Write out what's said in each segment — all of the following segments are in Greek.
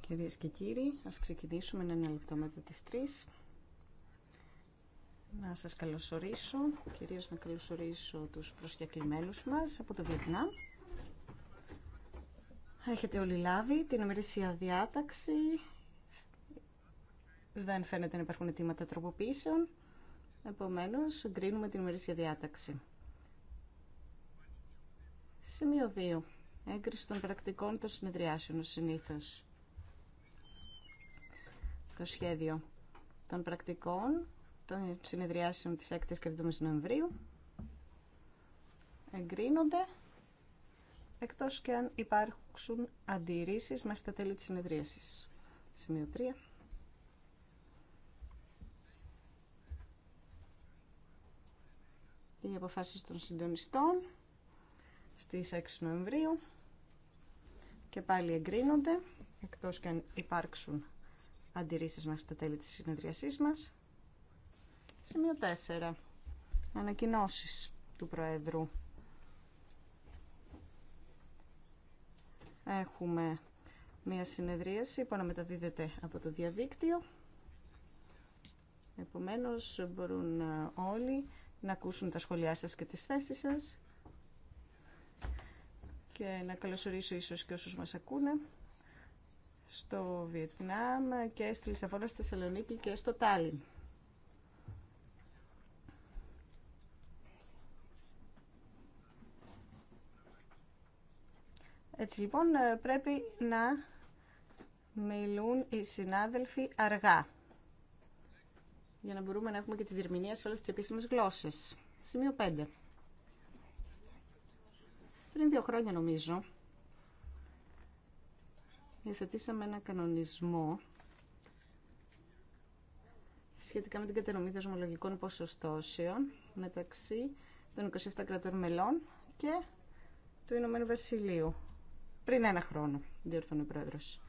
Κυρίε και κύριοι, ας ξεκινήσουμε ένα λεπτό μετά τις 3. Να σας καλωσορίσω, κυρίως να καλωσορίσω τους προσκεκλημένους μας από το Βιετνάμ. Έχετε όλοι λάβει την ημερήσια διάταξη. Δεν φαίνεται να υπάρχουν αιτήματα τροποποίησεων. Επομένως, γκρίνουμε την ημερήσια διάταξη. Σημείο 2 έγκριση των πρακτικών των συνεδριάσεων συνήθως. Το σχέδιο των πρακτικών των συνεδριάσεων της 6ης και 7ης Νοεμβρίου εγκρίνονται εκτός και αν υπάρξουν αντιρρήσεις μέχρι τα τέλη της συνεδρίασης. Σημείο 3. Οι αποφάσεις των συντονιστών στις 6 Νοεμβρίου και πάλι εγκρίνονται, εκτός και αν υπάρξουν αντιρρήσεις μέχρι τα τέλη της συνεδριασής μας. Σημείο 4. Ανακοινώσεις του Προέδρου. Έχουμε μία συνεδρίαση που αναμεταδίδεται από το διαδίκτυο. Επομένως μπορούν όλοι να ακούσουν τα σχόλιά σας και τις θέσεις σας και να καλωσορίσω ίσως και όσους μας ακούνε στο Βιετνάμ και στη Λισαβόνα, στη Θεσσαλονίκη και στο Τάλιν. Έτσι λοιπόν ε, πρέπει να μιλούν οι συνάδελφοι αργά για να μπορούμε να έχουμε και τη διερμηνία σε όλες τις επίσημες γλώσσες. Σημείο 5. Πριν δύο χρόνια νομίζω υιοθετήσαμε ένα κανονισμό σχετικά με την κατανομή δεσμολογικών ποσοστώσεων μεταξύ των 27 κρατών μελών και του Ηνωμένου Βασιλείου. Πριν ένα χρόνο, διορθώνει ο Πρόεδρος.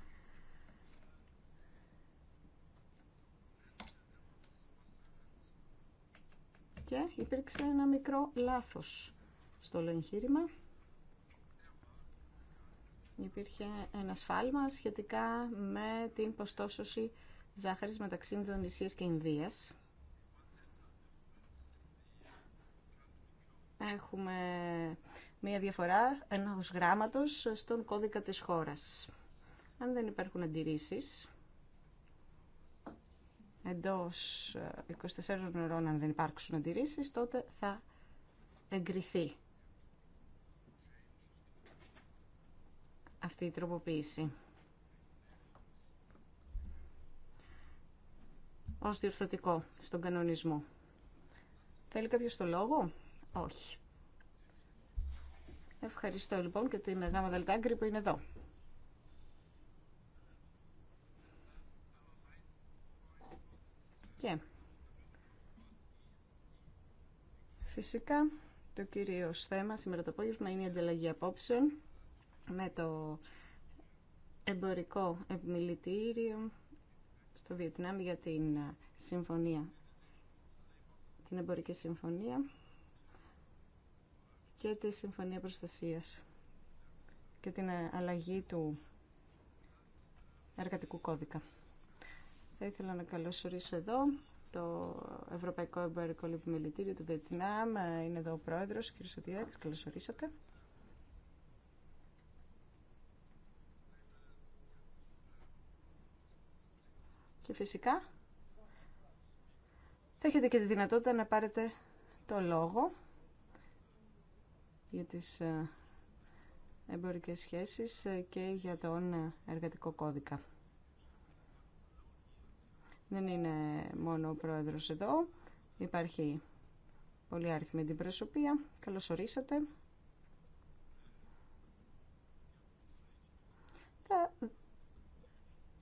Και υπήρξε ένα μικρό λάθος στο όλο εγχείρημα υπήρχε ένα σφάλμα σχετικά με την ποστόσωση ζάχαρης μεταξύ Ινδονησίας και Ινδίας. Έχουμε μία διαφορά ενός γράμματος στον κώδικα της χώρας. Αν δεν υπάρχουν αντιρρήσεις, εντός ε, 24 ώρων αν δεν υπάρξουν αντιρρήσεις, τότε θα εγκριθεί αυτή η τροποποίηση. Ως διορθωτικό στον κανονισμό. Θέλει κάποιο το λόγο? Όχι. Ευχαριστώ λοιπόν και την Γάμα Δελτάγκρη που είναι εδώ. Και φυσικά το κύριο θέμα σήμερα το απόγευμα είναι η ανταλλαγή απόψεων με το εμπορικό επιμελητήριο στο Βιετνάμ για την ε, συμφωνία, την εμπορική συμφωνία και τη συμφωνία προστασίας και την ε, αλλαγή του εργατικού κώδικα. Θα ήθελα να καλωσορίσω εδώ το Ευρωπαϊκό Εμπορικό Επιμελητήριο του Βιετνάμ. Ε, είναι εδώ ο πρόεδρος, κ. Σωτηράκης. Καλωσορίσατε. Και φυσικά θα έχετε και τη δυνατότητα να πάρετε το λόγο για τις ε, εμπορικές σχέσεις ε, και για τον ε, εργατικό κώδικα. Δεν είναι μόνο ο πρόεδρος εδώ, υπάρχει πολύ αριθμή την προσωπία. Καλώς ορίσατε.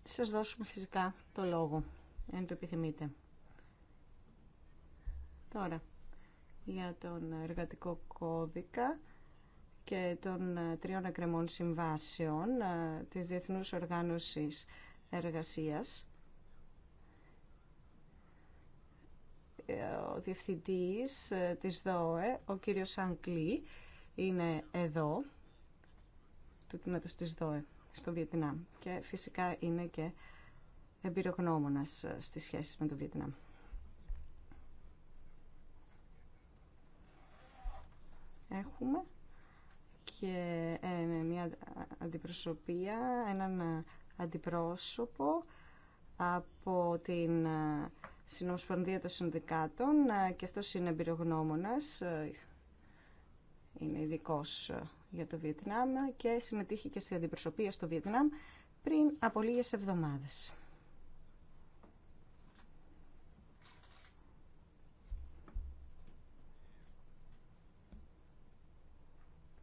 σας δώσουμε φυσικά το λόγο, αν το επιθυμείτε. Τώρα, για τον εργατικό κώδικα και των ε, τριών εκκρεμών συμβάσεων ε, της Διεθνούς Οργάνωσης Εργασίας. Ε, ο διευθυντής της ΔΟΕ, ο κύριος Αγκλή, είναι εδώ, του τμήματος της ΔΟΕ στο Βιετνάμ και φυσικά είναι και εμπειρογνώμονας ε, στις σχέσεις με το Βιετνάμ. Έχουμε και ε, μια αντιπροσωπεία, έναν ε, αντιπρόσωπο από την Συνομοσπονδία των Συνδικάτων και αυτός είναι εμπειρογνώμονας, είναι ειδικό για το Βιετνάμ και συμμετείχε και στη αντιπροσωπεία στο Βιετνάμ πριν από λίγες εβδομάδες.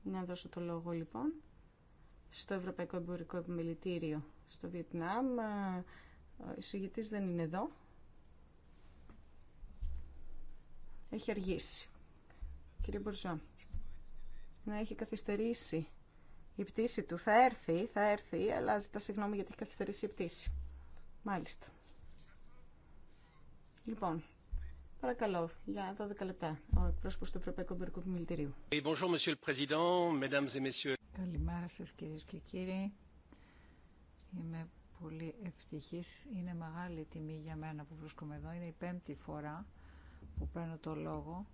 Να δώσω το λόγο λοιπόν στο Ευρωπαϊκό Εμπορικό Επιμελητήριο στο Βιετνάμ. Ε, ο εισηγητής δεν είναι εδώ. Έχει αργήσει. Κύριε να έχει καθυστερήσει η πτήση του. Θα έρθει, θα έρθει, αλλά ζητά συγγνώμη γιατί έχει καθυστερήσει η πτήση. Μάλιστα. Λοιπόν, παρακαλώ, για 12 λεπτά, ο εκπρόσωπο του Ευρωπαϊκού Εμπορικού Μιλητηρίου. Καλημέρα σα, κυρίε και κύριοι. Είμαι πολύ ευτυχής. Είναι μεγάλη τιμή για μένα που βρίσκομαι εδώ. Είναι η πέμπτη φορά που παίρνω το λόγο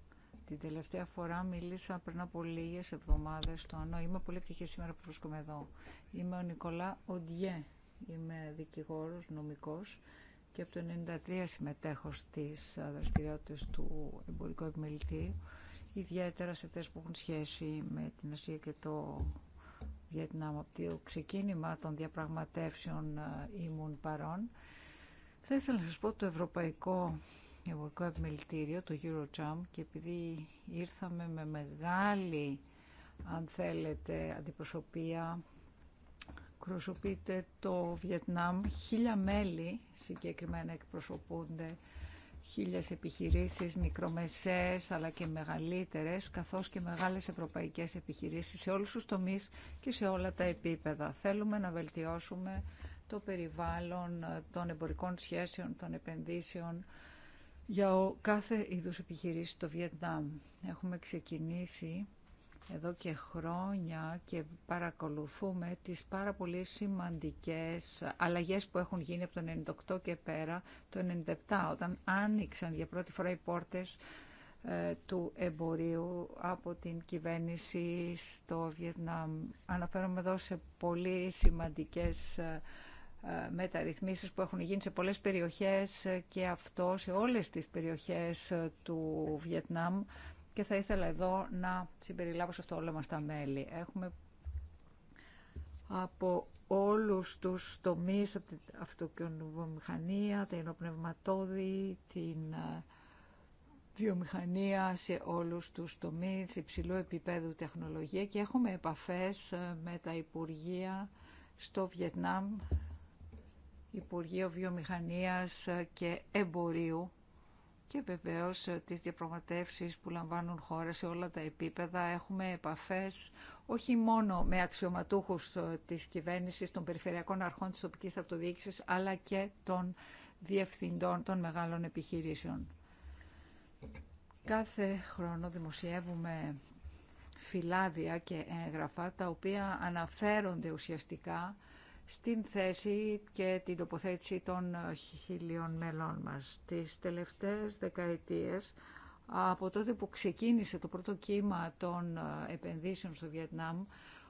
την τελευταία φορά μίλησα πριν από λίγε εβδομάδε στο ΑΝΟ. Είμαι πολύ ευτυχή σήμερα που βρίσκομαι εδώ. Είμαι ο Νικολά Οντιέ. Είμαι δικηγόρο, νομικό και από το 1993 συμμετέχω στι ε, δραστηριότητε του εμπορικού επιμελητή, ιδιαίτερα σε αυτέ που έχουν σχέση με την Ασία και το Βιετνάμ. Από το ξεκίνημα των διαπραγματεύσεων ε, ήμουν παρών. Θα ήθελα να σας πω το Ευρωπαϊκό εμπορικό επιμελητήριο, το Eurocham και επειδή ήρθαμε με μεγάλη, αν θέλετε, αντιπροσωπεία, εκπροσωπείται το Βιετνάμ, χίλια μέλη συγκεκριμένα εκπροσωπούνται, χίλιες επιχειρήσεις, μικρομεσαίες αλλά και μεγαλύτερες, καθώς και μεγάλες ευρωπαϊκές επιχειρήσεις σε όλους τους τομείς και σε όλα τα επίπεδα. Θέλουμε να βελτιώσουμε το περιβάλλον των εμπορικών σχέσεων, των επενδύσεων, για ο κάθε είδους επιχειρήση στο Βιετνάμ έχουμε ξεκινήσει εδώ και χρόνια και παρακολουθούμε τις πάρα πολύ σημαντικές αλλαγές που έχουν γίνει από το 98 και πέρα το 97 όταν άνοιξαν για πρώτη φορά οι πόρτες ε, του εμπορίου από την κυβέρνηση στο Βιετνάμ. Αναφέρομαι εδώ σε πολύ σημαντικές ε, ε, μεταρρυθμίσεις που έχουν γίνει σε πολλές περιοχές και αυτό σε όλες τις περιοχές ε, του Βιετνάμ και θα ήθελα εδώ να συμπεριλάβω σε αυτό όλα μας τα μέλη. Έχουμε από όλους τους τομείς, από την αυτοκινοβιομηχανία, τα ενοπνευματόδη, την ε, βιομηχανία σε όλους τους τομείς υψηλού επίπεδου τεχνολογία και έχουμε επαφές με τα Υπουργεία στο Βιετνάμ Υπουργείο Βιομηχανίας και Εμπορίου και βεβαίως τις διαπραγματεύσεις που λαμβάνουν χώρα σε όλα τα επίπεδα. Έχουμε επαφές όχι μόνο με αξιωματούχους της κυβέρνησης των περιφερειακών αρχών της τοπικής αυτοδιοίκησης, αλλά και των διευθυντών των μεγάλων επιχειρήσεων. Κάθε χρόνο δημοσιεύουμε φυλάδια και έγγραφα τα οποία αναφέρονται ουσιαστικά στην θέση και την τοποθέτηση των χιλίων μελών μας. Τις τελευταίες δεκαετίες, από τότε που ξεκίνησε το πρώτο κύμα των ε, επενδύσεων στο Βιετνάμ,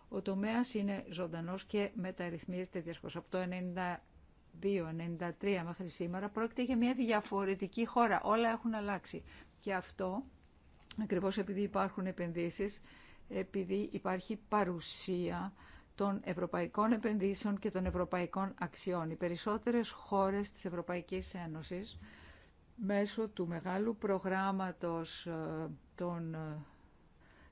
ο τομέας είναι ζωντανός και μεταρρυθμίζεται διαρκώς. Από το 1992-1993 μέχρι σήμερα πρόκειται για μια διαφορετική χώρα. Όλα έχουν αλλάξει. Και αυτό, ακριβώς επειδή υπάρχουν επενδύσεις, επειδή υπάρχει παρουσία των ευρωπαϊκών επενδύσεων και των ευρωπαϊκών αξιών. Οι περισσότερες χώρες της Ευρωπαϊκής Ένωσης μέσω του μεγάλου προγράμματος ε, των ε,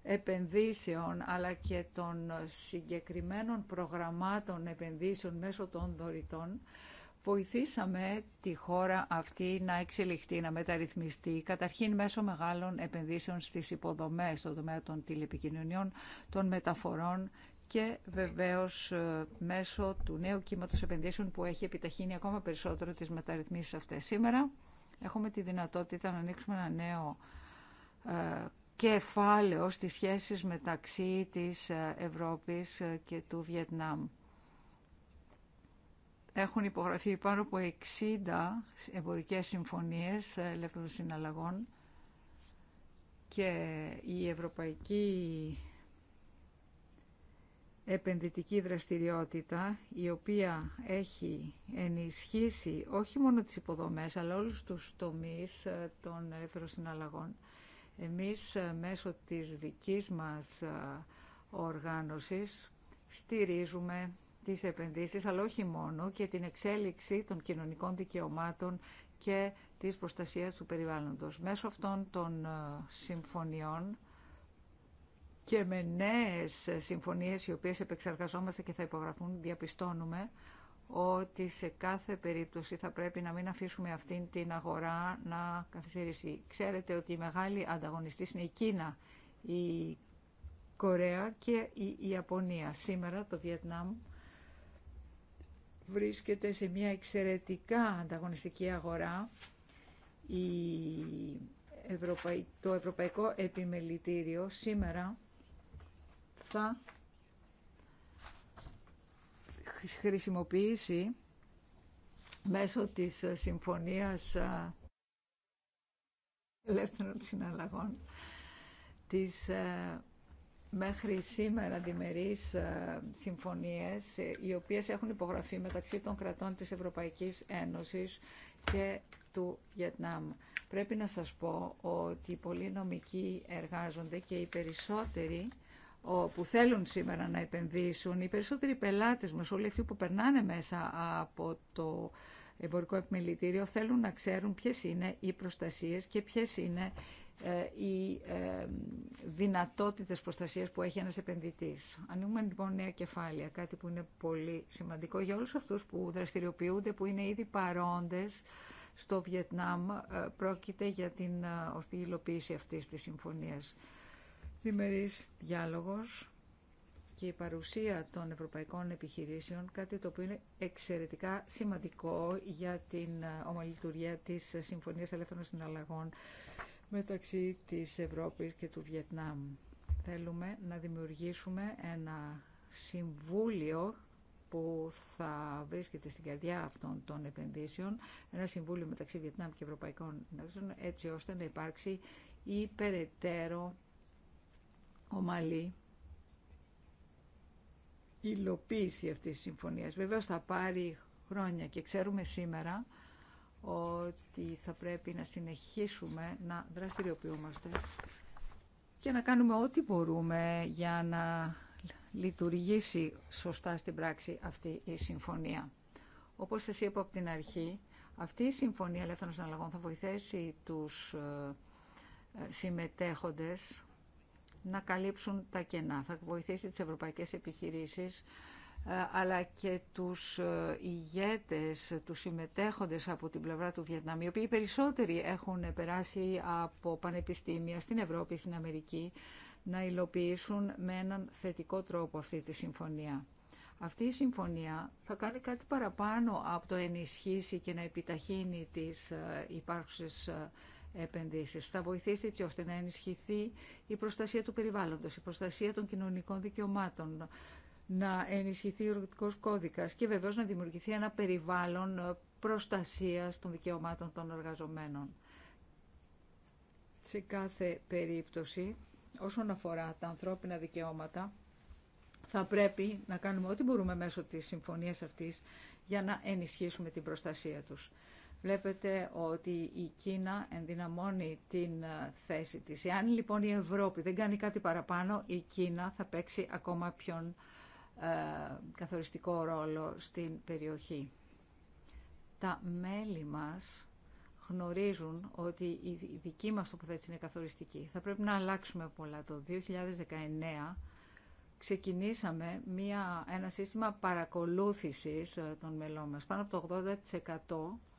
επενδύσεων αλλά και των συγκεκριμένων προγραμμάτων επενδύσεων μέσω των δωρητών βοηθήσαμε τη χώρα αυτή να εξελιχθεί, να μεταρρυθμιστεί, καταρχήν μέσω μεγάλων επενδύσεων στις υποδομές στον τομέα των τηλεπικοινωνιών, των μεταφορών και βεβαίως ε, μέσω του νέου κύματος επενδύσεων που έχει επιταχύνει ακόμα περισσότερο τις μεταρρυθμίσεις αυτές. Σήμερα έχουμε τη δυνατότητα να ανοίξουμε ένα νέο ε, κεφάλαιο στις σχέσεις μεταξύ της ε, Ευρώπης και του Βιετνάμ. Έχουν υπογραφεί πάνω από 60 εμπορικές συμφωνίες ελεύθερων συναλλαγών και η Ευρωπαϊκή επενδυτική δραστηριότητα η οποία έχει ενισχύσει όχι μόνο τις υποδομές αλλά όλους τους τομείς ε, των ελεύθερων συναλλαγών. Εμείς ε, μέσω της δικής μας ε, οργάνωσης στηρίζουμε τις επενδύσεις αλλά όχι μόνο και την εξέλιξη των κοινωνικών δικαιωμάτων και της προστασίας του περιβάλλοντος. Μέσω αυτών των συμφωνιών και με νέε συμφωνίε οι οποίες επεξεργαζόμαστε και θα υπογραφούν διαπιστώνουμε ότι σε κάθε περίπτωση θα πρέπει να μην αφήσουμε αυτήν την αγορά να καθυστερήσει. Ξέρετε ότι η μεγάλη ανταγωνιστή είναι η Κίνα, η Κορέα και η Ιαπωνία. Σήμερα το Βιετνάμ βρίσκεται σε μια εξαιρετικά ανταγωνιστική αγορά. Η Το Ευρωπαϊκό Επιμελητήριο σήμερα θα χρησιμοποιήσει μέσω της Συμφωνίας ε, Ελεύθερων Συναλλαγών της ε, μέχρι σήμερα διμερείς ε, συμφωνίες οι οποίες έχουν υπογραφεί μεταξύ των κρατών της Ευρωπαϊκής Ένωσης και του Βιετνάμ. Πρέπει να σας πω ότι πολλοί νομικοί εργάζονται και οι περισσότεροι που θέλουν σήμερα να επενδύσουν, οι περισσότεροι πελάτες μας, όλοι αυτοί που περνάνε μέσα από το εμπορικό επιμελητήριο, θέλουν να ξέρουν ποιες είναι οι προστασίες και ποιες είναι ε, οι ε, δυνατότητες προστασίας που έχει ένας επενδυτής. Ανοίγουμε λοιπόν νέα κεφάλαια, κάτι που είναι πολύ σημαντικό για όλους αυτούς που δραστηριοποιούνται, που είναι ήδη παρόντες στο Βιετνάμ, ε, πρόκειται για την ορθή υλοποίηση αυτής της συμφωνίας διμερής διάλογος και η παρουσία των ευρωπαϊκών επιχειρήσεων, κάτι το οποίο είναι εξαιρετικά σημαντικό για την ε, ομαλή της Συμφωνίας Ελεύθερων Συναλλαγών μεταξύ της Ευρώπης και του Βιετνάμ. Θέλουμε να δημιουργήσουμε ένα συμβούλιο που θα βρίσκεται στην καρδιά αυτών των επενδύσεων, ένα συμβούλιο μεταξύ Βιετνάμ και Ευρωπαϊκών Ενώσεων, έτσι ώστε να υπάρξει υπεραιτέρω ομαλή υλοποίηση αυτής της συμφωνίας. Βεβαίως θα πάρει χρόνια και ξέρουμε σήμερα ότι θα πρέπει να συνεχίσουμε να δραστηριοποιούμαστε και να κάνουμε ό,τι μπορούμε για να λειτουργήσει σωστά στην πράξη αυτή η συμφωνία. Όπως σας είπα από την αρχή, αυτή η συμφωνία ελεύθερων συναλλαγών θα βοηθήσει τους ε, ε, συμμετέχοντες να καλύψουν τα κενά. Θα βοηθήσει τις ευρωπαϊκές επιχειρήσεις ε, αλλά και τους ε, ηγέτες, τους συμμετέχοντες από την πλευρά του Βιετνάμ, οι οποίοι περισσότεροι έχουν περάσει από πανεπιστήμια στην Ευρώπη, στην Αμερική, να υλοποιήσουν με έναν θετικό τρόπο αυτή τη συμφωνία. Αυτή η συμφωνία θα κάνει κάτι παραπάνω από το ενισχύσει και να επιταχύνει τις ε, υπάρχουσες επενδύσεις. Θα βοηθήσει έτσι ώστε να ενισχυθεί η προστασία του περιβάλλοντος, η προστασία των κοινωνικών δικαιωμάτων, να ενισχυθεί ο εργατικός κώδικας και βεβαίως να δημιουργηθεί ένα περιβάλλον προστασίας των δικαιωμάτων των εργαζομένων. Σε κάθε περίπτωση, όσον αφορά τα ανθρώπινα δικαιώματα, θα πρέπει να κάνουμε ό,τι μπορούμε μέσω της συμφωνίας αυτής για να ενισχύσουμε την προστασία τους. Βλέπετε ότι η Κίνα ενδυναμώνει την ε, θέση της. Εάν λοιπόν η Ευρώπη δεν κάνει κάτι παραπάνω, η Κίνα θα παίξει ακόμα πιο ε, καθοριστικό ρόλο στην περιοχή. Τα μέλη μας γνωρίζουν ότι η δική μας τοποθέτηση είναι καθοριστική. Θα πρέπει να αλλάξουμε πολλά. Το 2019 ξεκινήσαμε μια, ένα σύστημα παρακολούθησης ε, των μελών μας. Πάνω από το 80%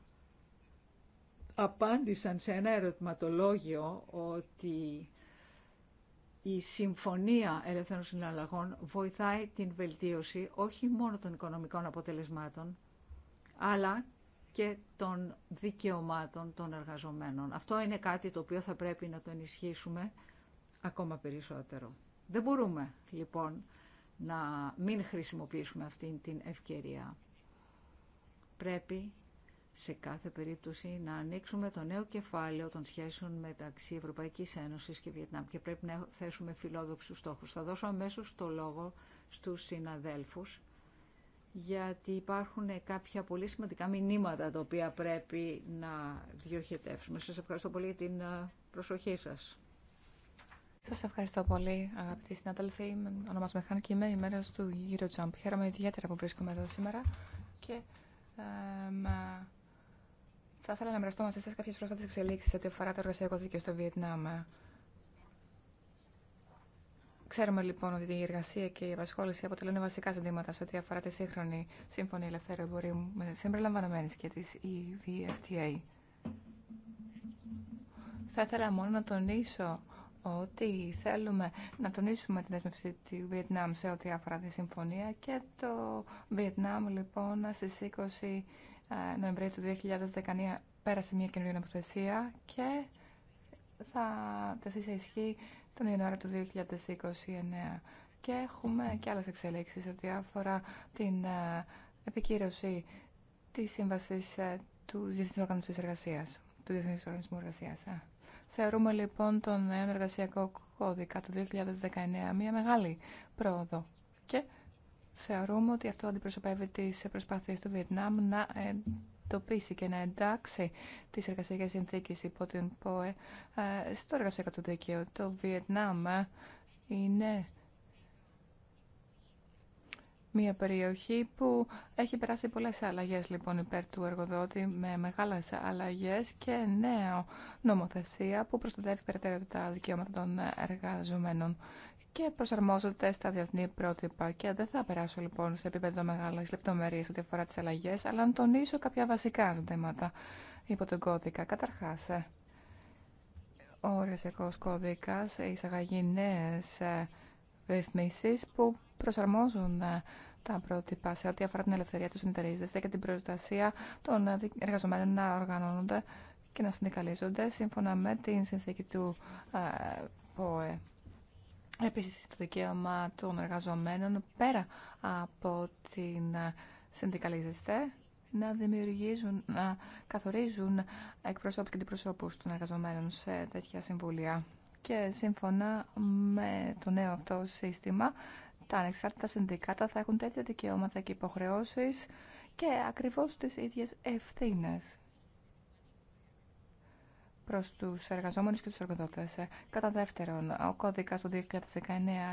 απάντησαν σε ένα ερωτηματολόγιο ότι η Συμφωνία Ελεύθερων Συναλλαγών βοηθάει την βελτίωση όχι μόνο των οικονομικών αποτελεσμάτων, αλλά και των δικαιωμάτων των εργαζομένων. Αυτό είναι κάτι το οποίο θα πρέπει να το ενισχύσουμε ακόμα περισσότερο. Δεν μπορούμε λοιπόν να μην χρησιμοποιήσουμε αυτή την ευκαιρία. Πρέπει σε κάθε περίπτωση να ανοίξουμε το νέο κεφάλαιο των σχέσεων μεταξύ Ευρωπαϊκής Ένωσης και Βιετνάμ και πρέπει να θέσουμε φιλόδοξους στόχους. Θα δώσω αμέσως το λόγο στους συναδέλφους γιατί υπάρχουν κάποια πολύ σημαντικά μηνύματα τα οποία πρέπει να διοχετεύσουμε. Σας ευχαριστώ πολύ για την ε, προσοχή σας. Σας ευχαριστώ πολύ αγαπητοί συναδελφοί. Ονομάζομαι Χάν και είμαι η μέρα του Eurojump. Χαίρομαι ιδιαίτερα που βρίσκομαι εδώ σήμερα και θα ήθελα να μοιραστώ μαζί σα κάποιε πρόσφατε εξελίξει ό,τι αφορά το εργασιακό δίκαιο στο Βιετνάμ. Ξέρουμε λοιπόν ότι η εργασία και η απασχόληση αποτελούν βασικά ζητήματα σε ό,τι αφορά τη σύγχρονη Σύμφωνη Ελευθέρω Εμπορίου, συμπεριλαμβανομένη και τη EVFTA. Θα ήθελα μόνο να τονίσω ότι θέλουμε να τονίσουμε την δέσμευση του Βιετνάμ σε ό,τι αφορά τη συμφωνία και το Βιετνάμ λοιπόν στι 20 ε, Νοεμβρίου του 2019 πέρασε μια καινούργια νομοθεσία και θα τεθεί σε ισχύ τον Ιανουάριο του 2029. Και έχουμε και άλλες εξελίξεις ότι αφορά την ε, επικύρωση της σύμβασης ε, του Διεθνούς Οργανισμού Εργασίας. Του Διεθνούς Οργανισμού Εργασίας. Θεωρούμε λοιπόν τον νέο κώδικα του 2019 μια μεγάλη πρόοδο και Θεωρούμε ότι αυτό αντιπροσωπεύει τις προσπάθειες του Βιετνάμ να εντοπίσει και να εντάξει τις εργασιακές συνθήκες υπό την ΠΟΕ ε, στο εργασιακό του δίκαιο. Το Βιετνάμ είναι μια περιοχή που έχει περάσει πολλές αλλαγές λοιπόν υπέρ του εργοδότη με μεγάλες αλλαγές και νέα νομοθεσία που προστατεύει περαιτέρω τα δικαιώματα των εργαζομένων και προσαρμόζονται στα διεθνή πρότυπα. Και δεν θα περάσω λοιπόν σε επίπεδο μεγάλε λεπτομέρειε ό,τι αφορά τι αλλαγέ, αλλά να τονίσω κάποια βασικά ζητήματα υπό τον κώδικα. Καταρχά, ε, ο οριακό κώδικα εισαγαγεί νέε ρυθμίσει που προσαρμόζουν ε, τα πρότυπα σε ό,τι αφορά την ελευθερία του συνεταιρίζεσαι και την προστασία των ε, εργαζομένων να οργανώνονται και να συνδικαλίζονται σύμφωνα με την συνθήκη του ΠΟΕ. Επίσης, το δικαίωμα των εργαζομένων πέρα από την ε, συνδικαλίζεστε να δημιουργήσουν, να καθορίζουν εκπροσώπους και αντιπροσώπους των εργαζομένων σε τέτοια συμβούλια. Και σύμφωνα με το νέο αυτό σύστημα, τα ανεξάρτητα συνδικάτα θα έχουν τέτοια δικαιώματα και υποχρεώσεις και ακριβώς τις ίδιες ευθύνες. Προ του εργαζόμενου και του εργοδοτέ. Κατά δεύτερον, ο κώδικα του 2019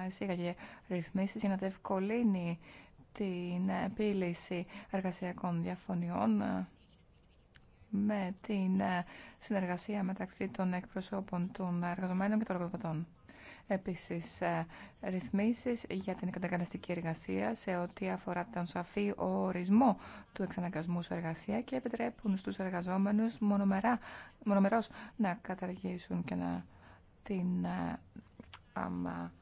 εισήγαγε ρυθμίσει για να διευκολύνει την επίλυση εργασιακών διαφωνιών ε, με την ε, συνεργασία μεταξύ των εκπροσώπων των εργαζομένων και των εργοδοτών. Επίσης, ε, ρυθμίσεις για την καταγκαναστική εργασία σε ό,τι αφορά τον σαφή ορισμό του εξαναγκασμού σε εργασία και επιτρέπουν στους εργαζόμενους μονομερά, μονομερός να καταργήσουν και να την άμα,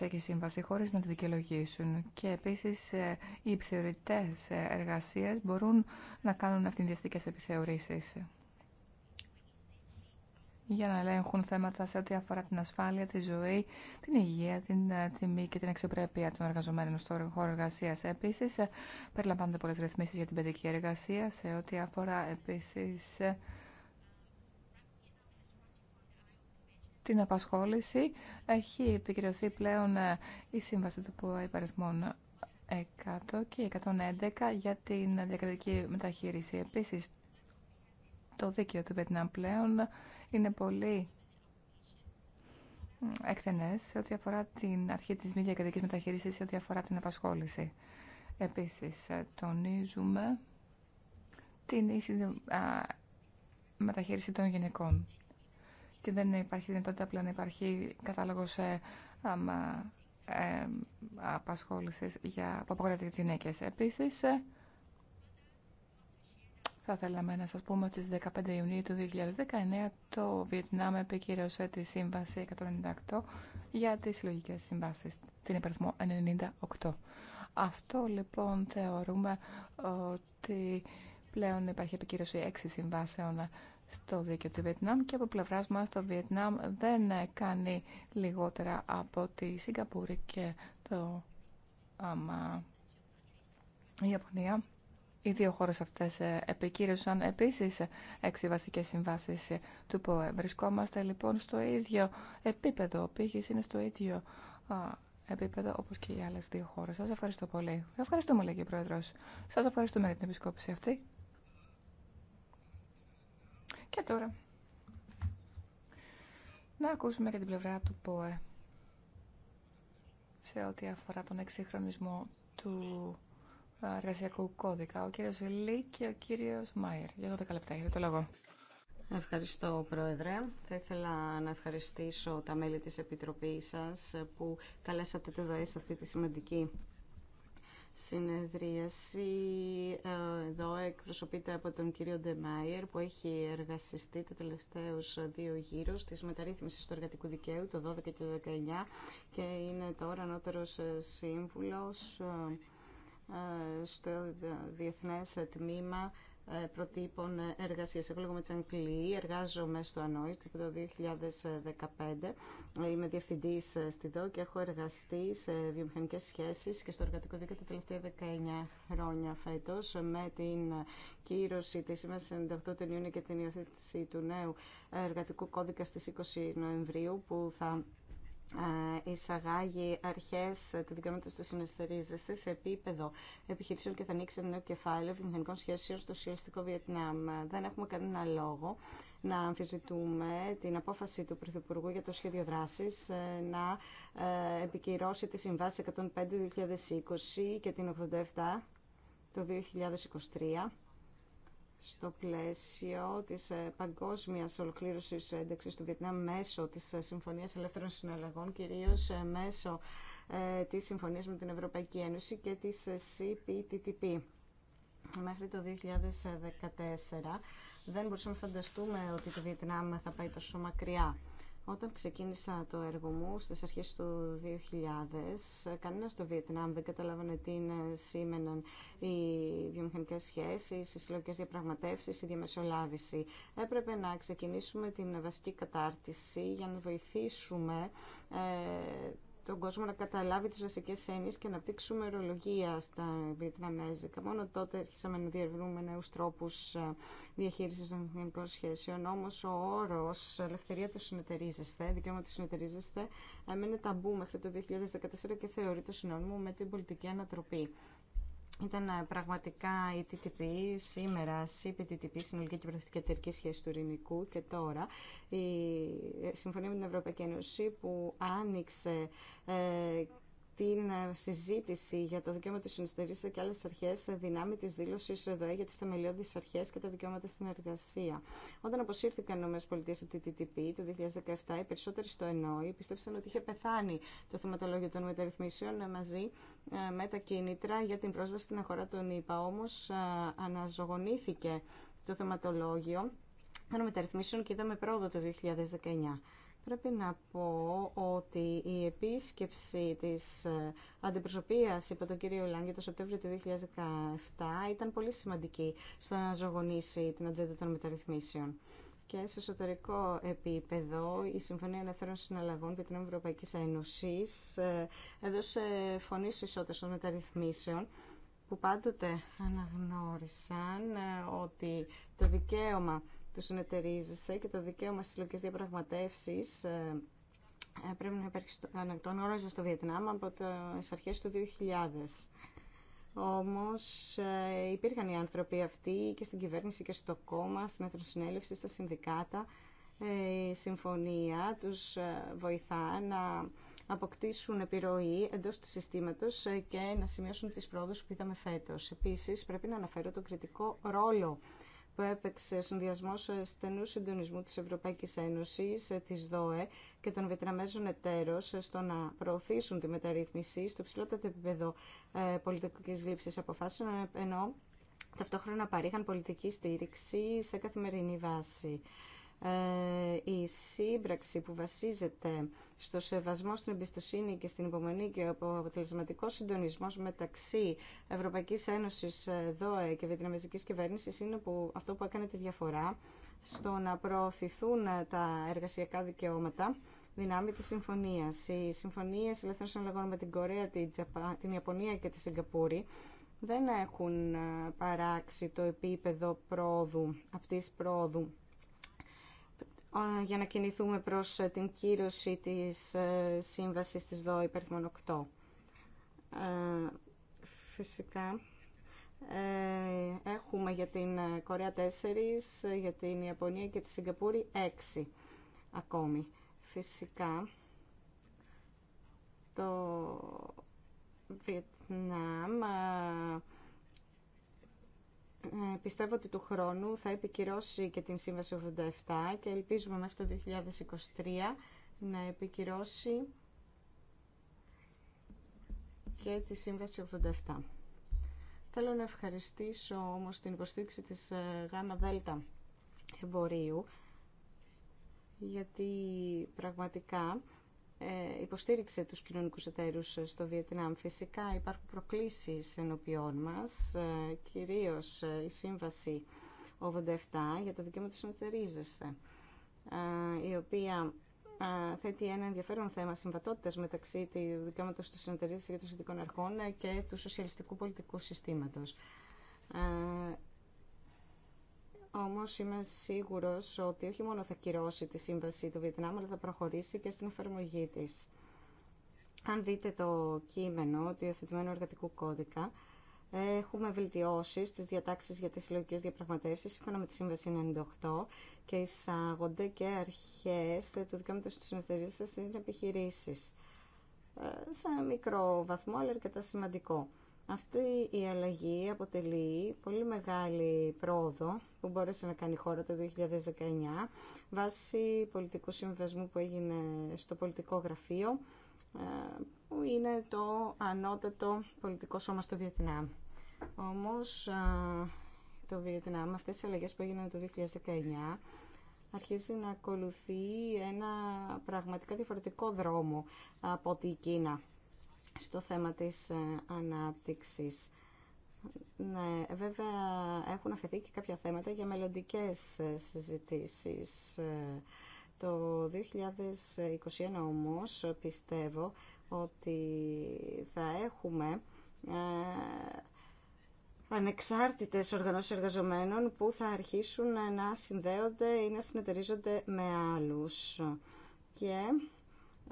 ε, και σύμβαση χωρίς να τη δικαιολογήσουν και επίσης ε, οι επιθεωρητές εργασίες μπορούν να κάνουν αυτήν επιθεωρήσεις για να ελέγχουν θέματα σε ό,τι αφορά την ασφάλεια, τη ζωή, την υγεία, την ε, τιμή και την αξιοπρέπεια των εργαζομένων στον χώρο εργασία. Επίση, ε, περιλαμβάνονται πολλέ ρυθμίσει για την παιδική εργασία, σε ό,τι αφορά επίση ε, την απασχόληση. Έχει επικυρωθεί πλέον η σύμβαση του που υπαριθμών 100 και 111 για την διακριτική μεταχείριση. Επίσης, το δίκαιο του Βιετνάμ πλέον είναι πολύ εκτενές σε ό,τι αφορά την αρχή της μη διακριτικής μεταχείρισης, σε ό,τι αφορά την απασχόληση. Επίσης, ε, τονίζουμε την ίση ε, μεταχείριση των γυναικών. Και δεν υπάρχει δυνατότητα απλά να υπάρχει κατάλογος ε, ε, απασχόλησης για, που απογορεύεται τις γυναίκες. Επίσης, ε, θα θέλαμε να σας πούμε ότι στις 15 Ιουνίου του 2019 το Βιετνάμ επικύρωσε τη Σύμβαση 198 για τις συλλογικές συμβάσεις, την υπερθμό 98. Αυτό λοιπόν θεωρούμε ότι πλέον υπάρχει επικύρωση 6 συμβάσεων στο δίκαιο του Βιετνάμ και από πλευρά μα το Βιετνάμ δεν κάνει λιγότερα από τη Σιγκαπούρη και το, άμα, η Ιαπωνία οι δύο χώρες αυτές ε, επικύρωσαν επίσης έξι βασικές συμβάσεις ε, του ΠΟΕ. Βρισκόμαστε λοιπόν στο ίδιο επίπεδο. Ο πήγης είναι στο ίδιο επίπεδο όπως και οι άλλες δύο χώρες. Σας ευχαριστώ πολύ. Ευχαριστούμε λέγει ο Πρόεδρος. Σας ευχαριστούμε για την επισκόπηση αυτή. Και τώρα να ακούσουμε και την πλευρά του ΠΟΕ σε ό,τι αφορά τον εξυγχρονισμό του εργασιακού κώδικα. Ο κύριος Λί και ο κύριος Μάιερ. Για 12 λεπτά Ευχαριστώ, Πρόεδρε. Θα ήθελα να ευχαριστήσω τα μέλη της Επιτροπής σας που καλέσατε το ΔΟΕ σε αυτή τη σημαντική συνεδρίαση. Ε, εδώ εκπροσωπείται από τον κύριο Ντεμάιερ που έχει εργασιστεί τα τελευταίους δύο γύρους της μεταρρύθμισης του εργατικού δικαίου το 12 και το 19 και είναι τώρα ανώτερος ε, σύμβουλος ε, ε, στο Διεθνές Τμήμα ε, Προτύπων Εργασίας. Εγώ λέγομαι Τσανκλή, εργάζομαι στο Ανόη από το 2015. Ε, είμαι διευθυντής στη ΔΟ και έχω εργαστεί σε βιομηχανικές σχέσεις και στο εργατικό δίκαιο τα τελευταία 19 χρόνια φέτος με την κύρωση της σήμερα 98 του Ιούνιου και την υιοθέτηση του νέου εργατικού κώδικα στις 20 Νοεμβρίου που θα ε, εισαγάγει αρχές του δικαιώματος του συνεστερίζεστε σε επίπεδο επιχειρήσεων και θα ανοίξει ένα νέο κεφάλαιο βιομηχανικών σχέσεων στο ουσιαστικό Βιετνάμ. Δεν έχουμε κανένα λόγο να αμφισβητούμε την απόφαση του Πρωθυπουργού για το σχέδιο δράση ε, να ε, επικυρώσει τη συμβάση 105-2020 και την 87 το 2023 στο πλαίσιο της ε, παγκόσμιας ολοκλήρωσης ένταξης του Βιετνάμ μέσω της ε, Συμφωνίας Ελεύθερων Συναλλαγών, κυρίως ε, μέσω της Συμφωνίας με την Ευρωπαϊκή Ένωση και της CPTTP. Μέχρι το 2014 δεν μπορούσαμε να φανταστούμε ότι το Βιετνάμ θα πάει τόσο μακριά όταν ξεκίνησα το έργο μου στις αρχές του 2000, κανένα στο Βιετνάμ δεν καταλάβανε τι σήμαιναν οι βιομηχανικές σχέσεις, οι συλλογικές διαπραγματεύσεις, η διαμεσολάβηση. Έπρεπε να ξεκινήσουμε την βασική κατάρτιση για να βοηθήσουμε ε, τον κόσμο να καταλάβει τις βασικές έννοιες και να απτύξουμε ορολογία στα βιετναμέζικα. Μόνο τότε αρχίσαμε να διευρύνουμε νέους τρόπους ε, διαχείρισης των κοινωνικών σχέσεων. Όμως ο όρος ελευθερία του συνεταιρίζεστε, δικαίωμα του συνεταιρίζεστε, έμενε ταμπού μέχρι το 2014 και θεωρείται συνώνυμο με την πολιτική ανατροπή ήταν ε, πραγματικά η TTP σήμερα, η Συνολική και Προθετική Εταιρική Σχέση του Ειρηνικού και τώρα η ε, Συμφωνία με την Ευρωπαϊκή Ένωση που άνοιξε ε, την ε, συζήτηση για το δικαίωμα τη συνειστερής και άλλε αρχέ δυνάμει τη δήλωση ΕΔΟΕ για τι θεμελιώδει αρχέ και τα δικαιώματα στην εργασία. Όταν αποσύρθηκαν οι ΗΠΑ από την TTP το 2017, οι περισσότεροι στο ΕΝΟΗ πίστεψαν ότι είχε πεθάνει το θεματολόγιο των μεταρρυθμίσεων ε, μαζί ε, με τα κίνητρα για την πρόσβαση στην αγορά των ΗΠΑ. Όμω, αναζωογονήθηκε το θεματολόγιο των μεταρρυθμίσεων και είδαμε πρόοδο το 2019. Πρέπει να πω ότι η επίσκεψη της ε, αντιπροσωπείας υπό τον κύριο Λάγκη το Σεπτέμβριο του 2017 ήταν πολύ σημαντική στο να ζωγονήσει την ατζέντα των μεταρρυθμίσεων. Και σε εσωτερικό επίπεδο, η Συμφωνία Ελευθέρων Συναλλαγών και την Ευρωπαϊκή Ένωση ε, έδωσε φωνή στου ισότητε των μεταρρυθμίσεων που πάντοτε αναγνώρισαν ε, ότι το δικαίωμα του συνεταιρίζεσαι και το δικαίωμα στι συλλογικέ διαπραγματεύσει ε, ε, πρέπει να υπάρχει στο, στο Βιετνάμ από τις αρχές του 2000. Όμως ε, υπήρχαν οι άνθρωποι αυτοί και στην κυβέρνηση και στο κόμμα, στην Εθνοσυνέλευση, στα συνδικάτα. Η συμφωνία τους βοηθά να αποκτήσουν επιρροή εντός του συστήματος και να σημειώσουν τις πρόοδους που είδαμε φέτος. Επίσης, πρέπει να αναφέρω τον κριτικό ρόλο που έπαιξε συνδυασμό στενού συντονισμού τη Ευρωπαϊκή Ένωση, ε, τη ΔΟΕ και των Βετναμέζων εταίρων ε, στο να προωθήσουν τη μεταρρύθμιση στο ψηλότερο επίπεδο ε, πολιτική λήψη αποφάσεων, ενώ ταυτόχρονα παρήχαν πολιτική στήριξη σε καθημερινή βάση. Ε, η σύμπραξη που βασίζεται στο σεβασμό στην εμπιστοσύνη και στην υπομονή και ο αποτελεσματικό συντονισμό μεταξύ Ευρωπαϊκή Ένωση, ε, ΔΟΕ και Βιετναμιζική Κυβέρνηση είναι που, αυτό που έκανε τη διαφορά στο να προωθηθούν ε, τα εργασιακά δικαιώματα δυνάμει τη συμφωνία. Οι συμφωνίε ελεύθερων συναλλαγών με την Κορέα, την Ιαπωνία και τη Σιγκαπούρη δεν έχουν παράξει το επίπεδο πρόοδου, αυτής πρόοδου για να κινηθούμε προς ε, την κύρωση της ε, σύμβασης της ΔΟΗ υπερθμών 8. Ε, φυσικά, έχουμε για την Κορέα 4, για την Ιαπωνία και τη Σιγκαπούρη 6 ακόμη. Φυσικά, το Βιετνάμ ε, πιστεύω ότι του χρόνου θα επικυρώσει και την Σύμβαση 87 και ελπίζουμε μέχρι το 2023 να επικυρώσει και τη Σύμβαση 87. Θέλω να ευχαριστήσω όμως την υποστήριξη της ε, ΓΑΜΑ ΔΕΛΤΑ εμπορίου γιατί πραγματικά ε, υποστήριξε τους κοινωνικούς εταίρους στο Βιετνάμ. Φυσικά υπάρχουν προκλήσεις ενωπιών μας, ε, κυρίως ε, η Σύμβαση 87 για το δικαίωμα του συνεταιρίζεσθε, η οποία θέτει ένα ενδιαφέρον θέμα συμβατότητας μεταξύ του δικαίωματος του συνεταιρίζεσθε για των ειδικών αρχών και του σοσιαλιστικού πολιτικού συστήματος. Όμως είμαι σίγουρος ότι όχι μόνο θα κυρώσει τη σύμβαση του Βιετνάμ, αλλά θα προχωρήσει και στην εφαρμογή της. Αν δείτε το κείμενο του υιοθετημένου εργατικού κώδικα, έχουμε βελτιώσει στις διατάξεις για τις συλλογικές διαπραγματεύσεις σύμφωνα με τη Σύμβαση 98 και εισάγονται και αρχές του δικαιώματος της συνεταιρίζεσης στις επιχειρήσεις. Ε, σε μικρό βαθμό, αλλά αρκετά σημαντικό. Αυτή η αλλαγή αποτελεί πολύ μεγάλη πρόοδο που μπόρεσε να κάνει η χώρα το 2019 βάσει πολιτικού συμβασμού που έγινε στο πολιτικό γραφείο ε, που είναι το ανώτατο πολιτικό σώμα στο Βιετνάμ. Όμως ε, το Βιετνάμ, αυτές οι αλλαγές που έγιναν το 2019 αρχίζει να ακολουθεί ένα πραγματικά διαφορετικό δρόμο από την Κίνα στο θέμα της ε, ανάπτυξης. Ναι, βέβαια έχουν αφαιθεί και κάποια θέματα για μελλοντικές ε, συζητήσεις. Ε, το 2021 όμως πιστεύω ότι θα έχουμε ανεξάρτητες οργανώσεις εργαζομένων που θα αρχίσουν να συνδέονται ή να συνεταιρίζονται με άλλους. Και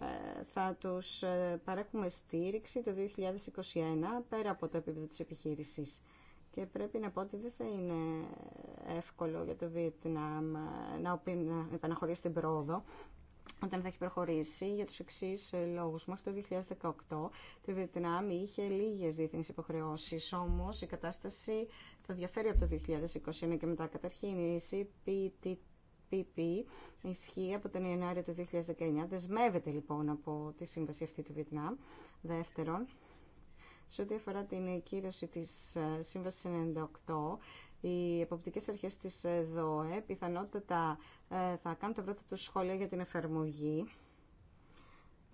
ε, θα τους ε, παρέχουμε στήριξη το 2021 πέρα από το επίπεδο της επιχείρησης. Και πρέπει να πω ότι δεν θα είναι εύκολο για το Βιετνάμ ε, να επαναχωρήσει την πρόοδο όταν θα έχει προχωρήσει για τους εξή λόγους. Μέχρι το 2018 το Βιετνάμ είχε λίγες διεθνείς υποχρεώσεις, όμως η κατάσταση θα διαφέρει από το 2021 και μετά. Καταρχήν η TPP ισχύει από τον Ιανουάριο του 2019. Δεσμεύεται λοιπόν από τη σύμβαση αυτή του Βιετνάμ. Δεύτερον, σε ό,τι αφορά την κύρωση της ε, Σύμβασης 98, οι εποπτικέ αρχές της ε, ΔΟΕ πιθανότατα ε, θα κάνουν τα πρώτα του σχόλια για την εφαρμογή.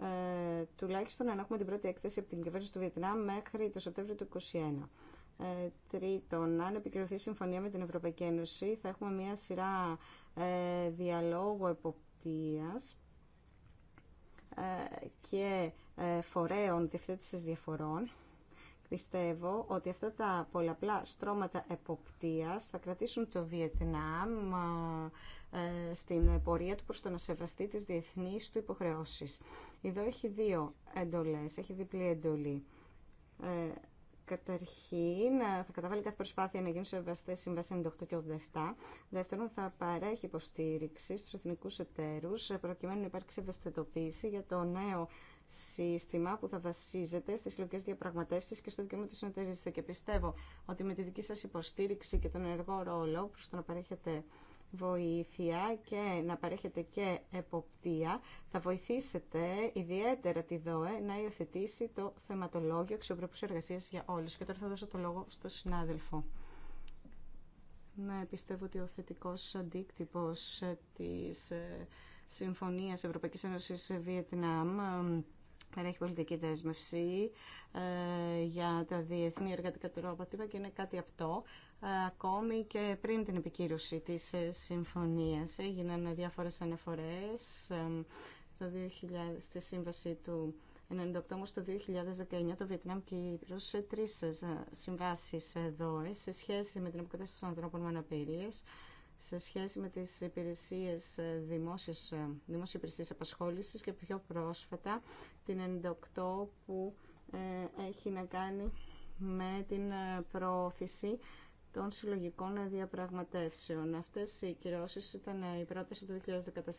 Ε, τουλάχιστον να έχουμε την πρώτη έκθεση από την κυβέρνηση του Βιετνάμ μέχρι το Σεπτέμβριο του 2021. Ε, τρίτον, αν επικυρωθεί συμφωνία με την Ευρωπαϊκή Ένωση, θα έχουμε μια σειρά ε, διαλόγου εποπτείας ε, και φορέων διευθέτησης διαφορών. Πιστεύω ότι αυτά τα πολλαπλά στρώματα εποπτείας θα κρατήσουν το Βιετνάμ στην πορεία του προς το να σεβαστεί τις διεθνείς του υποχρεώσεις. Εδώ έχει δύο εντολές, έχει διπλή εντολή Καταρχήν, ε, θα καταβάλει κάθε προσπάθεια να γίνουν σεβαστέ σύμβαση 98 και 87. Δεύτερον, θα παρέχει υποστήριξη στου εθνικού εταίρου, ε, προκειμένου να υπάρξει ευαισθητοποίηση για το νέο σύστημα που θα βασίζεται στι λογικέ διαπραγματεύσει και στο δικαίωμα του συνεταιρίζεστε. Και πιστεύω ότι με τη δική σα υποστήριξη και τον ενεργό ρόλο που να παρέχετε βοήθεια και να παρέχετε και εποπτεία, θα βοηθήσετε ιδιαίτερα τη ΔΟΕ να υιοθετήσει το θεματολόγιο αξιοπρεπούς εργασίας για όλους. Και τώρα θα δώσω το λόγο στο συνάδελφο. Ναι, πιστεύω ότι ο θετικός αντίκτυπος ε, της ε, Συμφωνίας Ευρωπαϊκής Ένωσης Βιετνάμ ε, Παρέχει πολιτική δέσμευση ε, για τα διεθνή εργατικά τρόποτυπα και είναι κάτι απτό. Ε, ακόμη και πριν την επικύρωση της ε, συμφωνίας έγιναν διάφορες αναφορές ε, το 2000, στη σύμβαση του 1998, όμως το 2019 το Βιετνάμ κύρωσε τρεις συμβάσεις εδώ σε σχέση με την αποκατάσταση των ανθρώπων με αναπηρίες σε σχέση με τις υπηρεσίες ε, δημόσιες, ε, δημόσιες υπηρεσίες απασχόλησης και πιο πρόσφατα την 98 που ε, έχει να κάνει με την προώθηση των συλλογικών διαπραγματεύσεων. Αυτές οι κυρώσεις ήταν η από το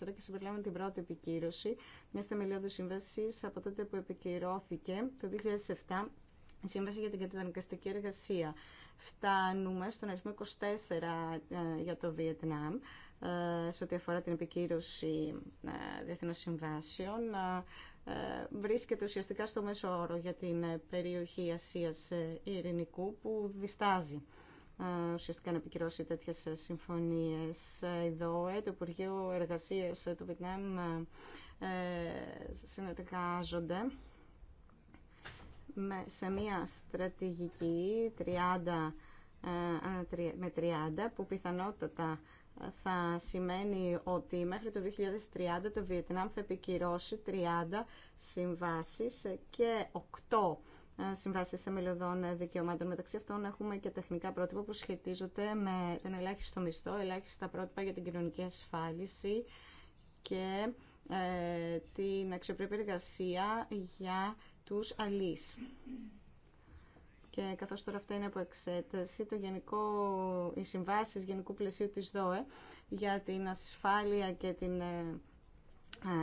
2014 και συμπεριλάμβανε την πρώτη επικύρωση μια θεμελιώδης σύμβαση από τότε που επικυρώθηκε το 2007 η Σύμβαση για την Κατεδανικαστική Εργασία φτάνουμε στον αριθμό 24 ε, για το Βιετνάμ ε, σε ό,τι αφορά την επικύρωση ε, διεθνών συμβάσεων βρίσκεται ουσιαστικά στο μέσο όρο για την περιοχή Ασίας Ειρηνικού που διστάζει ουσιαστικά να επικυρώσει τέτοιε συμφωνίε. εδώ το Υπουργείο Εργασία του Βιετνάμ συνεργάζονται σε μια στρατηγική 30 ε, ε, με 30 που πιθανότατα θα σημαίνει ότι μέχρι το 2030 το Βιετνάμ θα επικυρώσει 30 συμβάσεις και 8 ε, συμβάσει θεμελιωδών δικαιωμάτων. Μεταξύ αυτών έχουμε και τεχνικά πρότυπα που σχετίζονται με τον ελάχιστο μισθό, ελάχιστα πρότυπα για την κοινωνική ασφάλιση και την αξιοπρέπεια εργασία για τους αλείς. Και καθώς τώρα αυτά είναι από εξέταση, το γενικό, οι συμβάσεις γενικού πλαισίου της ΔΟΕ για την ασφάλεια και την ε,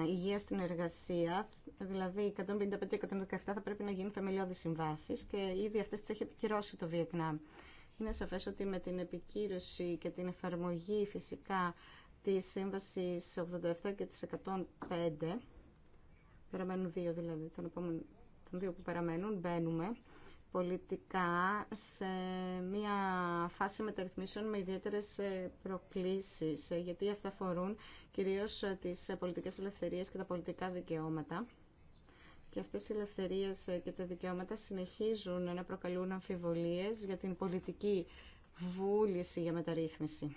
υγεία στην εργασία, δηλαδή 155-117 θα πρέπει να γίνουν θεμελιώδεις συμβάσεις και ήδη αυτές τις έχει επικυρώσει το Βιετνάμ. Είναι σαφές ότι με την επικύρωση και την εφαρμογή φυσικά της Σύμβασης 87 και της 105, παραμένουν δύο δηλαδή, τον επόμενο των δύο που παραμένουν μπαίνουμε πολιτικά σε μια φάση μεταρρυθμίσεων με ιδιαίτερες ε, προκλήσεις, ε, γιατί αυτά αφορούν κυρίως ε, τις πολιτικές ελευθερίες και τα πολιτικά δικαιώματα. Και αυτές οι ελευθερίες και τα δικαιώματα συνεχίζουν να προκαλούν αμφιβολίες για την πολιτική βούληση για μεταρρύθμιση.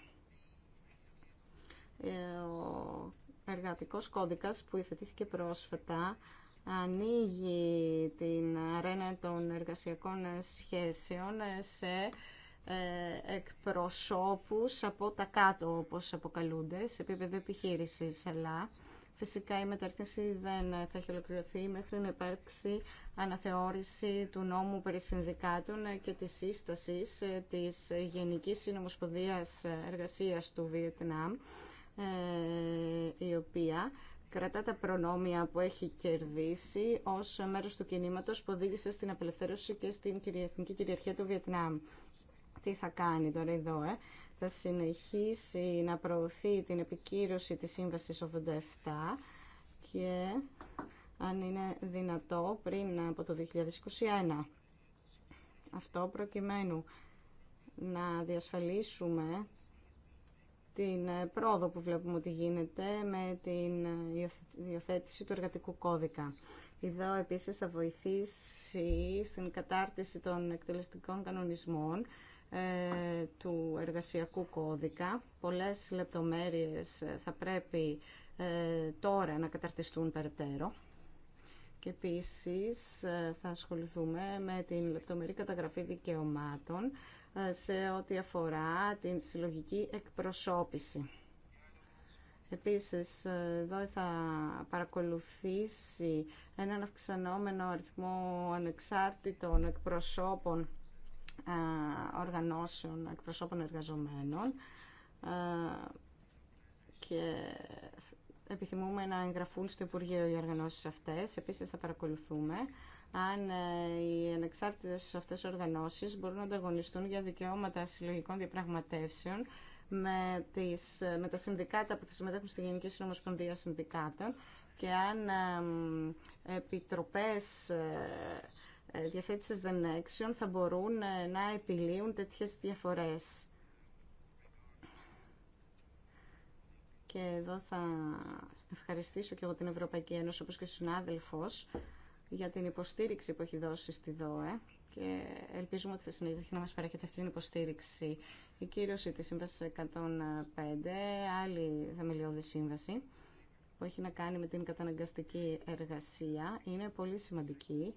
Ο εργατικός κώδικας που υφετήθηκε πρόσφατα ανοίγει την αρένα των εργασιακών σχέσεων σε ε, εκπροσώπους από τα κάτω, όπως αποκαλούνται, σε επίπεδο επιχείρησης. Αλλά φυσικά η μεταρρύθμιση δεν θα έχει ολοκληρωθεί μέχρι να υπάρξει αναθεώρηση του νόμου περί συνδικάτων και της σύστασης ε, της Γενικής Συνομοσπονδίας Εργασίας του Βιετνάμ, ε, η οποία κρατά τα προνόμια που έχει κερδίσει ως μέρος του κινήματος που οδήγησε στην απελευθέρωση και στην εθνική κυριαρχία του Βιετνάμ. Τι θα κάνει τώρα εδώ, ε? θα συνεχίσει να προωθεί την επικύρωση της Σύμβασης 87 και αν είναι δυνατό πριν από το 2021. Αυτό προκειμένου να διασφαλίσουμε την ε, πρόοδο που βλέπουμε ότι γίνεται με την ε, υιοθέτηση του εργατικού κώδικα. Εδώ επίσης θα βοηθήσει στην κατάρτιση των εκτελεστικών κανονισμών ε, του εργασιακού κώδικα. Πολλές λεπτομέρειες θα πρέπει τώρα να καταρτιστούν περαιτέρω. Και επίσης θα ασχοληθούμε με την λεπτομερή καταγραφή δικαιωμάτων ε, σε ό,τι αφορά την συλλογική εκπροσώπηση. Επίσης, ε, εδώ θα παρακολουθήσει έναν αυξανόμενο αριθμό ανεξάρτητων εκπροσώπων ε, οργανώσεων, εκπροσώπων εργαζομένων και επιθυμούμε να εγγραφούν στο Υπουργείο οι οργανώσεις αυτές. Επίσης, θα παρακολουθούμε αν ε, οι ανεξάρτητες αυτές οργανώσεις μπορούν να ανταγωνιστούν για δικαιώματα συλλογικών διαπραγματεύσεων με, τις, με τα συνδικάτα που θα συμμετέχουν στη Γενική Συνομοσπονδία Συνδικάτων και αν ε, επιτροπές ε, δεν έξιων θα μπορούν να επιλύουν τέτοιες διαφορές. Και εδώ θα ευχαριστήσω και εγώ την Ευρωπαϊκή Ένωση όπως και ο συνάδελφος για την υποστήριξη που έχει δώσει στη ΔΟΕ και ελπίζουμε ότι θα συνεχίσει να μας παρέχεται αυτή την υποστήριξη. Η κύρωση της Σύμβασης 105, άλλη θεμελιώδη σύμβαση που έχει να κάνει με την καταναγκαστική εργασία, είναι πολύ σημαντική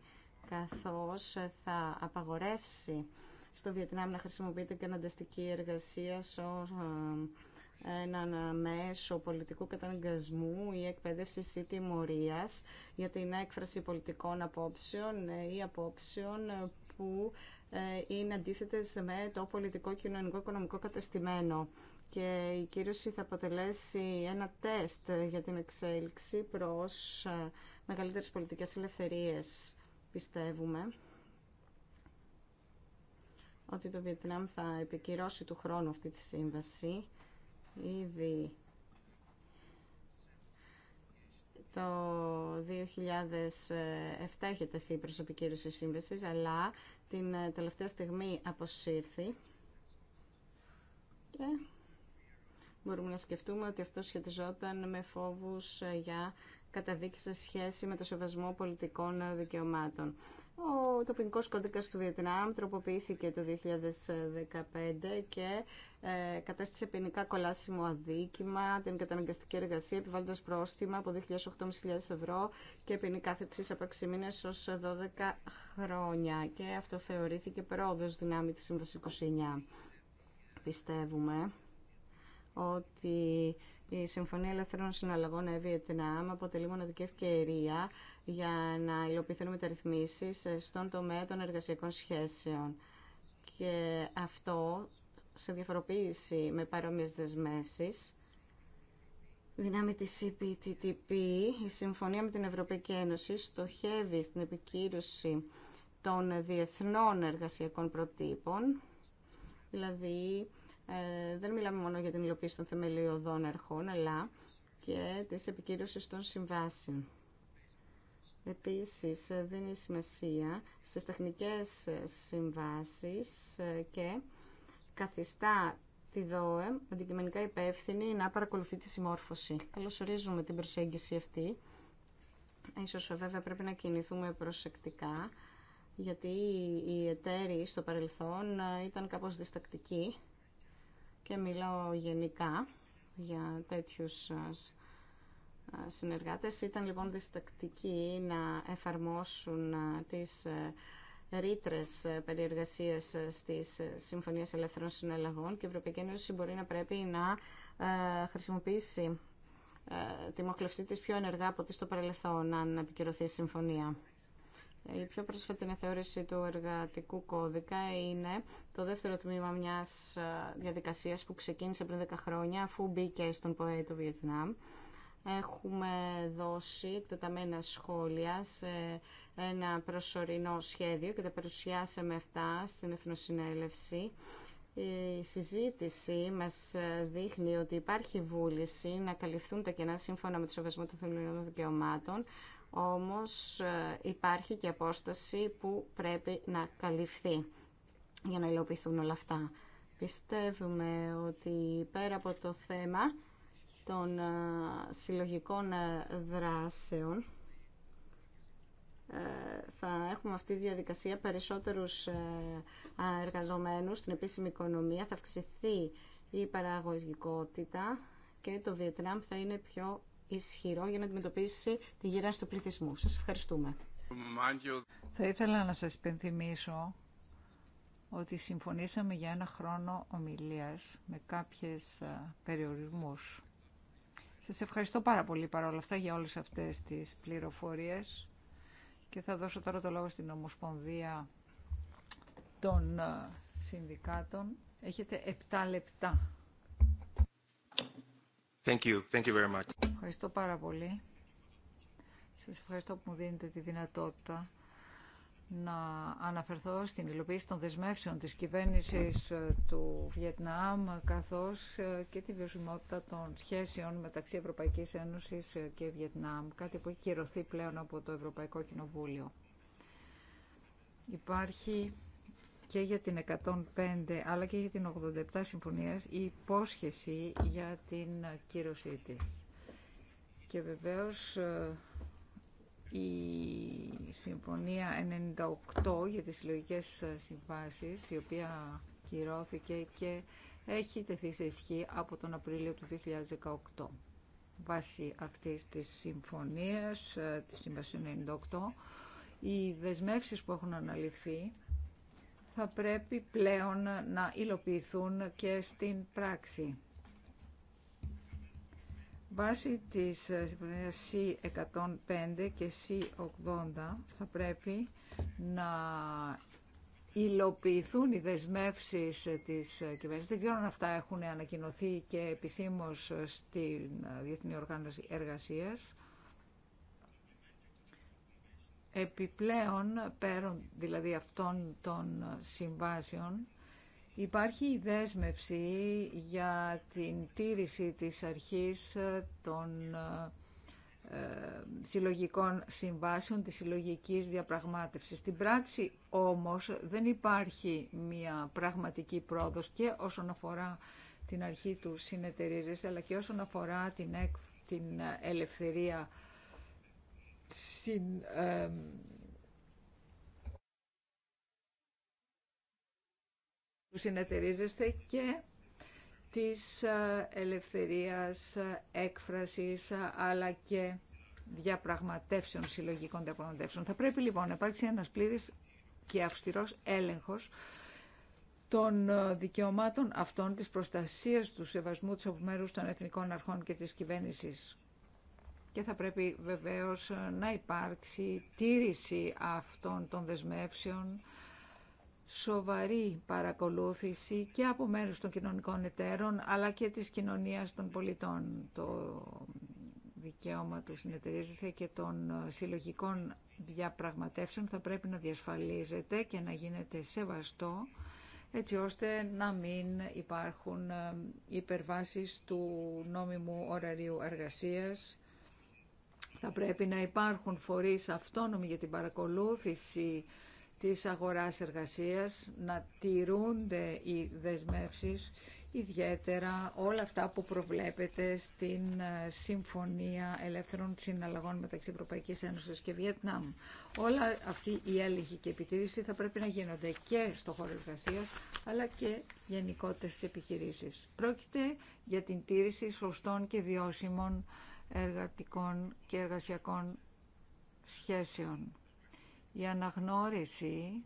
καθώς θα απαγορεύσει στο Βιετνάμ να χρησιμοποιείται καταναγκαστική εργασία ε, έναν μέσο πολιτικού καταναγκασμού ή εκπαίδευση ή τιμωρία για την έκφραση πολιτικών απόψεων ε, ή απόψεων ε, που ε, είναι αντίθετες με το πολιτικό, κοινωνικό, οικονομικό κατεστημένο. Και η κύρωση θα αποτελέσει ένα τεστ για την εξέλιξη προς μεγαλύτερες πολιτικές ελευθερίες, πιστεύουμε ότι το Βιετνάμ θα επικυρώσει του χρόνου αυτή τη σύμβαση ήδη το 2007 είχε τεθεί η προσωπική ρωσή σύμβαση, αλλά την ε, τελευταία στιγμή αποσύρθη. Και μπορούμε να σκεφτούμε ότι αυτό σχετιζόταν με φόβους ε, για καταδίκη σε σχέση με το σεβασμό πολιτικών ε, δικαιωμάτων. Ο τοπικό κώδικα του Βιετνάμ τροποποιήθηκε το 2015 και ε, κατέστησε ποινικά κολάσιμο αδίκημα την καταναγκαστική εργασία, επιβάλλοντα πρόστιμα από 2.800 ευρώ και ποινικά κάθεξη από 6 μήνε ω 12 χρόνια. Και αυτό θεωρήθηκε πρόοδο δυνάμει τη Σύμβαση 29. Πιστεύουμε ότι η Συμφωνία Ελεύθερων Συναλλαγών Βιετνάμ αποτελεί μοναδική ευκαιρία για να υλοποιηθούν μεταρρυθμίσεις στον τομέα των εργασιακών σχέσεων. Και αυτό σε διαφοροποίηση με παρόμοιες δεσμεύσεις Δυνάμει της CPTTP, η Συμφωνία με την Ευρωπαϊκή Ένωση στοχεύει στην επικύρωση των διεθνών εργασιακών προτύπων, δηλαδή ε, δεν μιλάμε μόνο για την υλοποίηση των θεμελιωδών ερχών, αλλά και της επικύρωσης των συμβάσεων. Επίσης, ε, δίνει σημασία στις τεχνικές ε, συμβάσεις ε, και καθιστά τη ΔΟΕ αντικειμενικά υπεύθυνη να παρακολουθεί τη συμμόρφωση. Καλωσορίζουμε την προσέγγιση αυτή. Ίσως βέβαια πρέπει να κινηθούμε προσεκτικά, γιατί οι εταίροι στο παρελθόν ήταν κάπως διστακτικοί και μιλάω γενικά για τέτοιους ε, συνεργάτες ήταν λοιπόν διστακτικοί να εφαρμόσουν ε, τις ε, ρήτρε περιεργασία στις συμφωνίε ελεύθερων συναλλαγών και η Ευρωπαϊκή Ένωση μπορεί να πρέπει να χρησιμοποιήσει τη μοχλευσή της πιο ενεργά από ό,τι στο παρελθόν αν επικυρωθεί η συμφωνία. Η πιο πρόσφατη θεώρηση του εργατικού κώδικα είναι το δεύτερο τμήμα μιας διαδικασίας που ξεκίνησε πριν 10 χρόνια αφού μπήκε στον ΠΟΕ του Βιετνάμ Έχουμε δώσει εκτεταμένα σχόλια σε ένα προσωρινό σχέδιο και τα παρουσιάσαμε αυτά στην Εθνοσυνέλευση. Η συζήτηση μας δείχνει ότι υπάρχει βούληση να καλυφθούν τα κενά σύμφωνα με το σεβασμό των θεμελιωδών δικαιωμάτων, όμως ε, υπάρχει και απόσταση που πρέπει να καλυφθεί για να υλοποιηθούν όλα αυτά. Πιστεύουμε ότι πέρα από το θέμα των συλλογικών δράσεων θα έχουμε αυτή τη διαδικασία περισσότερους εργαζομένους στην επίσημη οικονομία, θα αυξηθεί η παραγωγικότητα και το Βιετνάμ θα είναι πιο ισχυρό για να αντιμετωπίσει τη γυράση του πληθυσμού. Σας ευχαριστούμε. Θα ήθελα να σας πενθυμίσω ότι συμφωνήσαμε για ένα χρόνο ομιλίας με κάποιες περιορισμούς. Σας ευχαριστώ πάρα πολύ παρόλα αυτά για όλες αυτές τις πληροφορίες και θα δώσω τώρα το λόγο στην Ομοσπονδία των ε, Συνδικάτων. Έχετε 7 λεπτά. Ευχαριστώ πάρα πολύ. Σας ευχαριστώ που μου δίνετε τη δυνατότητα να αναφερθώ στην υλοποίηση των δεσμεύσεων της κυβέρνησης ε, του Βιετνάμ καθώς ε, και τη βιωσιμότητα των σχέσεων μεταξύ Ευρωπαϊκής Ένωσης ε, και Βιετνάμ, κάτι που έχει κυρωθεί πλέον από το Ευρωπαϊκό Κοινοβούλιο. Υπάρχει και για την 105 αλλά και για την 87 συμφωνίας η υπόσχεση για την κύρωσή της. Και βεβαίως η Συμφωνία 98 για τις συλλογικέ συμβάσεις, η οποία κυρώθηκε και έχει τεθεί σε ισχύ από τον Απρίλιο του 2018. Βάσει αυτής της συμφωνίας, ε, της Συμβασίας 98, οι δεσμεύσεις που έχουν αναλυθεί θα πρέπει πλέον να υλοποιηθούν και στην πράξη. Βάσει της ε, συμφωνίας C105 και C80 θα πρέπει να υλοποιηθούν οι δεσμεύσεις της κυβέρνησης. Δεν ξέρω αν αυτά έχουν ανακοινωθεί και επισήμως στην ε, Διεθνή Οργάνωση Εργασίας. Επιπλέον, πέραν δηλαδή αυτών των συμβάσεων, Υπάρχει η δέσμευση για την τήρηση της αρχής ε, των ε, συλλογικών συμβάσεων, της συλλογικής διαπραγμάτευσης. Στην πράξη όμως δεν υπάρχει μια πραγματική πρόοδος και όσον αφορά την αρχή του συνεταιρίζεσαι, αλλά και όσον αφορά την, ε, ελευθερία που συνεταιρίζεστε και της ε, ελευθερίας ε, έκφρασης ε, αλλά και διαπραγματεύσεων, συλλογικών διαπραγματεύσεων. Θα πρέπει λοιπόν να υπάρξει ένας πλήρης και αυστηρός έλεγχος των δικαιωμάτων αυτών, της προστασίας του σεβασμού της από μέρου των εθνικών αρχών και της κυβέρνησης. Και θα πρέπει βεβαίως να υπάρξει τήρηση αυτών των δεσμεύσεων σοβαρή παρακολούθηση και από μέρους των κοινωνικών εταίρων αλλά και της κοινωνίας των πολιτών. Το δικαίωμα του συνεταιρίζεται και των συλλογικών διαπραγματεύσεων θα πρέπει να διασφαλίζεται και να γίνεται σεβαστό έτσι ώστε να μην υπάρχουν ε, υπερβάσεις του νόμιμου ωραρίου εργασίας. Θα πρέπει να υπάρχουν φορείς αυτόνομοι για την παρακολούθηση της αγοράς εργασίας, να τηρούνται οι δεσμεύσεις, ιδιαίτερα όλα αυτά που προβλέπεται στην ε, Συμφωνία Ελεύθερων Συναλλαγών μεταξύ Ευρωπαϊκής Ένωσης και Βιετνάμ. Όλα αυτή η έλεγχη και επιτήρηση θα πρέπει να γίνονται και στο χώρο εργασίας, αλλά και γενικότερα στις επιχειρήσεις. Πρόκειται για την τήρηση σωστών και βιώσιμων εργατικών και εργασιακών σχέσεων η αναγνώριση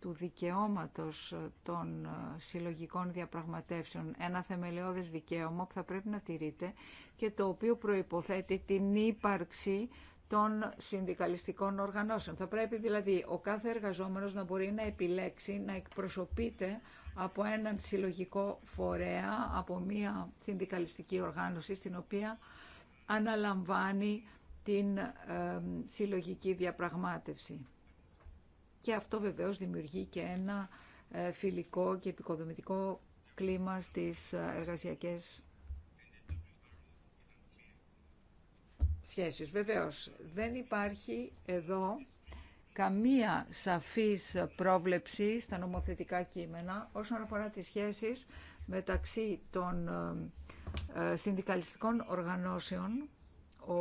του δικαιώματος των συλλογικών διαπραγματεύσεων, ένα θεμελιώδες δικαίωμα που θα πρέπει να τηρείται και το οποίο προϋποθέτει την ύπαρξη των συνδικαλιστικών οργανώσεων. Θα πρέπει δηλαδή ο κάθε εργαζόμενος να μπορεί να επιλέξει να εκπροσωπείται από έναν συλλογικό φορέα, από μία συνδικαλιστική οργάνωση στην οποία αναλαμβάνει την ε, συλλογική διαπραγμάτευση και αυτό βεβαίως δημιουργεί και ένα ε, φιλικό και επικοδομητικό κλίμα στις ε, εργασιακές σχέσεις. Βεβαίως, δεν υπάρχει εδώ καμία σαφής πρόβλεψη στα νομοθετικά κείμενα όσον αφορά τις σχέσεις μεταξύ των ε, συνδικαλιστικών οργανώσεων, ο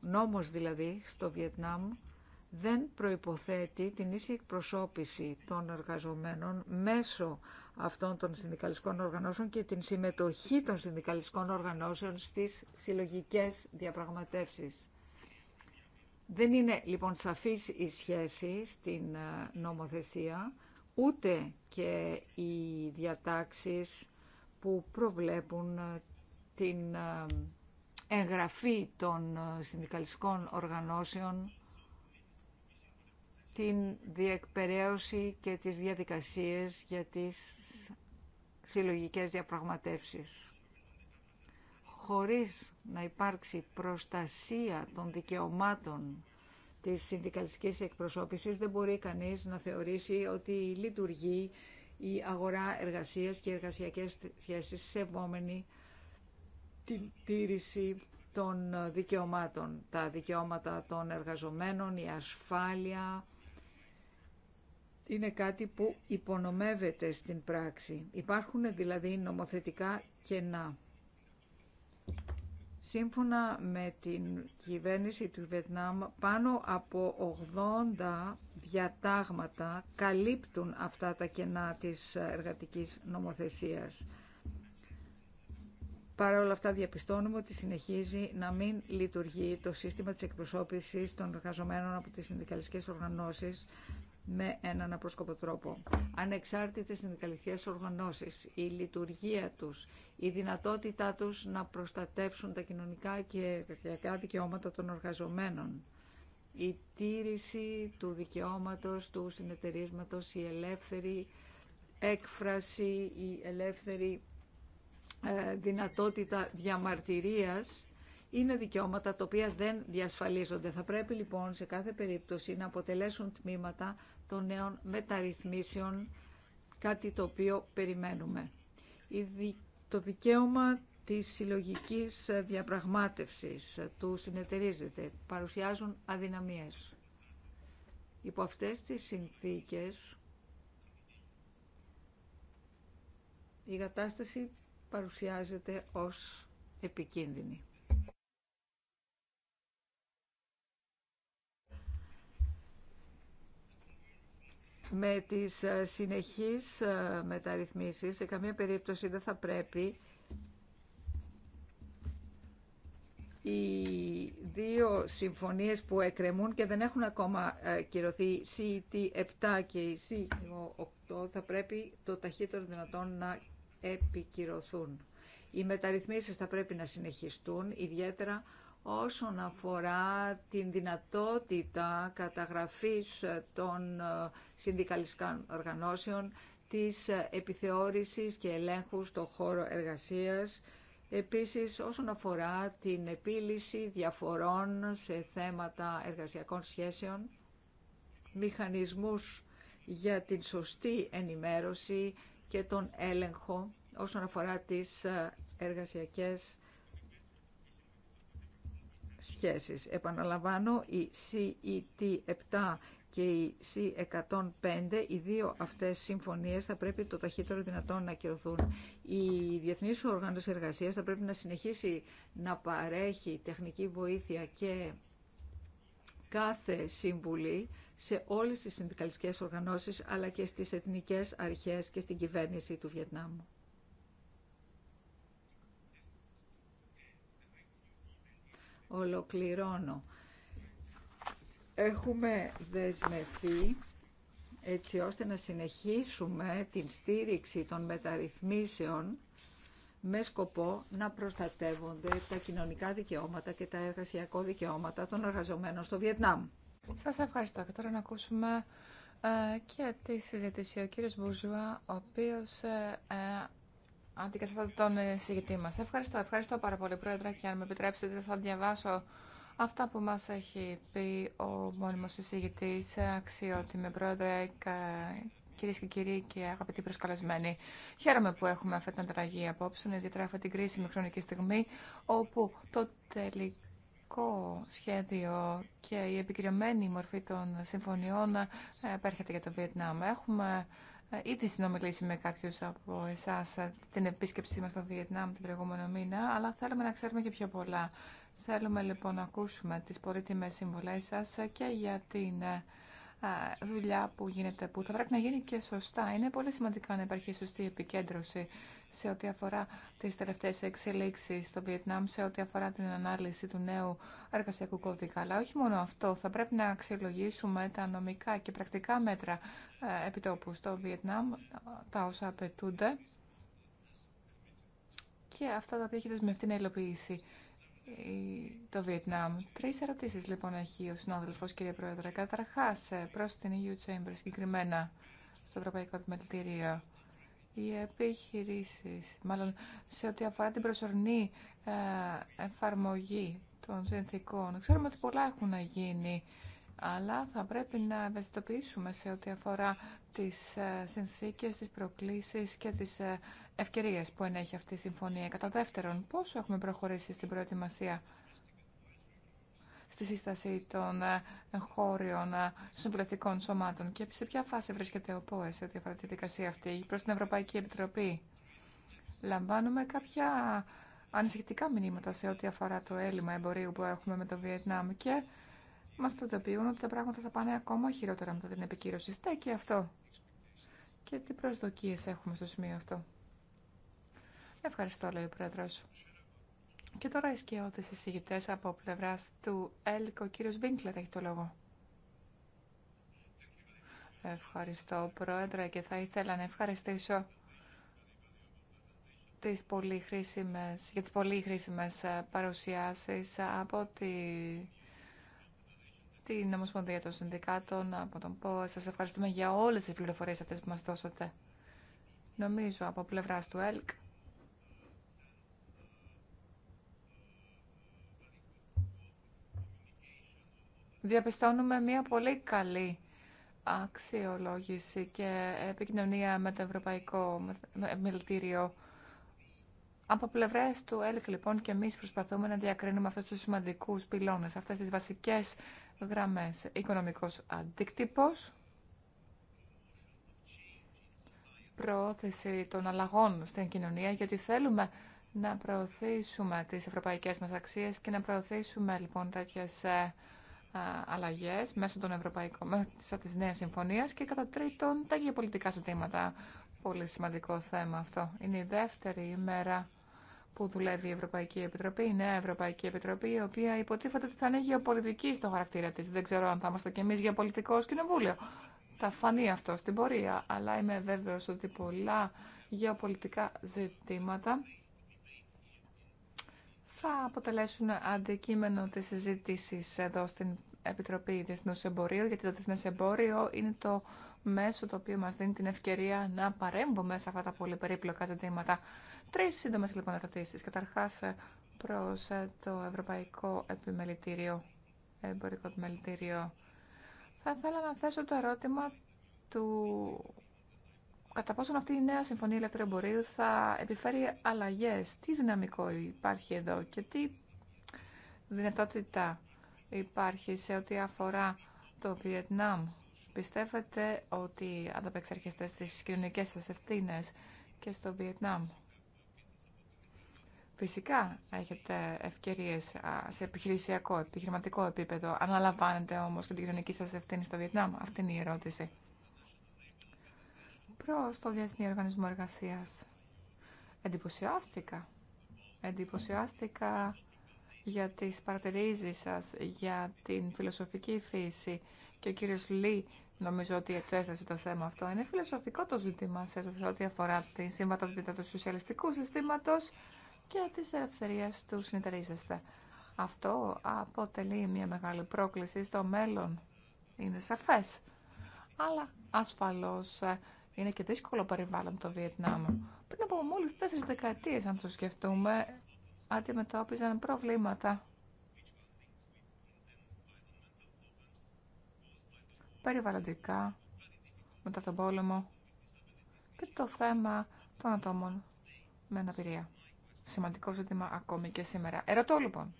νόμος δηλαδή στο Βιετνάμ δεν προϋποθέτει την ίση εκπροσώπηση των εργαζομένων μέσω αυτών των συνδικαλιστικών οργανώσεων και την συμμετοχή των συνδικαλιστικών οργανώσεων στις συλλογικές διαπραγματεύσεις. Δεν είναι λοιπόν σαφής η σχέση στην ε, νομοθεσία, ούτε και οι διατάξεις που προβλέπουν ε, την ε, εγγραφή των συνδικαλιστικών οργανώσεων την διεκπαιρέωση και τις διαδικασίες για τις συλλογικές διαπραγματεύσεις. Χωρίς να υπάρξει προστασία των δικαιωμάτων της συνδικαλιστικής εκπροσώπησης δεν μπορεί κανείς να θεωρήσει ότι λειτουργεί η αγορά εργασίας και εργασιακές σχέσεις σεβόμενη την τήρηση των δικαιωμάτων. Τα δικαιώματα των εργαζομένων, η ασφάλεια, είναι κάτι που υπονομεύεται στην πράξη. Υπάρχουν δηλαδή νομοθετικά κενά. Σύμφωνα με την κυβέρνηση του Βιετνάμ, πάνω από 80 διατάγματα καλύπτουν αυτά τα κενά της εργατικής νομοθεσίας. Παρ' όλα αυτά διαπιστώνουμε ότι συνεχίζει να μην λειτουργεί το σύστημα της εκπροσώπησης των εργαζομένων από τις συνδικαλιστικές οργανώσεις με έναν απρόσκοπο τρόπο. Ανεξάρτητες συνδικαλιστικές οργανώσεις, η λειτουργία τους, η δυνατότητά τους να προστατεύσουν τα κοινωνικά και δευτεριακά δικαιώματα των εργαζομένων, η τήρηση του δικαιώματος του συνεταιρίσματος, η ελεύθερη έκφραση, η ελεύθερη ε, δυνατότητα διαμαρτυρίας είναι δικαιώματα τα οποία δεν διασφαλίζονται. Θα πρέπει λοιπόν σε κάθε περίπτωση να αποτελέσουν τμήματα των νέων μεταρρυθμίσεων, κάτι το οποίο περιμένουμε. Το δικαίωμα της συλλογικής διαπραγμάτευσης του συνεταιρίζεται, παρουσιάζουν αδυναμίες. Υπό αυτές τις συνθήκες η κατάσταση παρουσιάζεται ως επικίνδυνη. με τις ε, συνεχείς ε, μεταρρυθμίσεις σε καμία περίπτωση δεν θα πρέπει οι δύο συμφωνίες που εκκρεμούν και δεν έχουν ακόμα ε, κυρωθεί, η 7 και η CET8, θα πρέπει το ταχύτερο δυνατόν να επικυρωθούν. Οι μεταρρυθμίσεις θα πρέπει να συνεχιστούν, ιδιαίτερα όσον αφορά την δυνατότητα καταγραφής των ε, συνδικαλιστικών οργανώσεων, της ε, επιθεώρησης και ελέγχου στον χώρο εργασίας, επίσης όσον αφορά την επίλυση διαφορών σε θέματα εργασιακών σχέσεων, μηχανισμούς για την σωστή ενημέρωση και τον έλεγχο όσον αφορά τις ε, εργασιακές σχέσεις. Επαναλαμβάνω, η CET7 και η C105, οι δύο αυτές συμφωνίες θα πρέπει το ταχύτερο δυνατόν να κυρωθούν. Η Διεθνής Οργάνωση Εργασίας θα πρέπει να συνεχίσει να παρέχει τεχνική βοήθεια και κάθε σύμβουλη σε όλες τις συνδικαλιστικές οργανώσεις αλλά και στις εθνικές αρχές και στην κυβέρνηση του Βιετνάμου. Ολοκληρώνω. Έχουμε δεσμευθεί έτσι ώστε να συνεχίσουμε την στήριξη των μεταρρυθμίσεων με σκοπό να προστατεύονται τα κοινωνικά δικαιώματα και τα εργασιακό δικαιώματα των εργαζομένων στο Βιετνάμ. Σας ευχαριστώ και τώρα να ακούσουμε ε, και τη συζήτηση ο κύριος Μπουζουά, ο οποίος ε, ε, Αντικαθέτω τον ε, συγητή μας. Ευχαριστώ, ευχαριστώ πάρα πολύ Πρόεδρε και αν με επιτρέψετε θα διαβάσω αυτά που μας έχει πει ο μόνιμος συγητής αξιότιμη Πρόεδρε Κυρίε και κύριοι και αγαπητοί προσκαλεσμένοι, χαίρομαι που έχουμε αυτή την ανταλλαγή απόψε. ιδιαίτερα αυτή την κρίσιμη χρονική στιγμή, όπου το τελικό σχέδιο και η επικυρωμένη μορφή των συμφωνιών ε, επέρχεται για το Βιετνάμ. Έχουμε τη ε, συνομιλήσει με κάποιους από εσάς ε, στην επίσκεψή μας στο Βιετνάμ την προηγούμενο μήνα, αλλά θέλουμε να ξέρουμε και πιο πολλά. Θέλουμε λοιπόν να ακούσουμε τις πολύτιμες συμβουλές σας ε, και για την δουλειά που γίνεται, που θα πρέπει να γίνει και σωστά. Είναι πολύ σημαντικά να υπάρχει σωστή επικέντρωση σε ό,τι αφορά τις τελευταίες εξελίξεις στο Βιετνάμ, σε ό,τι αφορά την ανάλυση του νέου εργασιακού κώδικα. Αλλά όχι μόνο αυτό, θα πρέπει να αξιολογήσουμε τα νομικά και πρακτικά μέτρα ε, επιτόπου στο Βιετνάμ, τα όσα απαιτούνται και αυτά τα οποία έχει δεσμευτεί να υλοποιήσει το Βιετνάμ. Τρει ερωτήσει, λοιπόν έχει ο συνάδελφος κύριε Πρόεδρε. Καταρχά ε, προ την EU Chamber συγκεκριμένα στο Ευρωπαϊκό Επιμελητήριο. Οι επιχειρήσεις, μάλλον σε ό,τι αφορά την προσωρινή ε, εφαρμογή των συνθήκων. Ξέρουμε ότι πολλά έχουν γίνει, αλλά θα πρέπει να ευαισθητοποιήσουμε σε ό,τι αφορά τις ε, συνθήκε, τι προκλήσεις και τις Ευκαιρίε που ενέχει αυτή η συμφωνία. Κατά δεύτερον, πόσο έχουμε προχωρήσει στην προετοιμασία στη σύσταση των ε, χώριων ε, συμβουλευτικών σωμάτων και σε ποια φάση βρίσκεται ο ΠΟΕ σε ό,τι αφορά τη δικασία αυτή προ την Ευρωπαϊκή Επιτροπή. Λαμβάνουμε κάποια ανησυχητικά μηνύματα σε ό,τι αφορά το έλλειμμα εμπορίου που έχουμε με το Βιετνάμ και μα προειδοποιούν ότι τα πράγματα θα πάνε ακόμα χειρότερα μετά την επικύρωση. Στέκει αυτό. Και τι προσδοκίες έχουμε στο σημείο αυτό. Ευχαριστώ, λέει ο Πρόεδρο. Και τώρα οι σκιώδει εισηγητέ από πλευρά του ΕΛΚ, ο κύριο Βίνκλερ έχει το λόγο. Ευχαριστώ, Πρόεδρε, και θα ήθελα να ευχαριστήσω τις πολύ χρήσιμες, για τις πολύ χρήσιμες ε, παρουσιάσεις από τη, την Ομοσπονδία των Συνδικάτων, από τον ΠΟΕ. Σας ευχαριστούμε για όλες τις πληροφορίες αυτές που μας δώσατε. Νομίζω από πλευράς του ΕΛΚ διαπιστώνουμε μια πολύ καλή αξιολόγηση και επικοινωνία με το Ευρωπαϊκό Μιλτήριο. Από πλευρέ του ΕΛΚ, λοιπόν, και εμεί προσπαθούμε να διακρίνουμε αυτού του σημαντικού πυλώνε, αυτέ τι βασικέ γραμμέ. Οικονομικό αντίκτυπο, προώθηση των αλλαγών στην κοινωνία, γιατί θέλουμε να προωθήσουμε τις ευρωπαϊκές μας αξίες και να προωθήσουμε λοιπόν τέτοιες ε, αλλαγέ μέσω των ευρωπαϊκών, μέσω τη νέα συμφωνία και κατά τρίτον τα γεωπολιτικά ζητήματα. Πολύ σημαντικό θέμα αυτό. Είναι η δεύτερη ημέρα που δουλεύει η Ευρωπαϊκή Επιτροπή, η Νέα Ευρωπαϊκή Επιτροπή, η οποία υποτίθεται ότι θα είναι γεωπολιτική στο χαρακτήρα τη. Δεν ξέρω αν θα είμαστε κι εμεί γεωπολιτικό κοινοβούλιο. Θα φανεί αυτό στην πορεία, αλλά είμαι βέβαιο ότι πολλά γεωπολιτικά ζητήματα θα αποτελέσουν αντικείμενο της συζήτηση εδώ στην Επιτροπή Διεθνούς Εμπορίου, γιατί το Διεθνές Εμπόριο είναι το μέσο το οποίο μας δίνει την ευκαιρία να παρέμβουμε σε αυτά τα πολύ περίπλοκα ζητήματα. Τρεις σύντομες λοιπόν ερωτήσεις. Καταρχάς προς ε, το Ευρωπαϊκό Επιμελητήριο, Εμπορικό Επιμελητήριο. Θα ήθελα να θέσω το ερώτημα του κατά πόσον αυτή η νέα συμφωνία ηλεκτροεμπορίου θα επιφέρει αλλαγές. Τι δυναμικό υπάρχει εδώ και τι δυνατότητα υπάρχει σε ό,τι αφορά το Βιετνάμ. Πιστεύετε ότι ανταπεξερχέστε στις κοινωνικέ σα ευθύνε και στο Βιετνάμ. Φυσικά έχετε ευκαιρίες σε επιχειρησιακό, επιχειρηματικό επίπεδο. Αναλαμβάνετε όμω και την κοινωνική σα ευθύνη στο Βιετνάμ. Αυτή είναι η ερώτηση. Στο Διεθνή Οργανισμό Εργασίας. Εντυπωσιάστηκα. Εντυπωσιάστηκα για τις παρατηρήσεις σας, για την φιλοσοφική φύση και ο κύριος Λί νομίζω ότι το έθεσε το θέμα αυτό. Είναι φιλοσοφικό το ζήτημα σε ό,τι αφορά τη συμβατότητα του σοσιαλιστικού συστήματος και τη ελευθερία του συνεταιρίζεστε. Αυτό αποτελεί μια μεγάλη πρόκληση στο μέλλον. Είναι σαφές. Αλλά ασφαλώς ε, είναι και δύσκολο περιβάλλον το Βιετνάμ. Πριν από μόλι τέσσερι δεκαετίε αν το σκεφτούμε, αντιμετώπιζαν προβλήματα περιβαλλοντικά μετά τον πόλεμο και το θέμα των ατόμων με αναπηρία. Σημαντικό ζήτημα ακόμη και σήμερα. Ερωτώ λοιπόν,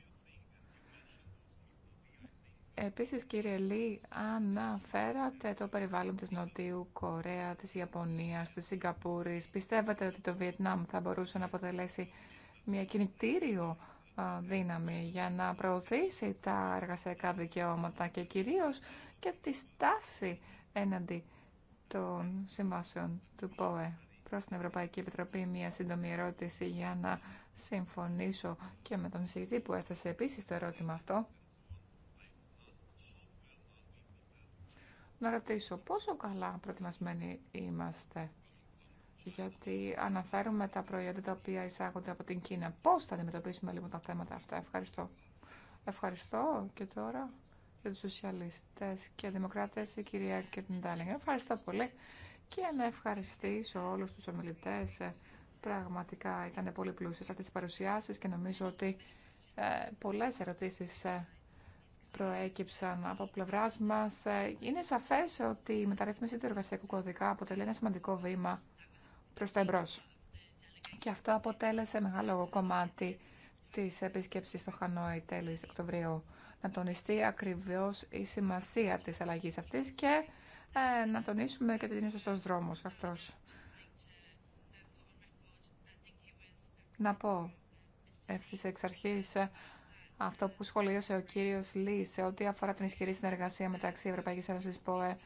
Επίσης, κύριε Λί, αναφέρατε το περιβάλλον της Νοτιού Κορέα, της Ιαπωνίας, της Σιγκαπούρης. Πιστεύετε ότι το Βιετνάμ θα μπορούσε να αποτελέσει μια κινητήριο δύναμη για να προωθήσει τα εργασιακά δικαιώματα και κυρίως και τη στάση έναντι των συμβάσεων του ΠΟΕ. Προς την Ευρωπαϊκή Επιτροπή μια σύντομη ερώτηση για να συμφωνήσω και με τον εισηγητή που έθεσε επίσης το ερώτημα αυτό. να ρωτήσω πόσο καλά προετοιμασμένοι είμαστε. Γιατί αναφέρουμε τα προϊόντα τα οποία εισάγονται από την Κίνα. Πώς θα αντιμετωπίσουμε λοιπόν τα θέματα αυτά. Ευχαριστώ. Ευχαριστώ και τώρα για τους σοσιαλιστές και δημοκράτες η κυρία Κερντάλινγκ. Ευχαριστώ πολύ και να ευχαριστήσω όλους τους ομιλητές. Πραγματικά ήταν πολύ πλούσιες αυτές οι παρουσιάσεις και νομίζω ότι ε, πολλές ερωτήσεις ε, προέκυψαν από πλευρά μα. Ε, είναι σαφέ ότι η μεταρρύθμιση του εργασιακού κωδικά αποτελεί ένα σημαντικό βήμα προ τα εμπρό. Και αυτό αποτέλεσε μεγάλο κομμάτι τη επίσκεψη στο Χανόη τέλη Οκτωβρίου. Να τονιστεί ακριβώ η σημασία τη αλλαγή αυτή και ε, να τονίσουμε και ότι είναι σωστό δρόμο αυτό. Να πω ευθύ εξ αρχή αυτό που σχολίασε ο κύριος Λί σε ό,τι αφορά την ισχυρή συνεργασία μεταξύ Ευρωπαϊκής Ένωσης ΠΟΕ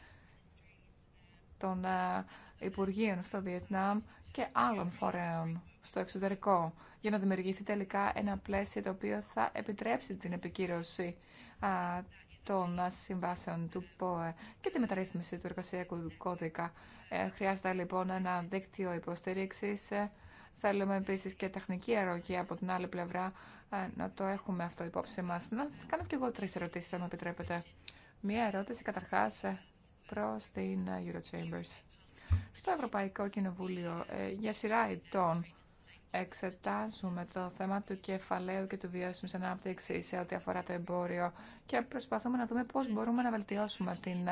των ε, Υπουργείων στο Βιετνάμ και άλλων φορέων στο εξωτερικό για να δημιουργηθεί τελικά ένα πλαίσιο το οποίο θα επιτρέψει την επικύρωση των συμβάσεων του ΠΟΕ και τη μεταρρύθμιση του εργασιακού κώδικα. Ε, χρειάζεται λοιπόν ένα δίκτυο υποστήριξης. Ε, θέλουμε επίσης και τεχνική αρρωγή από την άλλη πλευρά ε, να το έχουμε αυτό υπόψη μας. Να κάνω και εγώ τρεις ερωτήσεις, αν μου επιτρέπετε. Μία ερώτηση καταρχάς ε, προ την ε, Eurochambers. Στο Ευρωπαϊκό Κοινοβούλιο, για σειρά ετών, εξετάζουμε το θέμα του κεφαλαίου και του βιώσιμη ανάπτυξη σε ό,τι αφορά το εμπόριο και προσπαθούμε να δούμε πώς μπορούμε να βελτιώσουμε την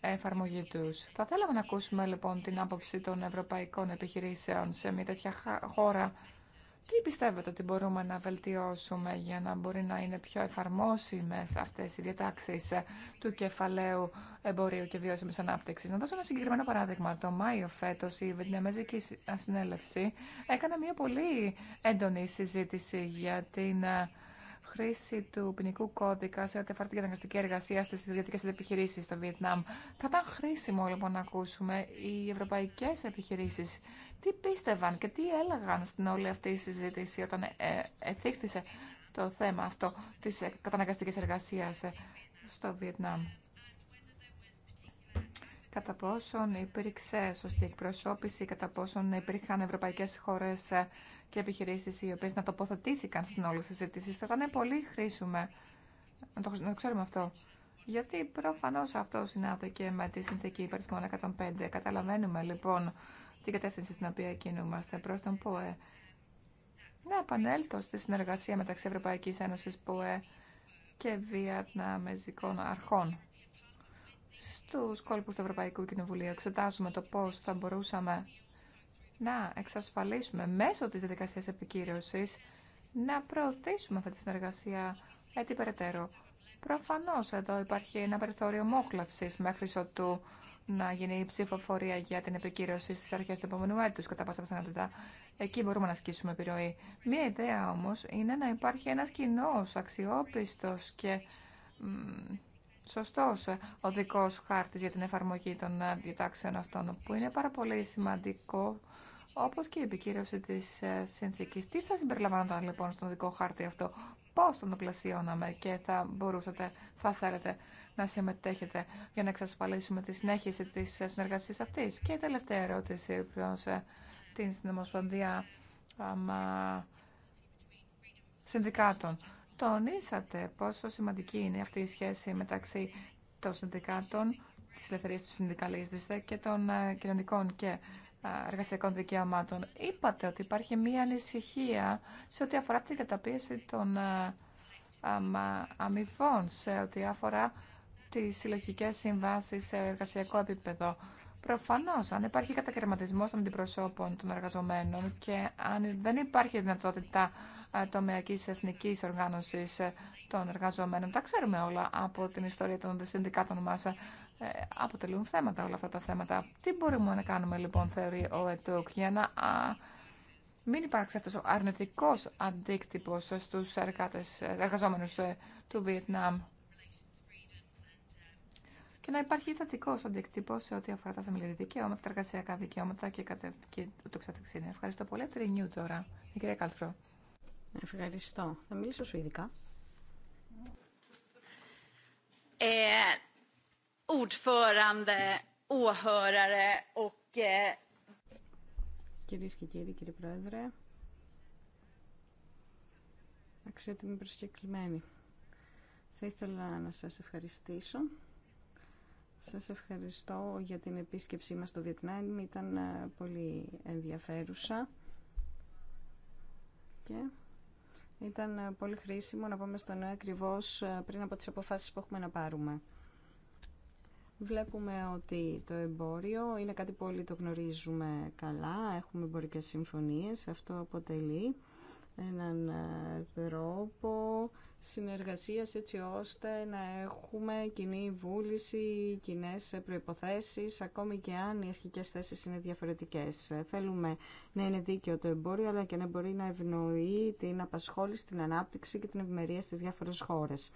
εφαρμογή τους. Θα θέλαμε να ακούσουμε λοιπόν την άποψη των ευρωπαϊκών επιχειρήσεων σε μια τέτοια χώρα τι πιστεύετε ότι μπορούμε να βελτιώσουμε για να μπορεί να είναι πιο εφαρμόσιμες αυτές οι διατάξεις του κεφαλαίου εμπορίου και βιώσιμης ανάπτυξης. Να δώσω ένα συγκεκριμένο παράδειγμα. Το Μάιο φέτος η Βιντιναμέζικη Συνέλευση έκανε μια πολύ έντονη συζήτηση για την ε, χρήση του ποινικού κώδικα σε ό,τι αφορά την καταναγκαστική εργασία στι ιδιωτικέ επιχειρήσει στο Βιετνάμ. Θα ήταν χρήσιμο λοιπόν να ακούσουμε οι ευρωπαϊκέ επιχειρήσει τι πίστευαν και τι έλεγαν στην όλη αυτή η συζήτηση όταν ε, εθίχθησε το θέμα αυτό της καταναγκαστικής εργασίας στο Βιετνάμ. Κατά πόσον υπήρξε σωστή εκπροσώπηση, κατά πόσον υπήρχαν ευρωπαϊκές χώρες και επιχειρήσεις οι οποίες να τοποθετήθηκαν στην όλη συζήτηση. Θα ήταν πολύ χρήσιμο να το, ξέρουμε αυτό. Γιατί προφανώς αυτό συνάδεκε με τη συνθήκη υπαριθμών 105. Καταλαβαίνουμε λοιπόν την κατεύθυνση στην οποία κινούμαστε προ τον ΠΟΕ. Να επανέλθω στη συνεργασία μεταξύ Ευρωπαϊκή Ένωση ΠΟΕ και Βιατναμεζικών Αρχών. Στου κόλπου του Ευρωπαϊκού Κοινοβουλίου εξετάζουμε το πώς θα μπορούσαμε να εξασφαλίσουμε μέσω της διαδικασία επικύρωσης να προωθήσουμε αυτή τη συνεργασία έτσι περαιτέρω. Προφανώ εδώ υπάρχει ένα περιθώριο μόχλαυση μέχρι ότου να γίνει η ψηφοφορία για την επικύρωση στι αρχέ του επόμενου έτου, κατά πάσα πιθανότητα. Εκεί μπορούμε να ασκήσουμε επιρροή. Μία ιδέα όμω είναι να υπάρχει ένα κοινό, αξιόπιστο και σωστό οδικό χάρτη για την εφαρμογή των διατάξεων αυτών, που είναι πάρα πολύ σημαντικό όπως και η επικύρωση τη ε, συνθήκη. Τι θα συμπεριλαμβάνονταν λοιπόν στον δικό χάρτη αυτό, πώς τον πλασιώναμε και θα μπορούσατε, θα θέλετε να συμμετέχετε για να εξασφαλίσουμε τη συνέχιση της συνεργασίας αυτής. Και η τελευταία ερώτηση προς ε, την Συνομοσπονδία Συνδικάτων. Τονίσατε πόσο σημαντική είναι αυτή η σχέση μεταξύ των συνδικάτων, της ελευθερίας του συνδικαλίστησα και των ε, κοινωνικών και εργασιακών δικαιωμάτων. Είπατε ότι υπάρχει μία ανησυχία σε ό,τι αφορά την καταπίεση των ε, αμοιβών, σε ό,τι αφορά τι συλλογικέ συμβάσει σε εργασιακό επίπεδο. Προφανώ. αν υπάρχει κατακαιρματισμό των αντιπροσώπων των εργαζομένων και αν δεν υπάρχει δυνατότητα ε, τομεακή εθνική οργάνωση ε, των εργαζομένων, τα ξέρουμε όλα από την ιστορία των συνδικάτων μα. Ε, αποτελούν θέματα όλα αυτά τα θέματα. Τι μπορούμε να κάνουμε λοιπόν, θεωρεί ο ΕΤΟΚ, για να μην υπάρξει αυτό ο αρνητικό αντίκτυπο στου εργαζόμενου εργαζόμενους του Βιετνάμ και να υπάρχει θετικό αντικτύπο σε ό,τι αφορά τα θεμελιώδη δικαιώματα, τα εργασιακά δικαιώματα και, κατε... το ξατεξίνη. Ευχαριστώ πολύ. Τρινιού τώρα, η κυρία Κάλτσπρο. Ευχαριστώ. Θα μιλήσω σου ειδικά. Ε, Κυρίες και κύριοι, κύριε Πρόεδρε, αξιότιμοι προσκεκλημένοι, θα ήθελα να σας ευχαριστήσω σας ευχαριστώ για την επίσκεψή μας στο Βιετνάμ. Ήταν ε, πολύ ενδιαφέρουσα και ήταν ε, πολύ χρήσιμο να πάμε στο νέο ακριβώ ε, πριν από τις αποφάσεις που έχουμε να πάρουμε. Βλέπουμε ότι το εμπόριο είναι κάτι που όλοι το γνωρίζουμε καλά, έχουμε εμπορικές συμφωνίες, αυτό αποτελεί έναν τρόπο ε, συνεργασίας έτσι ώστε να έχουμε κοινή βούληση, κοινέ προϋποθέσεις, ακόμη και αν οι αρχικές θέσεις είναι διαφορετικές. Θέλουμε να είναι δίκαιο το εμπόριο, αλλά και να μπορεί να ευνοεί την απασχόληση, την ανάπτυξη και την ευημερία στις διάφορες χώρες.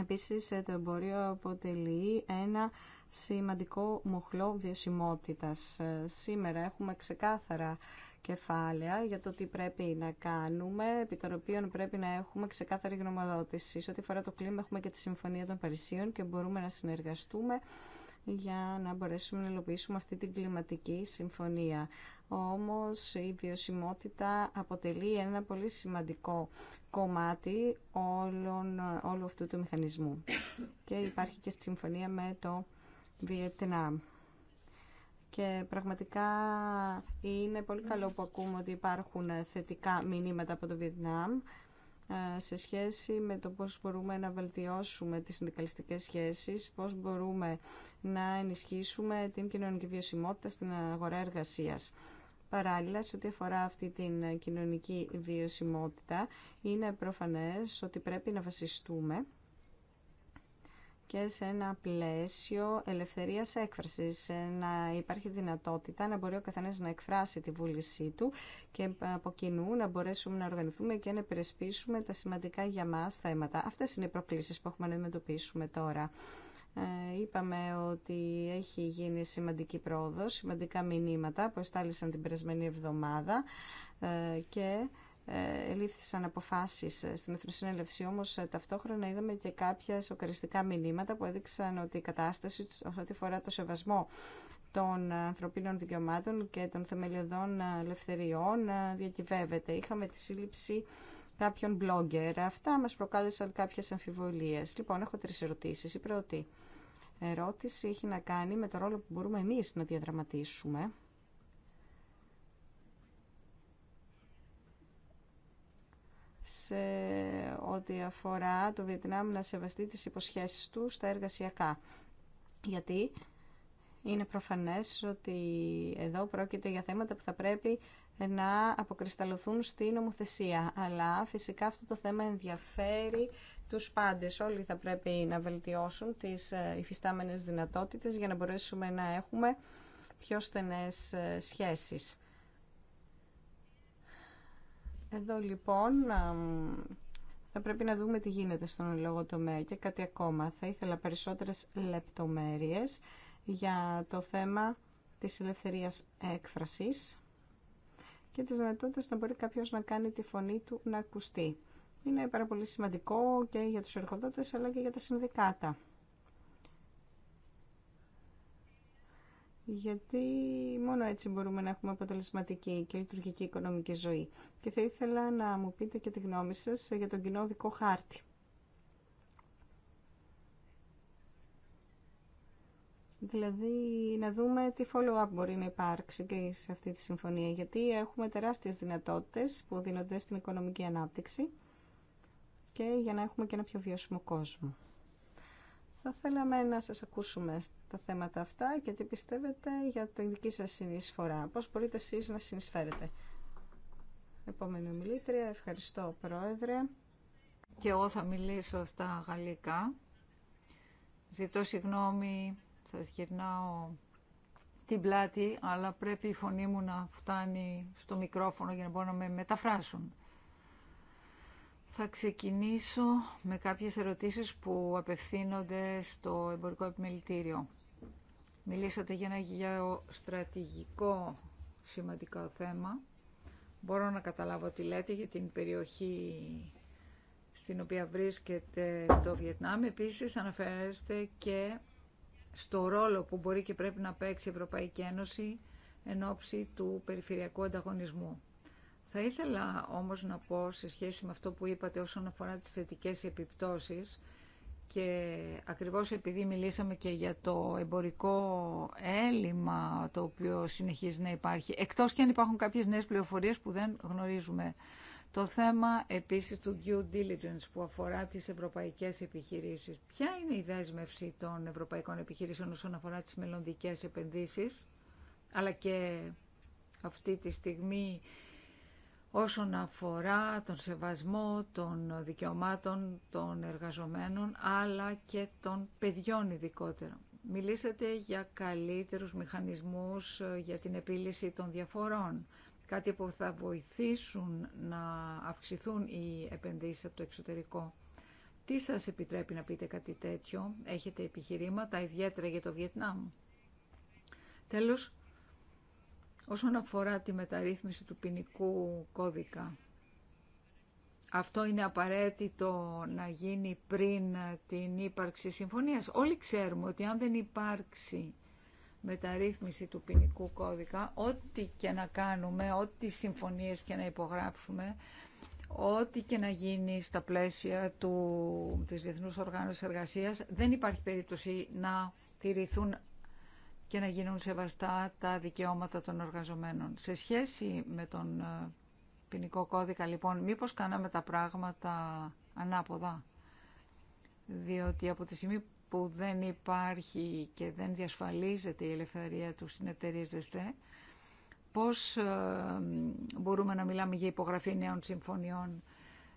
Επίσης, το εμπόριο αποτελεί ένα σημαντικό μοχλό βιωσιμότητας. Σήμερα έχουμε ξεκάθαρα κεφάλαια για το τι πρέπει να κάνουμε, επί των οποίων πρέπει να έχουμε ξεκάθαρη γνωμοδότηση. Σε ό,τι αφορά το κλίμα έχουμε και τη Συμφωνία των Παρισίων και μπορούμε να συνεργαστούμε για να μπορέσουμε να υλοποιήσουμε αυτή την κλιματική συμφωνία. Όμως η βιωσιμότητα αποτελεί ένα πολύ σημαντικό κομμάτι όλων, όλου αυτού του μηχανισμού. Και υπάρχει και στη συμφωνία με το Βιετνάμ και πραγματικά είναι πολύ καλό που ακούμε ότι υπάρχουν θετικά μηνύματα από το Βιετνάμ ε, σε σχέση με το πώς μπορούμε να βελτιώσουμε τις συνδικαλιστικές σχέσεις, πώς μπορούμε να ενισχύσουμε την κοινωνική βιωσιμότητα στην αγορά εργασίας. Παράλληλα, σε ό,τι αφορά αυτή την κοινωνική βιωσιμότητα, είναι προφανές ότι πρέπει να βασιστούμε και σε ένα πλαίσιο ελευθερίας έκφρασης, να υπάρχει δυνατότητα να μπορεί ο καθένας να εκφράσει τη βούλησή του και από κοινού να μπορέσουμε να οργανωθούμε και να υπηρεσπίσουμε τα σημαντικά για μας θέματα. Αυτές είναι οι προκλήσεις που έχουμε να αντιμετωπίσουμε τώρα. Ε, είπαμε ότι έχει γίνει σημαντική πρόοδος, σημαντικά μηνύματα που εστάλησαν την περασμένη εβδομάδα ε, και ε, ελήφθησαν αποφάσεις ε, στην Εθνοσυνέλευση, όμω ε, ταυτόχρονα είδαμε και κάποια σοκαριστικά μηνύματα που έδειξαν ότι η κατάσταση ό,τι φορά το σεβασμό των ανθρωπίνων δικαιωμάτων και των θεμελιωδών ελευθεριών διακυβεύεται. Είχαμε τη σύλληψη κάποιων blogger. Αυτά μας προκάλεσαν κάποιες αμφιβολίες. Λοιπόν, έχω τρεις ερωτήσεις. Η πρώτη ερώτηση έχει να κάνει με το ρόλο που μπορούμε εμείς να διαδραματίσουμε σε ό,τι αφορά το Βιετνάμ να σεβαστεί τις υποσχέσεις του στα εργασιακά. Γιατί είναι προφανές ότι εδώ πρόκειται για θέματα που θα πρέπει να αποκρισταλωθούν στην νομοθεσία. Αλλά φυσικά αυτό το θέμα ενδιαφέρει τους πάντες. Όλοι θα πρέπει να βελτιώσουν τις ε, υφιστάμενες δυνατότητες για να μπορέσουμε να έχουμε πιο στενές ε, σχέσεις. Εδώ λοιπόν θα πρέπει να δούμε τι γίνεται στον λόγο τομέα και κάτι ακόμα. Θα ήθελα περισσότερες λεπτομέρειες για το θέμα της ελευθερίας έκφρασης και της δυνατότητα να μπορεί κάποιος να κάνει τη φωνή του να ακουστεί. Είναι πάρα πολύ σημαντικό και για τους εργοδότες αλλά και για τα συνδικάτα. γιατί μόνο έτσι μπορούμε να έχουμε αποτελεσματική και λειτουργική οικονομική ζωή. Και θα ήθελα να μου πείτε και τη γνώμη σας για τον κοινό δικό χάρτη. Δηλαδή να δούμε τι follow-up μπορεί να υπάρξει και σε αυτή τη συμφωνία. Γιατί έχουμε τεράστιες δυνατότητες που δίνονται στην οικονομική ανάπτυξη και για να έχουμε και ένα πιο βιώσιμο κόσμο. Θα θέλαμε να σας ακούσουμε τα θέματα αυτά και τι πιστεύετε για την δική σας συνεισφορά. Πώς μπορείτε εσείς να συνεισφέρετε. Επόμενη ομιλήτρια. Ευχαριστώ, Πρόεδρε. Και εγώ θα μιλήσω στα γαλλικά. Ζητώ συγγνώμη, σα γυρνάω την πλάτη, αλλά πρέπει η φωνή μου να φτάνει στο μικρόφωνο για να μπορώ να με μεταφράσουν. Θα ξεκινήσω με κάποιες ερωτήσεις που απευθύνονται στο εμπορικό επιμελητήριο. Μιλήσατε για ένα γεωστρατηγικό σημαντικό θέμα. Μπορώ να καταλάβω τι λέτε για την περιοχή στην οποία βρίσκεται το Βιετνάμ. Επίσης αναφέρεστε και στο ρόλο που μπορεί και πρέπει να παίξει η Ευρωπαϊκή Ένωση εν ώψη του περιφερειακού ανταγωνισμού. Θα ήθελα όμως να πω σε σχέση με αυτό που είπατε όσον αφορά τις θετικές επιπτώσεις και ακριβώς επειδή μιλήσαμε και για το εμπορικό έλλειμμα το οποίο συνεχίζει να υπάρχει, εκτός και αν υπάρχουν κάποιες νέες πληροφορίες που δεν γνωρίζουμε. Το θέμα επίσης του due diligence που αφορά τις ευρωπαϊκές επιχειρήσεις. Ποια είναι η δέσμευση των ευρωπαϊκών επιχειρήσεων όσον αφορά τις μελλοντικές επενδύσεις, αλλά και αυτή τη στιγμή όσον αφορά τον σεβασμό των δικαιωμάτων των εργαζομένων αλλά και των παιδιών ειδικότερα. Μιλήσατε για καλύτερους μηχανισμούς ε, για την επίλυση των διαφορών, κάτι που θα βοηθήσουν να αυξηθούν οι επενδύσεις από το εξωτερικό. Τι σας επιτρέπει να πείτε κάτι τέτοιο, έχετε επιχειρήματα ιδιαίτερα για το Βιετνάμ. Τέλος, Όσον αφορά τη μεταρρύθμιση του ποινικού κώδικα, αυτό είναι απαραίτητο να γίνει πριν την ύπαρξη συμφωνίας. Όλοι ξέρουμε ότι αν δεν υπάρξει μεταρρύθμιση του ποινικού κώδικα, ό,τι και να κάνουμε, ό,τι συμφωνίες και να υπογράψουμε, ό,τι και να γίνει στα πλαίσια του, της Διεθνούς Οργάνωσης Εργασίας, δεν υπάρχει περίπτωση να τηρηθούν και να γίνουν σεβαστά τα δικαιώματα των εργαζομένων. Σε σχέση με τον ε, ποινικό κώδικα, λοιπόν, μήπως κάναμε τα πράγματα ανάποδα. Διότι από τη στιγμή που δεν υπάρχει και δεν διασφαλίζεται η ελευθερία του συνεταιρίζεστε, πώς ε, μπορούμε να μιλάμε για υπογραφή νέων συμφωνιών.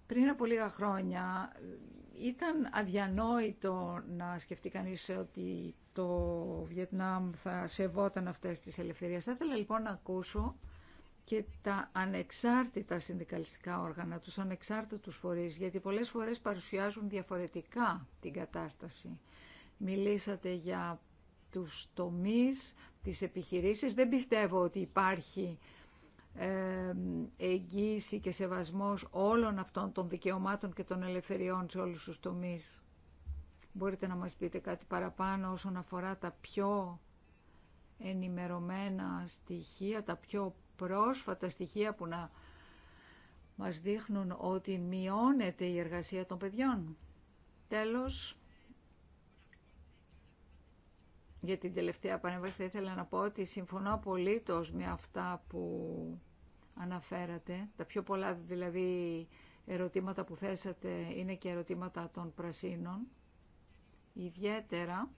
Πριν από λίγα χρόνια ήταν αδιανόητο να σκεφτεί κανείς ότι το Βιετνάμ θα σεβόταν αυτές τις ελευθερίες. Θα ήθελα λοιπόν να ακούσω και τα ανεξάρτητα συνδικαλιστικά όργανα, τους ανεξάρτητους φορείς, γιατί πολλές φορές παρουσιάζουν διαφορετικά την κατάσταση. Μιλήσατε για τους τομείς, τις επιχειρήσεις. Δεν πιστεύω ότι υπάρχει εγγύηση και σεβασμός όλων αυτών των δικαιωμάτων και των ελευθεριών σε όλους τους τομείς. Μπορείτε να μας πείτε κάτι παραπάνω όσον αφορά τα πιο ενημερωμένα στοιχεία, τα πιο πρόσφατα στοιχεία που να μας δείχνουν ότι μειώνεται η εργασία των παιδιών. Τέλος, για την τελευταία παρέμβαση θα ήθελα να πω ότι συμφωνώ απολύτως με αυτά που αναφέρατε. Τα πιο πολλά δηλαδή ερωτήματα που θέσατε είναι και ερωτήματα των πρασίνων. Ιδιαίτερα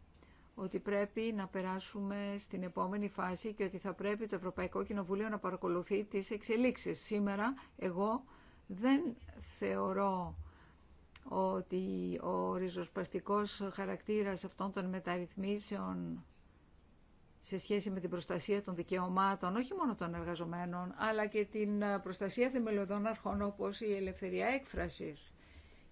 ότι πρέπει να περάσουμε στην επόμενη φάση και ότι θα πρέπει το Ευρωπαϊκό Κοινοβούλιο να παρακολουθεί τις εξελίξεις. Σήμερα εγώ δεν θεωρώ ότι ο ριζοσπαστικός χαρακτήρας αυτών των μεταρρυθμίσεων σε σχέση με την προστασία των δικαιωμάτων όχι μόνο των εργαζομένων αλλά και την ε, προστασία θεμελιωδών αρχών όπως η ελευθερία έκφρασης.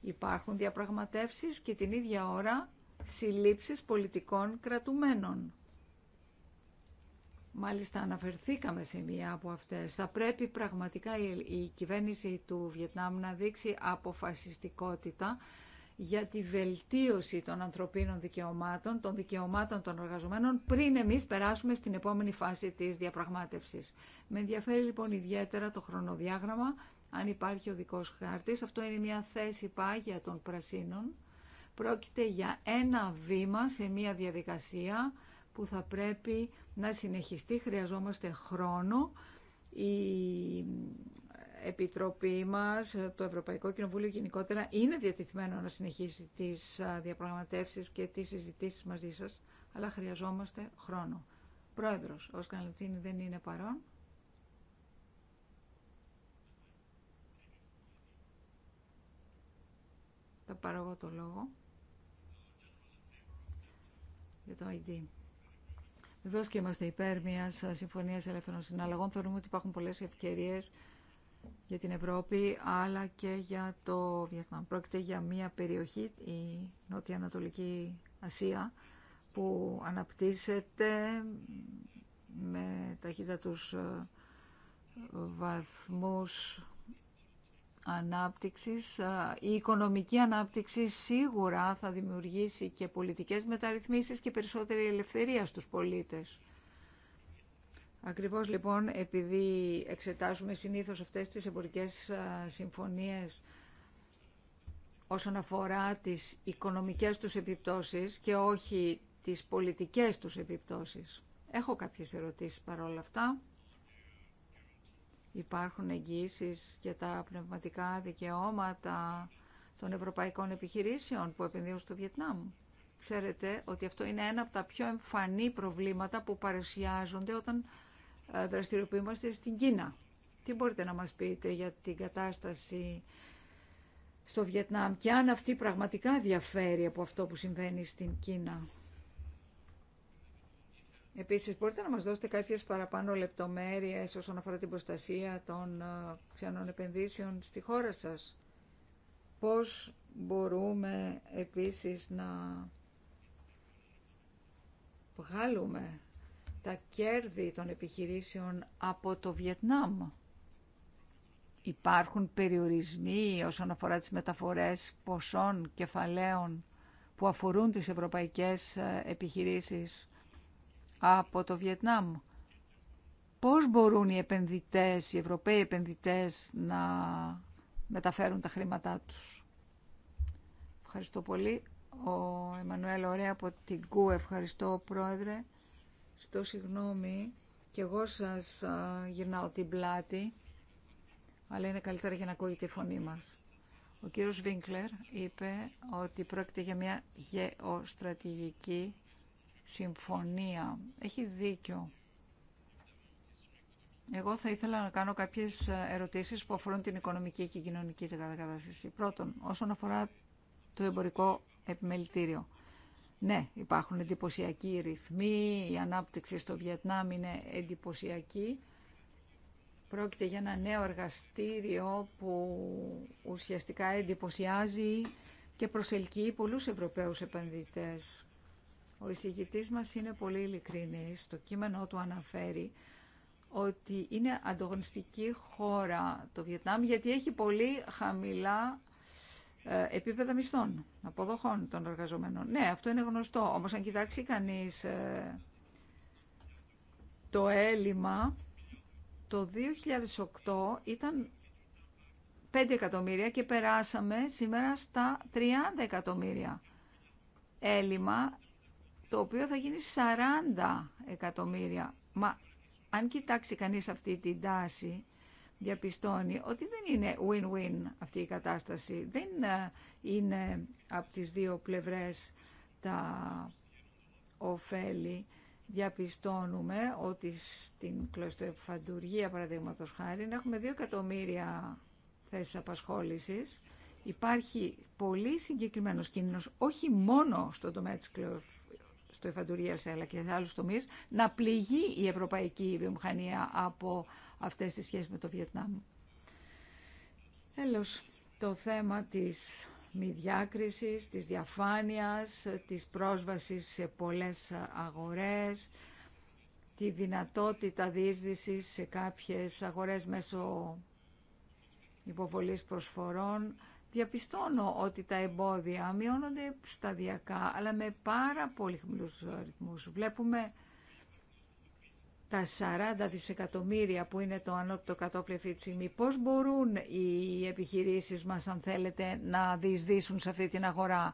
Υπάρχουν διαπραγματεύσεις και την ίδια ώρα συλλήψεις πολιτικών κρατουμένων. Μάλιστα αναφερθήκαμε σε μία από αυτές. Θα πρέπει πραγματικά η κυβέρνηση του Βιετνάμ να δείξει αποφασιστικότητα για τη βελτίωση των ανθρωπίνων δικαιωμάτων, των δικαιωμάτων των εργαζομένων, πριν εμείς περάσουμε στην επόμενη φάση της διαπραγμάτευσης. Με ενδιαφέρει λοιπόν ιδιαίτερα το χρονοδιάγραμμα, αν υπάρχει ο δικός χάρτης. Αυτό είναι μια θέση πάγια των πρασίνων. Πρόκειται για ένα βήμα σε μια διαδικασία που θα πρέπει να συνεχιστεί. Χρειαζόμαστε χρόνο. Η Επιτροπή μας, το Ευρωπαϊκό Κοινοβούλιο γενικότερα, είναι διατηθμένο να συνεχίσει τις διαπραγματεύσεις και τις συζητήσεις μαζί σας, αλλά χρειαζόμαστε χρόνο. Πρόεδρος, ο Σκαναλτίνη δεν είναι παρόν. Θα πάρω εγώ το λόγο για το ID. Βεβαίω και είμαστε υπέρ μια συμφωνία ελεύθερων συναλλαγών. Θεωρούμε ότι υπάρχουν πολλέ ευκαιρίε για την Ευρώπη αλλά και για το Βιετνάμ. Πρόκειται για μια περιοχή, η Νότια Ανατολική Ασία, που αναπτύσσεται με τους ε, βαθμούς ανάπτυξης. Ε, η οικονομική ανάπτυξη σίγουρα θα δημιουργήσει και πολιτικές μεταρρυθμίσεις και περισσότερη ελευθερία στους πολίτες. Ακριβώς λοιπόν επειδή εξετάζουμε συνήθως αυτές τις εμπορικές συμφωνίες όσον αφορά τις οικονομικές τους επιπτώσεις και όχι τις πολιτικές τους επιπτώσεις. Έχω κάποιες ερωτήσεις παρόλα αυτά. Υπάρχουν εγγύησεις για τα πνευματικά δικαιώματα των ευρωπαϊκών επιχειρήσεων που επενδύουν στο Βιετνάμ. Ξέρετε ότι αυτό είναι ένα από τα πιο εμφανή προβλήματα που παρουσιάζονται όταν ε, δραστηριοποιούμαστε στην Κίνα. Τι μπορείτε να μας πείτε για την κατάσταση στο Βιετνάμ και αν αυτή πραγματικά διαφέρει από αυτό που συμβαίνει στην Κίνα. Επίσης, μπορείτε να μας δώσετε κάποιες παραπάνω λεπτομέρειες όσον αφορά την προστασία των ε, ξένων επενδύσεων στη χώρα σας. Πώς μπορούμε επίσης να βγάλουμε τα κέρδη των επιχειρήσεων από το Βιετνάμ. Υπάρχουν περιορισμοί όσον αφορά τις μεταφορές ποσών κεφαλαίων που αφορούν τις ευρωπαϊκές ε, επιχειρήσεις από το Βιετνάμ. Πώς μπορούν οι επενδυτές, οι ευρωπαίοι επενδυτές να μεταφέρουν τα χρήματά τους. Ευχαριστώ πολύ. Ο Εμμανουέλ Ωραία από την ΚΟΥ. Ευχαριστώ, Πρόεδρε. Στο συγγνώμη, και εγώ σας γυρνάω την πλάτη, αλλά είναι καλύτερα για να ακούγεται η φωνή μας. Ο κύριος Βίνκλερ είπε ότι πρόκειται για μια γεωστρατηγική συμφωνία. Έχει δίκιο. Εγώ θα ήθελα να κάνω κάποιες ερωτήσεις που αφορούν την οικονομική και κοινωνική κατάσταση. Πρώτον, όσον αφορά το εμπορικό επιμελητήριο. Ναι, υπάρχουν εντυπωσιακοί ρυθμοί, η ανάπτυξη στο Βιετνάμ είναι εντυπωσιακή. Πρόκειται για ένα νέο εργαστήριο που ουσιαστικά εντυπωσιάζει και προσελκύει πολλούς Ευρωπαίους επενδυτές. Ο εισηγητής μας είναι πολύ ειλικρινής, το κείμενό του αναφέρει ότι είναι ανταγωνιστική χώρα το Βιετνάμ γιατί έχει πολύ χαμηλά ε, επίπεδα μισθών, αποδοχών των εργαζομένων. Ναι, αυτό είναι γνωστό. Όμως αν κοιτάξει κανείς ε, το έλλειμμα, το 2008 ήταν 5 εκατομμύρια και περάσαμε σήμερα στα 30 εκατομμύρια. Έλλειμμα το οποίο θα γίνει 40 εκατομμύρια. Μα αν κοιτάξει κανείς αυτή την τάση, διαπιστώνει ότι δεν είναι win-win αυτή η κατάσταση. Δεν ε, είναι από τις δύο πλευρές τα ωφέλη. Διαπιστώνουμε ότι στην κλωστοεφαντουργία, παραδείγματο χάρη, έχουμε δύο εκατομμύρια θέσεις απασχόλησης. Υπάρχει πολύ συγκεκριμένος κίνδυνος, όχι μόνο στον τομέα της κλωστοεφαντουργίας, αλλά και σε άλλους τομείς, να πληγεί η ευρωπαϊκή βιομηχανία από αυτές τις σχέσεις με το Βιετνάμ. Τέλος, το θέμα της μη διάκρισης, της διαφάνειας, της πρόσβασης σε πολλές αγορές, τη δυνατότητα δίσδυσης σε κάποιες αγορές μέσω υποβολής προσφορών. Διαπιστώνω ότι τα εμπόδια μειώνονται σταδιακά, αλλά με πάρα πολύ χμηλούς Βλέπουμε τα 40 δισεκατομμύρια που είναι το ανώτοτο κατόπλη αυτή τη στιγμή, πώς μπορούν οι επιχειρήσεις μας, αν θέλετε, να διεισδύσουν σε αυτή την αγορά.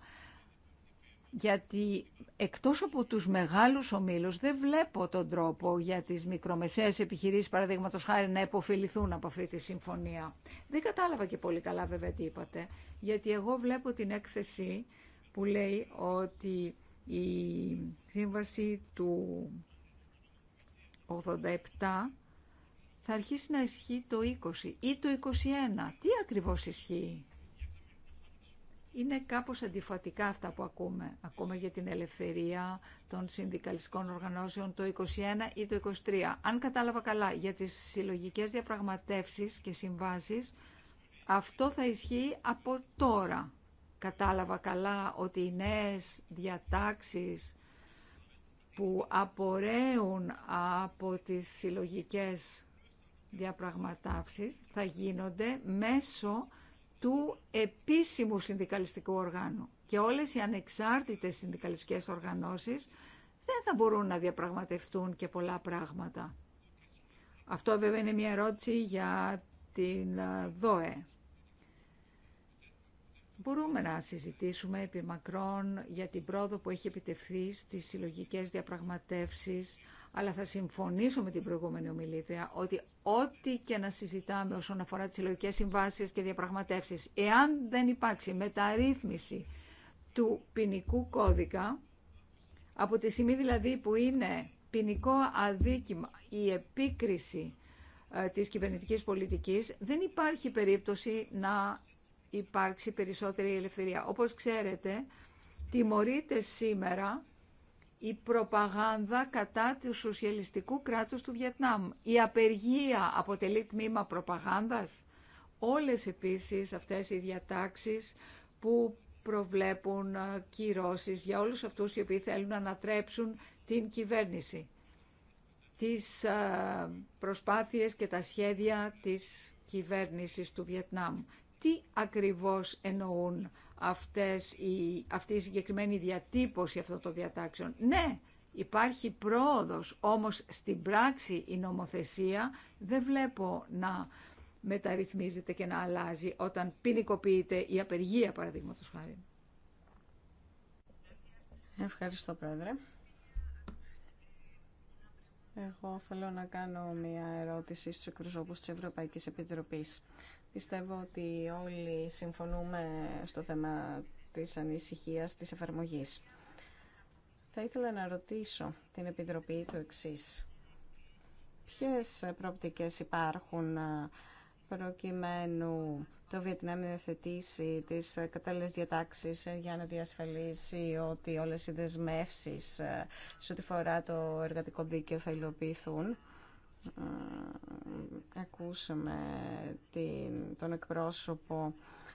Γιατί εκτός από τους μεγάλους ομίλους δεν βλέπω τον τρόπο για τις μικρομεσαίες επιχειρήσεις, παραδείγματος χάρη, να υποφεληθούν από αυτή τη συμφωνία. Δεν κατάλαβα και πολύ καλά βέβαια τι είπατε, γιατί εγώ βλέπω την έκθεση που λέει ότι η σύμβαση του 87 θα αρχίσει να ισχύει το 20 ή το 21. Τι ακριβώς ισχύει. Είναι κάπως αντιφατικά αυτά που ακούμε. Ακούμε για την ελευθερία των συνδικαλιστικών οργανώσεων το 21 ή το 23. Αν κατάλαβα καλά, για τις συλλογικές διαπραγματεύσεις και συμβάσεις, αυτό θα ισχύει από τώρα. Κατάλαβα καλά ότι οι νέες διατάξεις που απορρέουν από τις συλλογικές διαπραγματεύσεις θα γίνονται μέσω του επίσημου συνδικαλιστικού οργάνου. Και όλες οι ανεξάρτητες συνδικαλιστικές οργανώσεις δεν θα μπορούν να διαπραγματευτούν και πολλά πράγματα. Αυτό βέβαια είναι μια ερώτηση για την ΔΟΕ. Μπορούμε να συζητήσουμε επί μακρόν για την πρόοδο που έχει επιτευχθεί στις συλλογικέ διαπραγματεύσεις, αλλά θα συμφωνήσω με την προηγούμενη ομιλήτρια ότι ό,τι και να συζητάμε όσον αφορά τις συλλογικέ συμβάσεις και διαπραγματεύσεις, εάν δεν υπάρξει μεταρρύθμιση του ποινικού κώδικα, από τη στιγμή δηλαδή που είναι ποινικό αδίκημα η επίκριση ε, της κυβερνητικής πολιτικής, δεν υπάρχει περίπτωση να υπάρξει περισσότερη ελευθερία. Όπως ξέρετε, τιμωρείται σήμερα η προπαγάνδα κατά του σοσιαλιστικού κράτους του Βιετνάμ. Η απεργία αποτελεί τμήμα προπαγάνδας. Όλες επίσης αυτές οι διατάξεις που προβλέπουν ε, κυρώσεις για όλους αυτούς οι οποίοι θέλουν να ανατρέψουν την κυβέρνηση. Τις ε, προσπάθειες και τα σχέδια της κυβέρνησης του Βιετνάμ τι ακριβώς εννοούν αυτές οι, αυτή η συγκεκριμένη διατύπωση αυτών των διατάξεων. Ναι, υπάρχει πρόοδος, όμως στην πράξη η νομοθεσία δεν βλέπω να μεταρρυθμίζεται και να αλλάζει όταν ποινικοποιείται η απεργία, παραδείγματο χάρη. Ευχαριστώ, Πρόεδρε. Εγώ θέλω να κάνω μια ερώτηση στους εκπροσώπους της Ευρωπαϊκής Επιτροπής. Πιστεύω ότι όλοι συμφωνούμε στο θέμα της ανησυχίας της εφαρμογής. Θα ήθελα να ρωτήσω την Επιτροπή του εξής. Ποιες προοπτικές υπάρχουν ε, προκειμένου το Βιετνάμ να θετήσει τις κατάλληλες διατάξεις ε, για να διασφαλίσει ότι όλες οι δεσμεύσεις ε, σε ό,τι φορά το εργατικό δίκαιο θα υλοποιηθούν ε, ακούσαμε την, τον εκπρόσωπο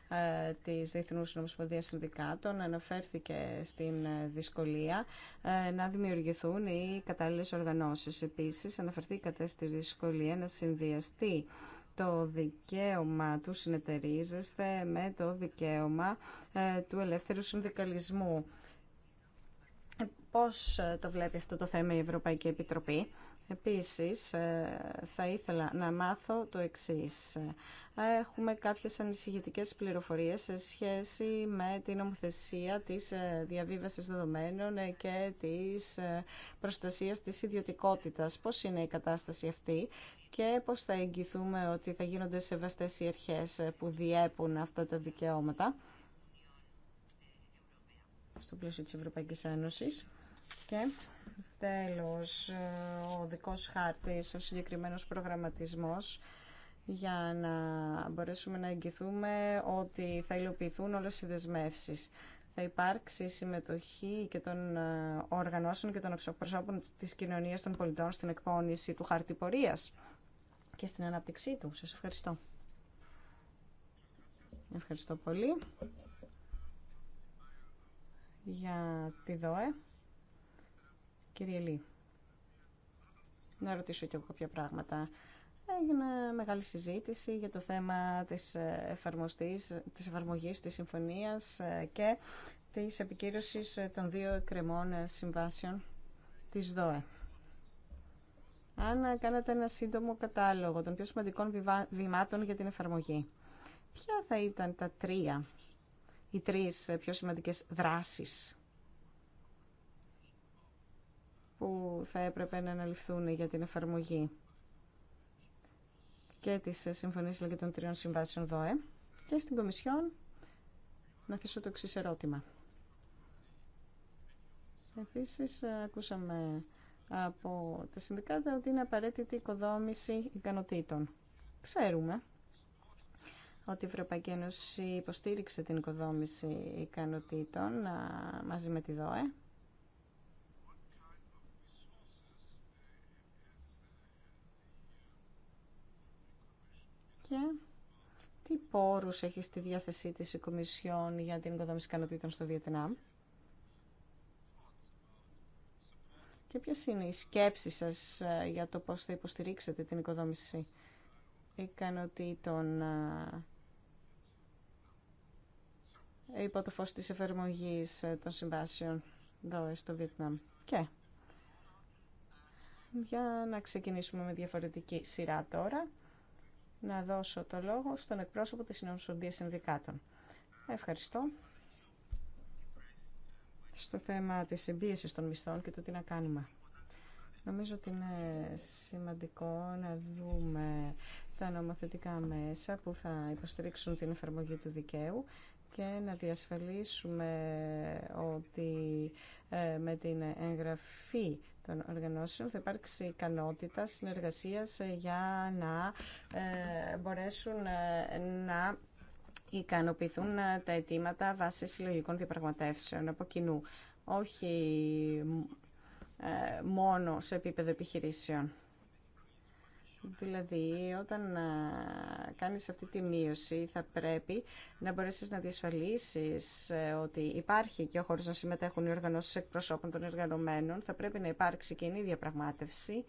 ε, της Διεθνούς Νομοσπονδίας Συνδικάτων αναφέρθηκε στην ε, δυσκολία ε, να δημιουργηθούν οι κατάλληλες οργανώσεις. Επίσης αναφερθήκατε στη δυσκολία να συνδυαστεί το δικαίωμα του συνεταιρίζεστε με το δικαίωμα του ελεύθερου συνδικαλισμού. Πώς το βλέπει αυτό το θέμα η Ευρωπαϊκή Επιτροπή. Επίσης, ε, θα ήθελα να μάθω το εξής. Έχουμε κάποιες ανησυχητικές πληροφορίες σε σχέση με την ομοθεσία της ε, διαβίβασης δεδομένων ε, και της προστασίας της ιδιωτικότητας. Πώς είναι η κατάσταση αυτή και πώς θα εγγυθούμε ότι θα γίνονται σεβαστές οι αρχές που διέπουν αυτά τα δικαιώματα στο πλαίσιο της Ευρωπαϊκής Ένωσης. Και Τέλος, ε, ο δικός χάρτης, ο συγκεκριμένος προγραμματισμός για να μπορέσουμε να εγγυθούμε ότι θα υλοποιηθούν όλες οι δεσμεύσεις. Θα υπάρξει συμμετοχή και των ε, οργανώσεων και των εξωπροσώπων της κοινωνίας των πολιτών στην εκπόνηση του χάρτη πορείας και στην ανάπτυξή του. Σας ευχαριστώ. Ευχαριστώ πολύ για τη ΔΟΕ. Κύριε Λί, να ρωτήσω κι εγώ κάποια πράγματα. Έγινε μεγάλη συζήτηση για το θέμα της, ε, εφαρμοστής, της εφαρμογής της συμφωνίας ε, και της επικύρωσης ε, των δύο εκκρεμών συμβάσεων της ΔΟΕ. Αν κάνατε ένα σύντομο κατάλογο των πιο σημαντικών βημάτων για την εφαρμογή, ποια θα ήταν τα τρία, οι τρεις πιο σημαντικές δράσεις που θα έπρεπε να αναλυφθούν για την εφαρμογή και της Συμφωνίας και των Τριών Συμβάσεων ΔΟΕ και στην Κομισιόν να θέσω το εξή ερώτημα. Επίσης, ακούσαμε από τα συνδικάτα ότι είναι απαραίτητη οικοδόμηση ικανοτήτων. Ξέρουμε ότι η Ευρωπαϊκή Ένωση υποστήριξε την οικοδόμηση ικανοτήτων μαζί με τη ΔΟΕ και τι πόρους έχει στη διάθεσή της η Κομισιόν για την οικοδόμηση ικανοτήτων στο Βιετνάμ. Και ποιε είναι οι σκέψεις σας ε, για το πώς θα υποστηρίξετε την οικοδόμηση ικανοτήτων ε, υπό το φως της εφαρμογής ε, των συμβάσεων εδώ στο Βιετνάμ. Και για να ξεκινήσουμε με διαφορετική σειρά τώρα να δώσω το λόγο στον εκπρόσωπο της Συνομοσπονδίας Συνδικάτων. Ευχαριστώ. Στο θέμα της εμπίεσης των μισθών και το τι να κάνουμε. Νομίζω ότι είναι σημαντικό να δούμε τα νομοθετικά μέσα που θα υποστηρίξουν την εφαρμογή του δικαίου και να διασφαλίσουμε ότι ε, με την εγγραφή των θα υπάρξει ικανότητα συνεργασίας ε, για να ε, μπορέσουν ε, να ικανοποιηθούν τα αιτήματα βάσει συλλογικών διαπραγματεύσεων από κοινού, όχι μόνο σε επίπεδο επιχειρήσεων. Δηλαδή, όταν κάνεις αυτή τη μείωση, θα πρέπει να μπορέσεις να διασφαλίσεις ε, ότι υπάρχει και ο χώρο να συμμετέχουν οι οργανώσεις εκπροσώπων των εργαζομένων. Θα πρέπει να υπάρξει κοινή διαπραγμάτευση,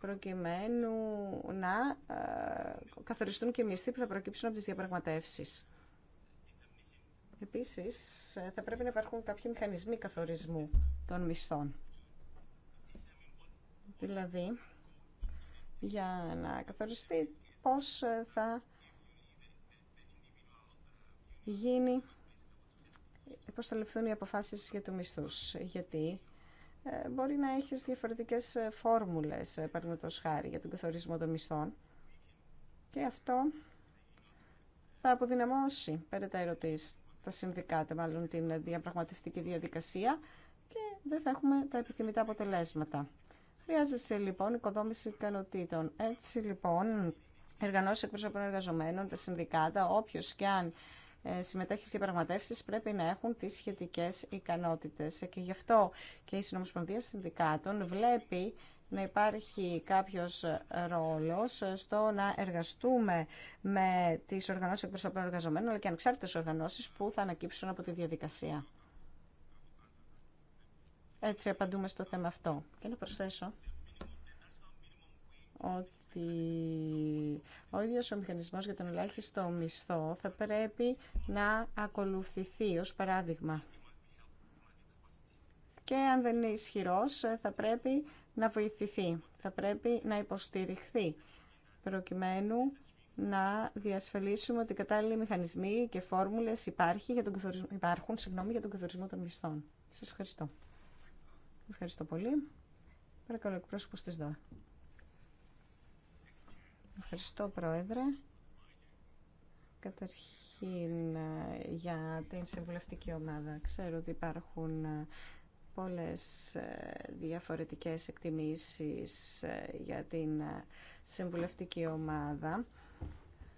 προκειμένου να καθοριστούν και μισθοί που θα προκύψουν από τις διαπραγματεύσεις. Επίσης, ε, θα πρέπει να υπάρχουν κάποιοι μηχανισμοί καθορισμού των μισθών. Δηλαδή, για να καθοριστεί πώς ε, θα γίνει, πώς θα ληφθούν οι αποφάσεις για του μισθούς. Γιατί ε, μπορεί να έχεις διαφορετικές ε, φόρμουλες, παραδείγματος χάρη, για τον καθορισμό των μισθών. Και αυτό θα αποδυναμώσει περαιτέρω τα συνδικάτε, μάλλον την διαπραγματευτική διαδικασία και δεν θα έχουμε τα επιθυμητά αποτελέσματα. Χρειάζεσαι λοιπόν οικοδόμηση ικανοτήτων. Έτσι λοιπόν, εργανώσει εκπροσωπών εργαζομένων, τα συνδικάτα, όποιο και αν ε, συμμετέχει σε διαπραγματεύσει πρέπει να έχουν τι σχετικέ ικανότητε. Ε, και γι' αυτό και η Συνομοσπονδία Συνδικάτων βλέπει να υπάρχει κάποιος ε, ρόλος στο να εργαστούμε με τις οργανώσεις εκπροσωπών εργαζομένων αλλά και ανεξάρτητες οργανώσεις που θα ανακύψουν από τη διαδικασία. Έτσι απαντούμε στο θέμα αυτό. Και να προσθέσω ότι ο ίδιος ο μηχανισμός για τον ελάχιστο μισθό θα πρέπει να ακολουθηθεί ως παράδειγμα. Και αν δεν είναι ισχυρός θα πρέπει να βοηθηθεί, θα πρέπει να υποστηριχθεί προκειμένου να διασφαλίσουμε ότι κατάλληλοι μηχανισμοί και φόρμουλες υπάρχει για υπάρχουν για τον καθορισμό των μισθών. Σας ευχαριστώ. Ευχαριστώ πολύ. Παρακαλώ εκπρόσωπο τη ΔΟΑ. Ευχαριστώ, Πρόεδρε. Καταρχήν, ε, για την συμβουλευτική ομάδα. Ξέρω ότι υπάρχουν ε, πολλές ε, διαφορετικές εκτιμήσεις για την συμβουλευτική ομάδα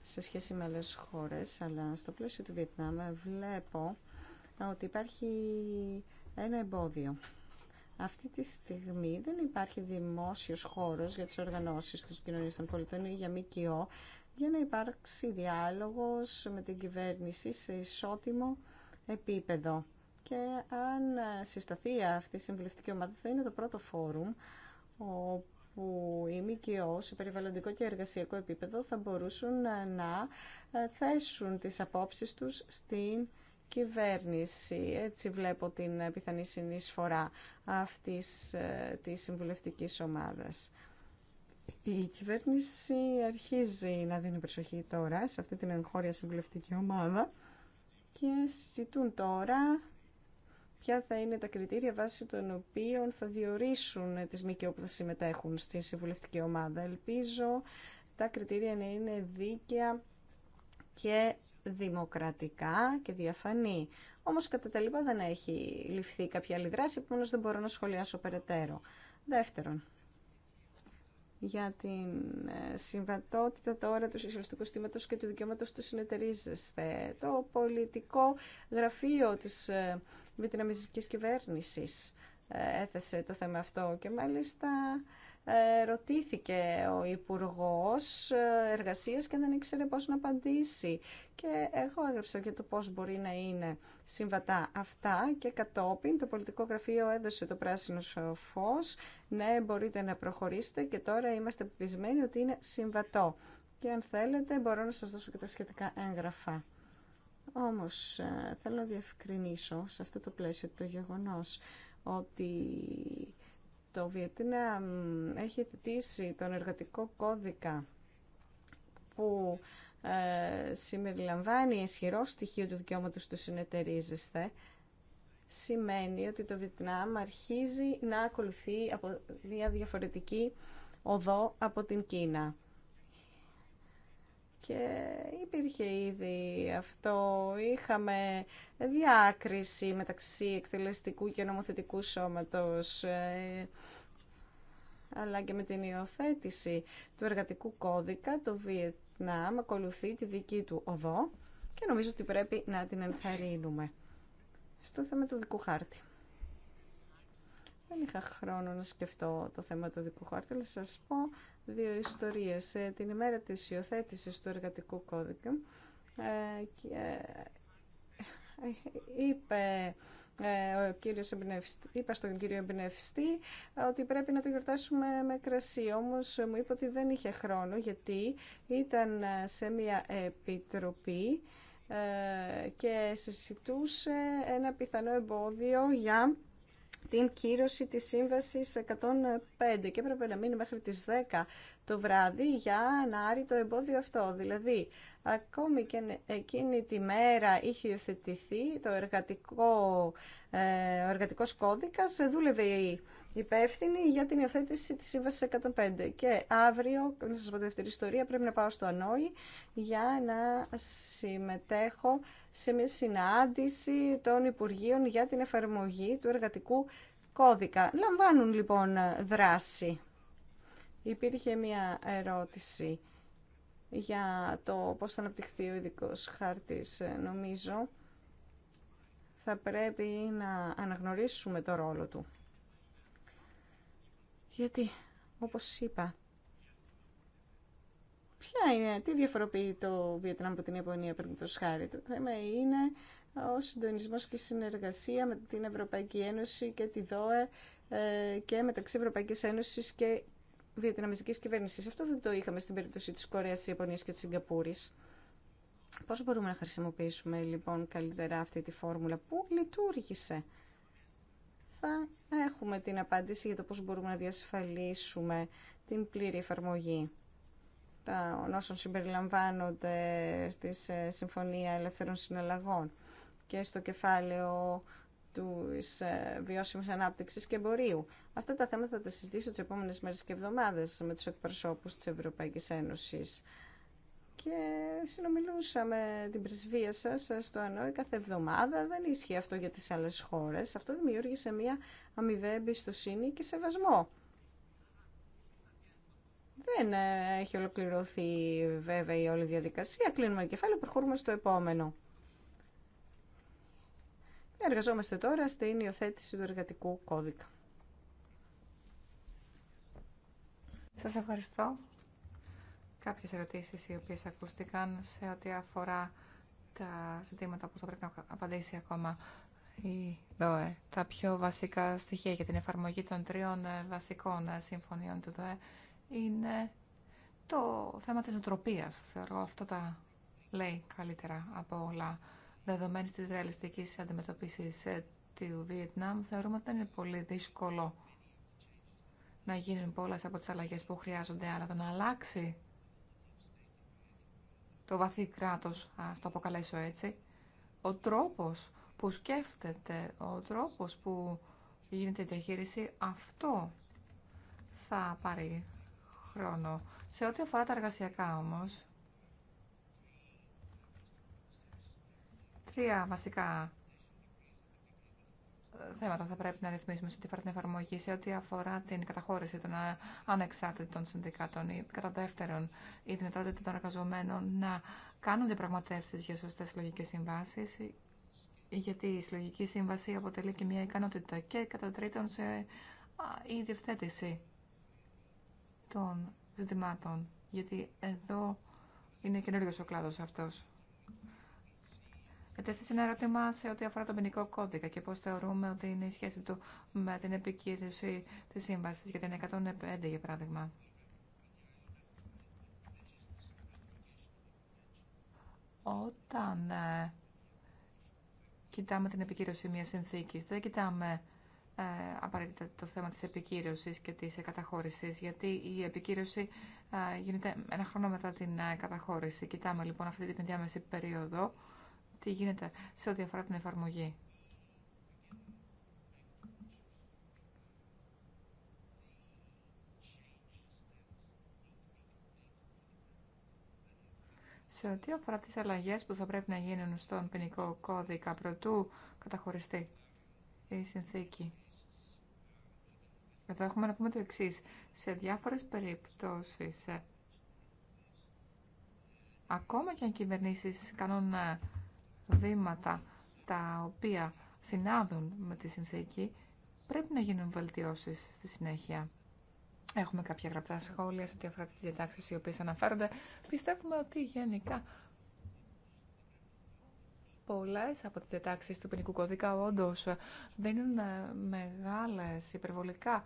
σε σχέση με άλλες χώρες, αλλά στο πλαίσιο του Βιετνάμ βλέπω ότι υπάρχει ένα εμπόδιο αυτή τη στιγμή δεν υπάρχει δημόσιος χώρος για τις οργανώσεις της κοινωνίας των πολιτών ή για ΜΚΟ για να υπάρξει διάλογος με την κυβέρνηση σε ισότιμο επίπεδο. Και αν συσταθεί αυτή η συμβουλευτική ομάδα θα είναι το πρώτο φόρουμ όπου οι ΜΚΟ σε περιβαλλοντικό και εργασιακό επίπεδο θα μπορούσαν να θέσουν τις απόψεις τους στην κυβέρνηση. Έτσι βλέπω την πιθανή συνεισφορά αυτής ε, της συμβουλευτικής ομάδας. Η κυβέρνηση αρχίζει να δίνει προσοχή τώρα σε αυτή την εγχώρια συμβουλευτική ομάδα και συζητούν τώρα ποια θα είναι τα κριτήρια βάσει των οποίων θα διορίσουν τις ΜΚΟ που θα συμμετέχουν στη συμβουλευτική ομάδα. Ελπίζω τα κριτήρια να είναι δίκαια και δημοκρατικά και διαφανή. Όμως κατά τα δεν έχει ληφθεί κάποια άλλη δράση, επομένω δεν μπορώ να σχολιάσω περαιτέρω. Δεύτερον, για την ε, συμβατότητα τώρα του συσχετιστικού στήματο και του δικαιώματος του συνεταιρίζεσθε Το πολιτικό γραφείο της ε, Βιτναμιζική κυβέρνησης ε, έθεσε το θέμα αυτό και μάλιστα ε, ρωτήθηκε ο Υπουργός ε, Εργασίας και δεν ήξερε πώς να απαντήσει. Και εγώ έγραψα για το πώς μπορεί να είναι συμβατά αυτά και κατόπιν το πολιτικό γραφείο έδωσε το πράσινο φως. Ναι, μπορείτε να προχωρήσετε και τώρα είμαστε πεπισμένοι ότι είναι συμβατό. Και αν θέλετε μπορώ να σας δώσω και τα σχετικά έγγραφα. Όμως ε, θέλω να διευκρινίσω σε αυτό το πλαίσιο το γεγονός ότι το Βιετνάμ έχει θετήσει τον εργατικό κώδικα που ε, συμπεριλαμβάνει ισχυρό στοιχείο του δικαιώματος του συνεταιρίζεσθε σημαίνει ότι το Βιετνάμ αρχίζει να ακολουθεί από μια διαφορετική οδό από την Κίνα και υπήρχε ήδη αυτό. Είχαμε διάκριση μεταξύ εκτελεστικού και νομοθετικού σώματος ε, αλλά και με την υιοθέτηση του εργατικού κώδικα το Βιετνάμ ακολουθεί τη δική του οδό και νομίζω ότι πρέπει να την ενθαρρύνουμε στο θέμα του δικού χάρτη. Δεν είχα χρόνο να σκεφτώ το θέμα του δικού χάρτη, αλλά σας πω δύο ιστορίες. Ε, την ημέρα της υιοθέτηση του εργατικού κώδικα ε, ε, είπε ο κύριος είπα στον κύριο εμπνευστή ότι πρέπει να το γιορτάσουμε με κρασί. Όμως μου είπε ότι δεν είχε χρόνο γιατί ήταν σε μια επιτροπή και συζητούσε ένα πιθανό εμπόδιο για την κύρωση της σύμβασης 105 και έπρεπε να μείνει μέχρι τις 10 το βράδυ για να άρει το εμπόδιο αυτό. Δηλαδή, ακόμη και εκείνη τη μέρα είχε υιοθετηθεί το εργατικό, ε, ο εργατικός κώδικας, ε, δούλευε η υπεύθυνη για την υιοθέτηση της Σύμβασης 105. Και αύριο, να σας πω δεύτερη ιστορία, πρέπει να πάω στο Ανόη για να συμμετέχω σε μια συνάντηση των Υπουργείων για την εφαρμογή του εργατικού κώδικα. Λαμβάνουν λοιπόν δράση. Υπήρχε μια ερώτηση για το πώς θα αναπτυχθεί ο ειδικό χάρτης, νομίζω. Θα πρέπει να αναγνωρίσουμε το ρόλο του. Γιατί, όπως είπα, ποια είναι, τι διαφοροποιεί το Βιετνάμ από την Ιαπωνία, πριν το σχάρι Το θέμα είναι ο συντονισμό και η συνεργασία με την Ευρωπαϊκή Ένωση και τη ΔΟΕ ε, και μεταξύ Ευρωπαϊκής Ένωσης και Βιετναμιστικής Κυβέρνησης. Αυτό δεν το είχαμε στην περίπτωση της Κορέας, της Ιαπωνίας και της Σιγκαπούρης. Πώς μπορούμε να χρησιμοποιήσουμε λοιπόν καλύτερα αυτή τη φόρμουλα που λειτουργήσε έχουμε την απάντηση για το πώς μπορούμε να διασφαλίσουμε την πλήρη εφαρμογή τα όσων συμπεριλαμβάνονται στη ε, Συμφωνία Ελεύθερων Συναλλαγών και στο κεφάλαιο της ε, βιώσιμης ανάπτυξης και εμπορίου. Αυτά τα θέματα θα τα συζητήσω τις επόμενες μέρες και εβδομάδες με τους εκπροσώπους της Ευρωπαϊκής Ένωσης και συνομιλούσαμε την πρεσβεία σα στο ΕΝΟΗ κάθε εβδομάδα. Δεν ισχύει αυτό για τι άλλε χώρε. Αυτό δημιούργησε μια αμοιβαία εμπιστοσύνη και σεβασμό. Δεν ε, έχει ολοκληρωθεί βέβαια η όλη διαδικασία. Κλείνουμε κεφάλαιο, προχωρούμε στο επόμενο. Εργαζόμαστε τώρα στην υιοθέτηση του εργατικού κώδικα. Σας ευχαριστώ κάποιες ερωτήσεις οι οποίες ακούστηκαν σε ό,τι αφορά τα ζητήματα που θα πρέπει να απαντήσει ακόμα η ΔΟΕ. Τα πιο βασικά στοιχεία για την εφαρμογή των τριών ε, βασικών ε, συμφωνιών του ΔΟΕ είναι το θέμα της νοτροπίας. Θεωρώ αυτό τα λέει καλύτερα από όλα. Δεδομένη της ρεαλιστικής αντιμετωπίσης ε, του Βιετνάμ, θεωρούμε ότι δεν είναι πολύ δύσκολο να γίνουν πολλές από τις αλλαγές που χρειάζονται, αλλά το να αλλάξει το βαθύ κράτος, α, το αποκαλέσω έτσι, ο τρόπος που σκέφτεται, ο τρόπος που γίνεται η διαχείριση, αυτό θα πάρει χρόνο. Σε ό,τι αφορά τα εργασιακά όμως, τρία βασικά θέματα θα πρέπει να ρυθμίσουμε σε ό,τι αφορά την εφαρμογή, σε ό,τι αφορά την καταχώρηση των ανεξάρτητων συνδικάτων ή κατά δεύτερον η δυνατότητα των εργαζομένων να κάνουν διαπραγματεύσει για σωστέ συλλογικέ συμβάσει, γιατί η συλλογική σύμβαση αποτελεί και μια ικανότητα και κατά τρίτον σε η διευθέτηση των ζητημάτων, γιατί εδώ είναι καινούριο ο κλάδο αυτός. Κατέθεσε ένα ερώτημα σε ό,τι αφορά τον ποινικό κώδικα και πώ θεωρούμε ότι είναι η σχέση του με την επικύρωση τη σύμβαση για την 105, για παράδειγμα. Όταν ε, κοιτάμε την επικύρωση μιας συνθήκης, δεν κοιτάμε ε, απαραίτητα το θέμα της επικύρωσης και της καταχώρησης, γιατί η επικύρωση ε, γίνεται ένα χρόνο μετά την καταχώρηση. Κοιτάμε λοιπόν αυτή την διάμεση περίοδο τι γίνεται σε ό,τι αφορά την εφαρμογή. Σε ό,τι αφορά τις αλλαγές που θα πρέπει να γίνουν στον ποινικό κώδικα πρωτού καταχωριστεί η συνθήκη. Εδώ έχουμε να πούμε το εξή. Σε διάφορες περιπτώσεις, ακόμα και αν κυβερνήσεις κάνουν ε, βήματα τα οποία συνάδουν με τη συνθήκη, πρέπει να γίνουν βελτιώσεις στη συνέχεια. Έχουμε κάποια γραπτά σχόλια σε ό,τι αφορά τις διατάξεις οι οποίες αναφέρονται. Πιστεύουμε ότι γενικά πολλές από τις διατάξεις του ποινικού κώδικα όντως δίνουν ε, μεγάλες, υπερβολικά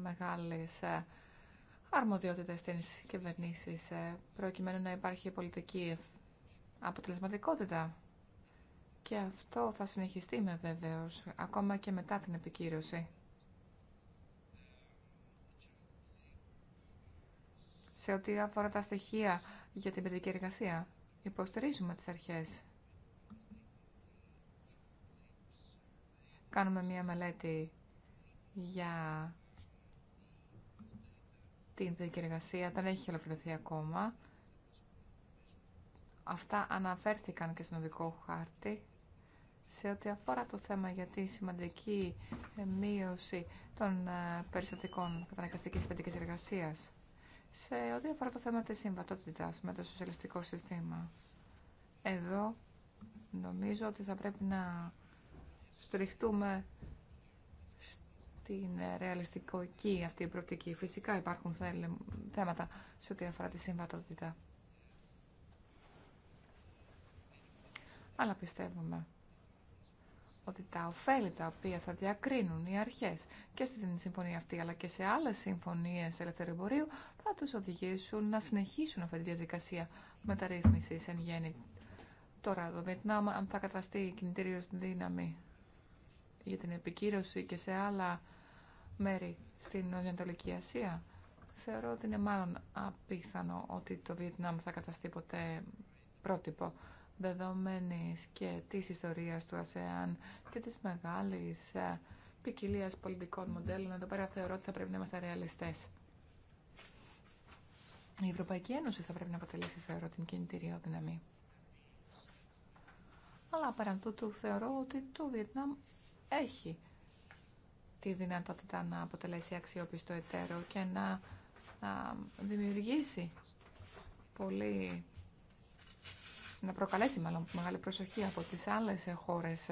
μεγάλες ε, αρμοδιότητες στις κυβερνήσεις ε, προκειμένου να υπάρχει πολιτική αποτελεσματικότητα και αυτό θα συνεχιστεί με βεβαίως, ακόμα και μετά την επικύρωση. Σε ό,τι αφορά τα στοιχεία για την παιδική εργασία, υποστηρίζουμε τις αρχές. Κάνουμε μία μελέτη για την παιδική εργασία, δεν έχει ολοκληρωθεί ακόμα. Αυτά αναφέρθηκαν και στον οδικό χάρτη σε ό,τι αφορά το θέμα για τη σημαντική ε, μείωση των ε, περιστατικών καταναγκαστικής παιδικής εργασίας, σε ό,τι αφορά το θέμα της συμβατότητας με το σοσιαλιστικό σύστημα. Εδώ νομίζω ότι θα πρέπει να στριχτούμε στην ε, ρεαλιστική αυτή η προοπτική. Φυσικά υπάρχουν θέματα σε ό,τι αφορά τη συμβατότητα. Αλλά πιστεύουμε ότι τα ωφέλη τα οποία θα διακρίνουν οι αρχές και στην συμφωνία αυτή αλλά και σε άλλες συμφωνίες ελευθερειομπορίου θα τους οδηγήσουν να συνεχίσουν αυτή τη διαδικασία μεταρρύθμισης εν γέννη. Τώρα το Βιετνάμ αν θα καταστεί κινητήριο δύναμη για την επικύρωση και σε άλλα μέρη στην Νοτιοανατολική Ασία θεωρώ ότι είναι μάλλον απίθανο ότι το Βιετνάμ θα καταστεί ποτέ πρότυπο δεδομένης και της ιστορίας του ΑΣΕΑΝ και της μεγάλης ε, ποικιλία πολιτικών μοντέλων. Εδώ πέρα θεωρώ ότι θα πρέπει να είμαστε ρεαλιστές. Η Ευρωπαϊκή Ένωση θα πρέπει να αποτελέσει, θεωρώ, την κινητήριο δύναμη. Αλλά παραν τούτου θεωρώ ότι το Βιετνάμ έχει τη δυνατότητα να αποτελέσει αξιόπιστο εταίρο και να, να δημιουργήσει πολύ να προκαλέσει μάλλον μεγάλη προσοχή από τις άλλες χώρες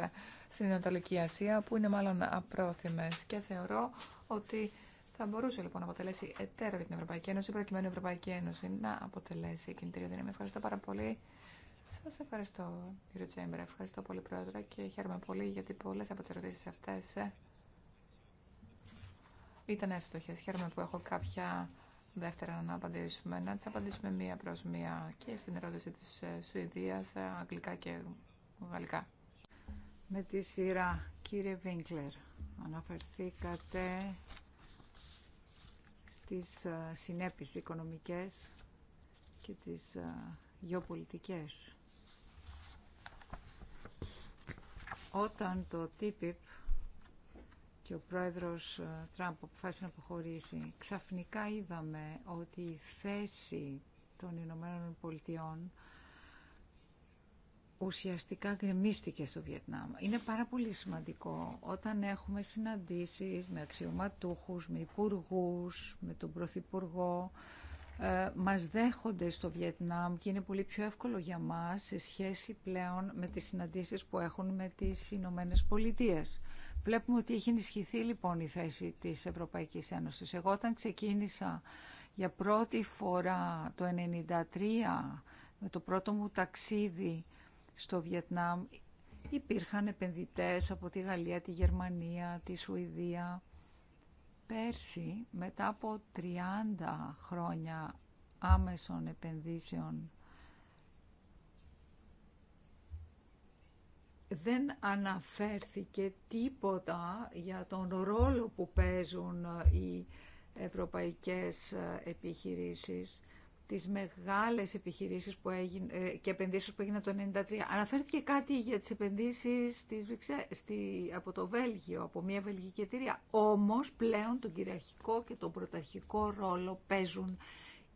στην Ανατολική Ασία που είναι μάλλον απρόθυμες και θεωρώ ότι θα μπορούσε λοιπόν να αποτελέσει εταίρο για την Ευρωπαϊκή Ένωση προκειμένου η Ευρωπαϊκή Ένωση να αποτελέσει κινητήριο δύναμη. Ευχαριστώ πάρα πολύ. Σα ευχαριστώ κύριε Τσέμπερ, ευχαριστώ πολύ πρόεδρε και χαίρομαι πολύ γιατί πολλέ από τι ερωτήσει αυτές ήταν εύστοχε. Χαίρομαι που έχω κάποια Δεύτερα, να απαντήσουμε, να τις απαντήσουμε μία προς μία και στην ερώτηση της ε, Σουηδίας, ε, αγγλικά και γαλλικά. Με τη σειρά, κύριε Βίνκλερ, αναφερθήκατε στις ε, συνέπειες οικονομικές και τις γεωπολιτικές. Όταν το TPIP και ο πρόεδρος ε, Τραμπ αποφάσισε να αποχωρήσει, ξαφνικά είδαμε ότι η θέση των Ηνωμένων Πολιτειών ουσιαστικά γκρεμίστηκε στο Βιετνάμ. Είναι πάρα πολύ σημαντικό όταν έχουμε συναντήσεις με αξιωματούχους, με υπουργού, με τον Πρωθυπουργό, ε, μας δέχονται στο Βιετνάμ και είναι πολύ πιο εύκολο για μας σε σχέση πλέον με τις συναντήσεις που έχουν με τις Ηνωμένε Πολιτείες. Βλέπουμε ότι έχει ενισχυθεί λοιπόν η θέση της Ευρωπαϊκής Ένωσης. Εγώ όταν ξεκίνησα για πρώτη φορά το 1993 με το πρώτο μου ταξίδι στο Βιετνάμ υπήρχαν επενδυτές από τη Γαλλία, τη Γερμανία, τη Σουηδία. Πέρσι μετά από 30 χρόνια άμεσων επενδύσεων δεν αναφέρθηκε τίποτα για τον ρόλο που παίζουν ε, οι ευρωπαϊκές ε, επιχειρήσεις, τις μεγάλες επιχειρήσεις που έγινε, ε, και επενδύσεις που έγιναν το 1993. Αναφέρθηκε κάτι για τις επενδύσεις στη, από το Βέλγιο, από μια βελγική εταιρεία. Όμως πλέον τον κυριαρχικό και τον πρωταρχικό ρόλο παίζουν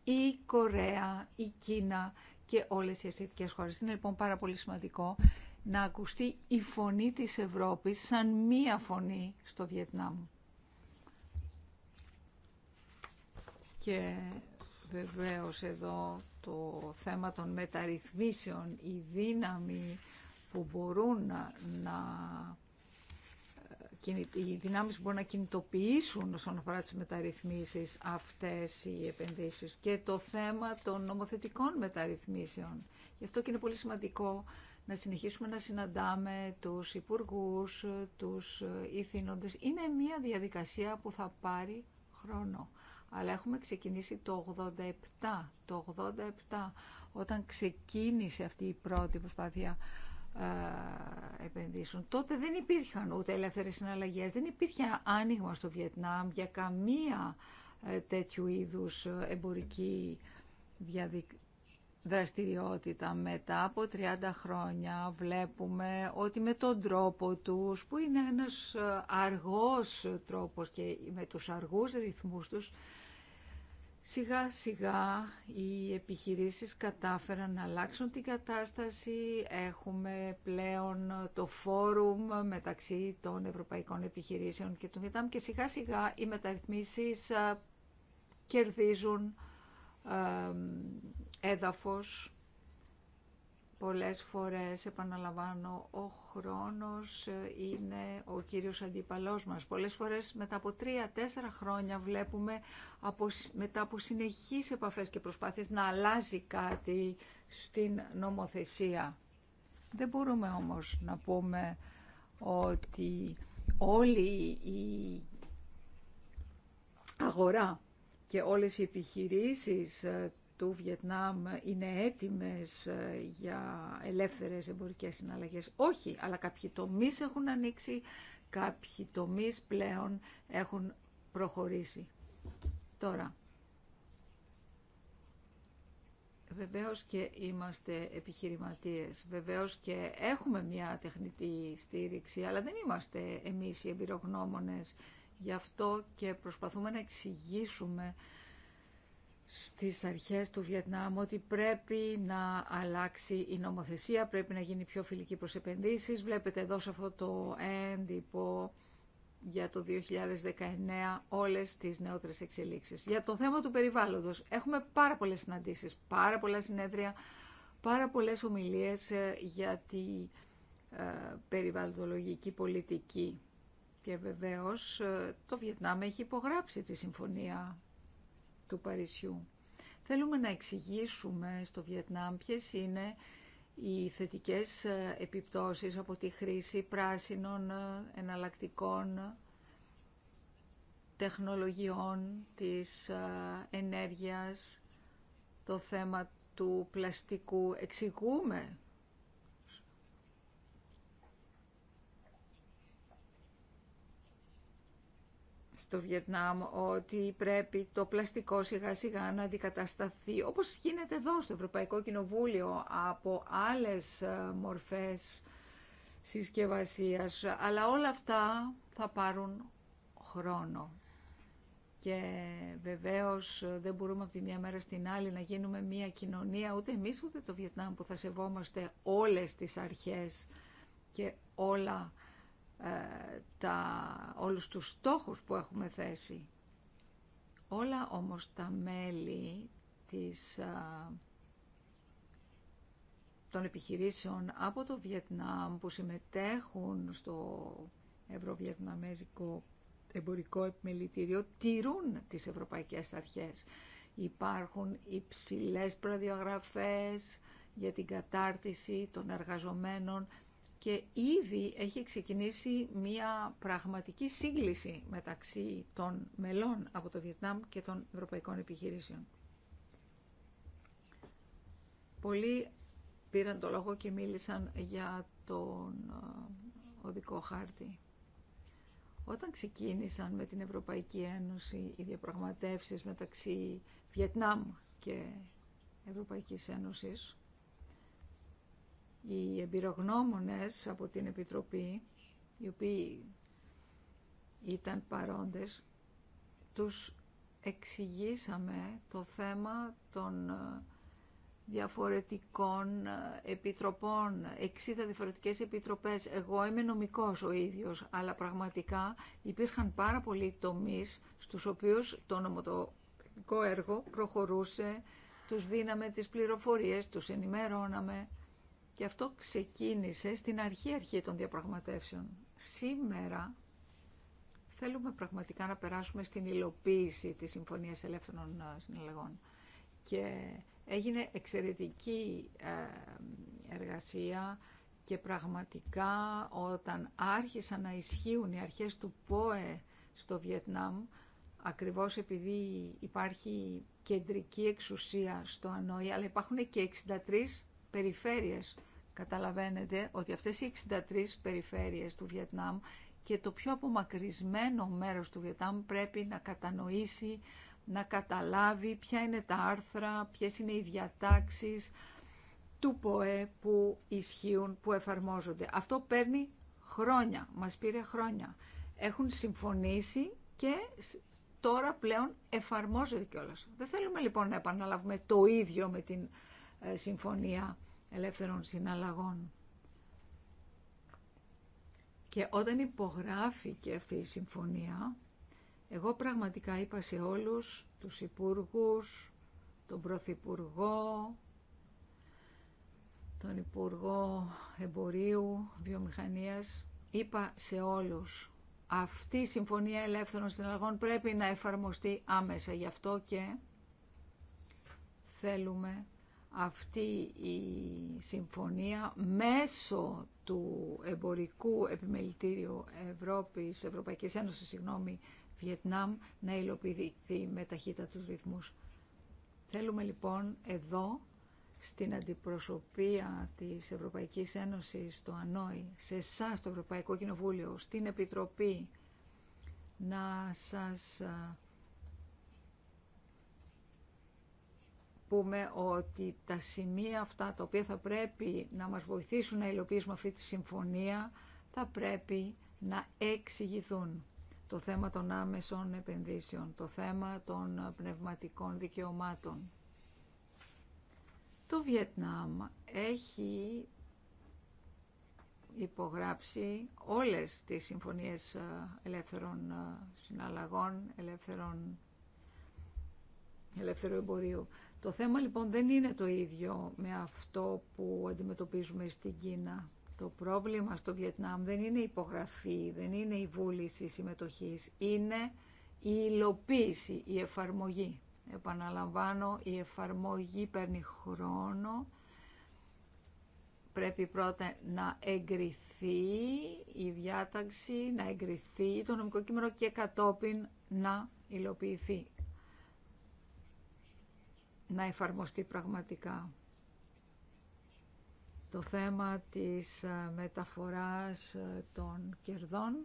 η Κορέα, η Κίνα και όλες οι ασιατικές χώρες. Είναι λοιπόν πάρα πολύ σημαντικό να ακουστεί η φωνή της Ευρώπης σαν μία φωνή στο Βιετνάμ. Και βεβαίως εδώ το θέμα των μεταρρυθμίσεων, η δύναμη που μπορούν να, να ε, οι δυνάμεις που μπορούν να κινητοποιήσουν όσον αφορά τις μεταρρυθμίσεις αυτές οι επενδύσεις και το θέμα των νομοθετικών μεταρρυθμίσεων. Γι' αυτό και είναι πολύ σημαντικό να συνεχίσουμε να συναντάμε τους υπουργούς, τους ηθήνοντες. Είναι μια διαδικασία που θα πάρει χρόνο. Αλλά έχουμε ξεκινήσει το 87, το 87 όταν ξεκίνησε αυτή η πρώτη προσπάθεια ε, επενδύσεων. Τότε δεν υπήρχαν ούτε ελεύθερες συναλλαγές, δεν υπήρχε άνοιγμα στο Βιετνάμ για καμία ε, τέτοιου είδους εμπορική διαδικασία δραστηριότητα. Μετά από 30 χρόνια βλέπουμε ότι με τον τρόπο τους, που είναι ένας ε, αργός τρόπος και με τους αργούς ρυθμούς τους, Σιγά σιγά οι επιχειρήσεις κατάφεραν να αλλάξουν την κατάσταση. Έχουμε πλέον το φόρουμ μεταξύ των ευρωπαϊκών επιχειρήσεων και του Βιετάμ και σιγά σιγά οι μεταρρυθμίσεις ε, κερδίζουν ε, έδαφος. Πολλές φορές, επαναλαμβάνω, ο χρόνος ε, είναι ο κύριος αντίπαλός μας. Πολλές φορές μετά από τρία-τέσσερα χρόνια βλέπουμε μετά από συνεχείς επαφές και προσπάθειες να αλλάζει κάτι στην νομοθεσία. Δεν μπορούμε όμως να πούμε ότι όλη η αγορά και όλες οι επιχειρήσεις ε, του Βιετνάμ είναι έτοιμες ε, για ελεύθερες εμπορικές συναλλαγές. Όχι, αλλά κάποιοι τομείς έχουν ανοίξει, κάποιοι τομείς πλέον έχουν προχωρήσει. Τώρα, βεβαίως και είμαστε επιχειρηματίες, βεβαίως και έχουμε μια τεχνητή στήριξη, αλλά δεν είμαστε εμείς οι εμπειρογνώμονες. Γι' αυτό και προσπαθούμε να εξηγήσουμε στις αρχές του Βιετνάμ ότι πρέπει να αλλάξει η νομοθεσία, πρέπει να γίνει πιο φιλική προς επενδύσεις. Βλέπετε εδώ σε αυτό το έντυπο για το 2019 όλες τις νεότερες εξελίξεις. Για το θέμα του περιβάλλοντος έχουμε πάρα πολλές συναντήσεις, πάρα πολλά συνέδρια, πάρα πολλές ομιλίες ε, για τη ε, περιβαλλοντολογική πολιτική. Και βεβαίως ε, το Βιετνάμ έχει υπογράψει τη συμφωνία του Θέλουμε να εξηγήσουμε στο Βιετνάμ ποιες είναι οι θετικές ε, επιπτώσεις από τη χρήση πράσινων ε, εναλλακτικών ε, τεχνολογιών, της ενέργειας, το θέμα του πλαστικού. Εξηγούμε στο Βιετνάμ ότι πρέπει το πλαστικό σιγά σιγά να αντικατασταθεί, όπως γίνεται εδώ στο Ευρωπαϊκό Κοινοβούλιο, από άλλες ε, μορφές συσκευασίας. Αλλά όλα αυτά θα πάρουν χρόνο. Και βεβαίως ε, δεν μπορούμε από τη μία μέρα στην άλλη να γίνουμε μία κοινωνία, ούτε εμείς ούτε το Βιετνάμ που θα σεβόμαστε όλες τις αρχές και όλα ε, τα, όλους τους στόχους που έχουμε θέσει. Όλα όμως τα μέλη της, ε, των επιχειρήσεων από το Βιετνάμ που συμμετέχουν στο Ευρωβιετναμέζικο Εμπορικό Επιμελητήριο τηρούν τις ευρωπαϊκές αρχές. Υπάρχουν υψηλές προδιαγραφές για την κατάρτιση των εργαζομένων και ήδη έχει ξεκινήσει μια πραγματική σύγκληση μεταξύ των μελών από το Βιετνάμ και των ευρωπαϊκών επιχειρήσεων. Πολλοί πήραν το λόγο και μίλησαν για τον ε, οδικό χάρτη. Όταν ξεκίνησαν με την Ευρωπαϊκή Ένωση οι διαπραγματεύσεις μεταξύ Βιετνάμ και Ευρωπαϊκής Ένωσης, οι εμπειρογνώμονες από την Επιτροπή, οι οποίοι ήταν παρόντες, τους εξηγήσαμε το θέμα των ε, διαφορετικών ε, επιτροπών, 60 διαφορετικές επιτροπές. Εγώ είμαι νομικός ο ίδιος, αλλά πραγματικά υπήρχαν πάρα πολλοί τομείς στους οποίους το νομοτοπικό έργο προχωρούσε, τους δίναμε τις πληροφορίες, τους ενημερώναμε και αυτό ξεκίνησε στην αρχή-αρχή των διαπραγματεύσεων. Σήμερα θέλουμε πραγματικά να περάσουμε στην υλοποίηση της Συμφωνίας Ελεύθερων Συνέλεγων. Και έγινε εξαιρετική ε, εργασία και πραγματικά όταν άρχισαν να ισχύουν οι αρχές του ΠΟΕ στο Βιετνάμ, ακριβώς επειδή υπάρχει κεντρική εξουσία στο Ανόη, αλλά υπάρχουν και 63 περιφέρειες Καταλαβαίνετε ότι αυτές οι 63 περιφέρειες του Βιετνάμ και το πιο απομακρυσμένο μέρος του Βιετνάμ πρέπει να κατανοήσει, να καταλάβει ποια είναι τα άρθρα, ποιες είναι οι διατάξεις του ΠΟΕ που ισχύουν, που εφαρμόζονται. Αυτό παίρνει χρόνια, μας πήρε χρόνια. Έχουν συμφωνήσει και τώρα πλέον εφαρμόζεται κιόλας. Δεν θέλουμε λοιπόν να επαναλάβουμε το ίδιο με την ε, συμφωνία ελεύθερων συναλλαγών. Και όταν υπογράφηκε αυτή η συμφωνία, εγώ πραγματικά είπα σε όλους τους υπουργούς, τον Πρωθυπουργό, τον Υπουργό Εμπορίου, Βιομηχανίας, είπα σε όλους αυτή η Συμφωνία Ελεύθερων Συναλλαγών πρέπει να εφαρμοστεί άμεσα. Γι' αυτό και θέλουμε αυτή η συμφωνία μέσω του εμπορικού επιμελητήριου Ευρώπης, Ευρωπαϊκής Ένωσης, συγγνώμη, Βιετνάμ, να υλοποιηθεί με ταχύτητα τους ρυθμούς. Θέλουμε λοιπόν εδώ, στην αντιπροσωπεία της Ευρωπαϊκής Ένωσης το Ανόη, σε εσά το Ευρωπαϊκό Κοινοβούλιο, στην Επιτροπή, να σας πούμε ότι τα σημεία αυτά τα οποία θα πρέπει να μας βοηθήσουν να υλοποιήσουμε αυτή τη συμφωνία θα πρέπει να εξηγηθούν. Το θέμα των άμεσων επενδύσεων, το θέμα των πνευματικών δικαιωμάτων. Το Βιετνάμ έχει υπογράψει όλες τις συμφωνίες ε, ελεύθερων ε, συναλλαγών, ελεύθερων, ελεύθερου εμπορίου. Το θέμα λοιπόν δεν είναι το ίδιο με αυτό που αντιμετωπίζουμε στην Κίνα. Το πρόβλημα στο Βιετνάμ δεν είναι η υπογραφή, δεν είναι η βούληση συμμετοχής, είναι η υλοποίηση, η εφαρμογή. Επαναλαμβάνω, η εφαρμογή παίρνει χρόνο, πρέπει πρώτα να εγκριθεί η διάταξη, να εγκριθεί το νομικό κείμενο και κατόπιν να υλοποιηθεί να εφαρμοστεί πραγματικά. Το θέμα της ε, μεταφοράς ε, των κερδών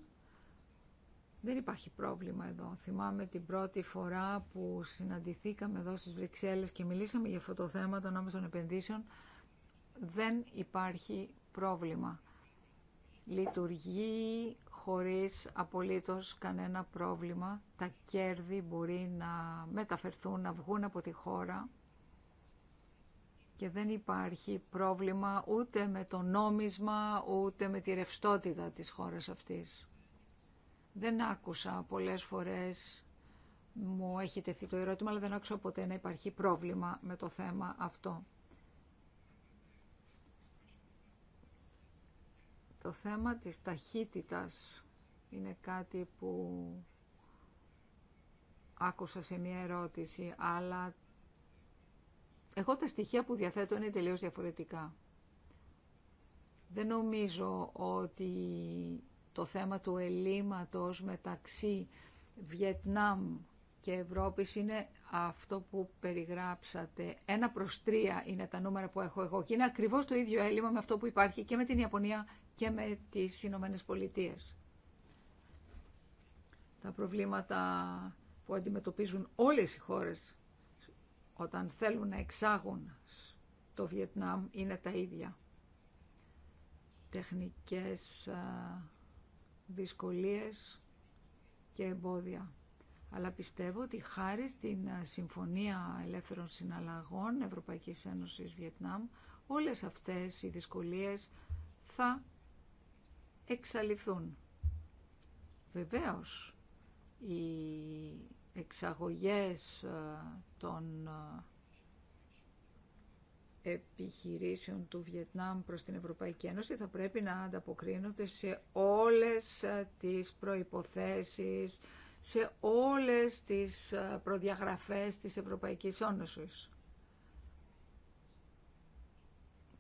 δεν υπάρχει πρόβλημα εδώ. Θυμάμαι την πρώτη φορά που συναντηθήκαμε εδώ στις Βρυξέλλες και μιλήσαμε για αυτό το θέμα των άμεσων επενδύσεων. Δεν υπάρχει πρόβλημα. Λειτουργεί χωρίς απολύτως κανένα πρόβλημα. Τα κέρδη μπορεί να μεταφερθούν, να βγουν από τη χώρα και δεν υπάρχει πρόβλημα ούτε με το νόμισμα, ούτε με τη ρευστότητα της χώρας αυτής. Δεν άκουσα πολλές φορές, μου έχει τεθεί το ερώτημα, αλλά δεν άκουσα ποτέ να υπάρχει πρόβλημα με το θέμα αυτό. Το θέμα της ταχύτητας είναι κάτι που άκουσα σε μία ερώτηση, αλλά εγώ τα στοιχεία που διαθέτω είναι τελείως διαφορετικά. Δεν νομίζω ότι το θέμα του ελλείμματος μεταξύ Βιετνάμ και Ευρώπης είναι αυτό που περιγράψατε. Ένα προς τρία είναι τα νούμερα που έχω εγώ και είναι ακριβώς το ίδιο έλλειμμα με αυτό που υπάρχει και με την Ιαπωνία και με τις Ηνωμένε Πολιτείε. Τα προβλήματα που αντιμετωπίζουν όλες οι χώρες όταν θέλουν να εξάγουν το Βιετνάμ είναι τα ίδια. Τεχνικές ε, δυσκολίες και εμπόδια. Αλλά πιστεύω ότι χάρη στην ε, Συμφωνία Ελεύθερων Συναλλαγών Ευρωπαϊκής Ένωσης Βιετνάμ όλες αυτές οι δυσκολίες θα εξαλειφθούν. Βεβαίως, οι εξαγωγές ε, των ε, επιχειρήσεων του Βιετνάμ προς την Ευρωπαϊκή Ένωση θα πρέπει να ανταποκρίνονται σε όλες ε, τις προϋποθέσεις, σε όλες τις προδιαγραφές της Ευρωπαϊκής Ένωσης.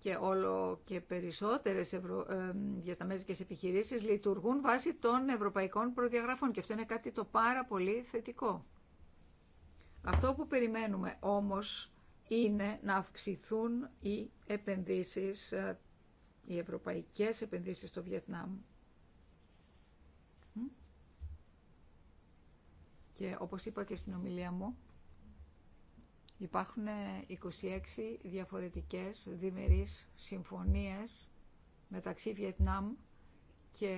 και όλο και περισσότερες ευρω... ε, και επιχειρήσεις λειτουργούν βάσει των ευρωπαϊκών προδιαγραφών και αυτό είναι κάτι το πάρα πολύ θετικό. Αυτό που περιμένουμε όμως είναι να αυξηθούν οι επενδύσεις, ε, οι ευρωπαϊκές επενδύσεις στο Βιετνάμ. Και όπως είπα και στην ομιλία μου, Υπάρχουν 26 διαφορετικές διμερείς συμφωνίες μεταξύ Βιετνάμ και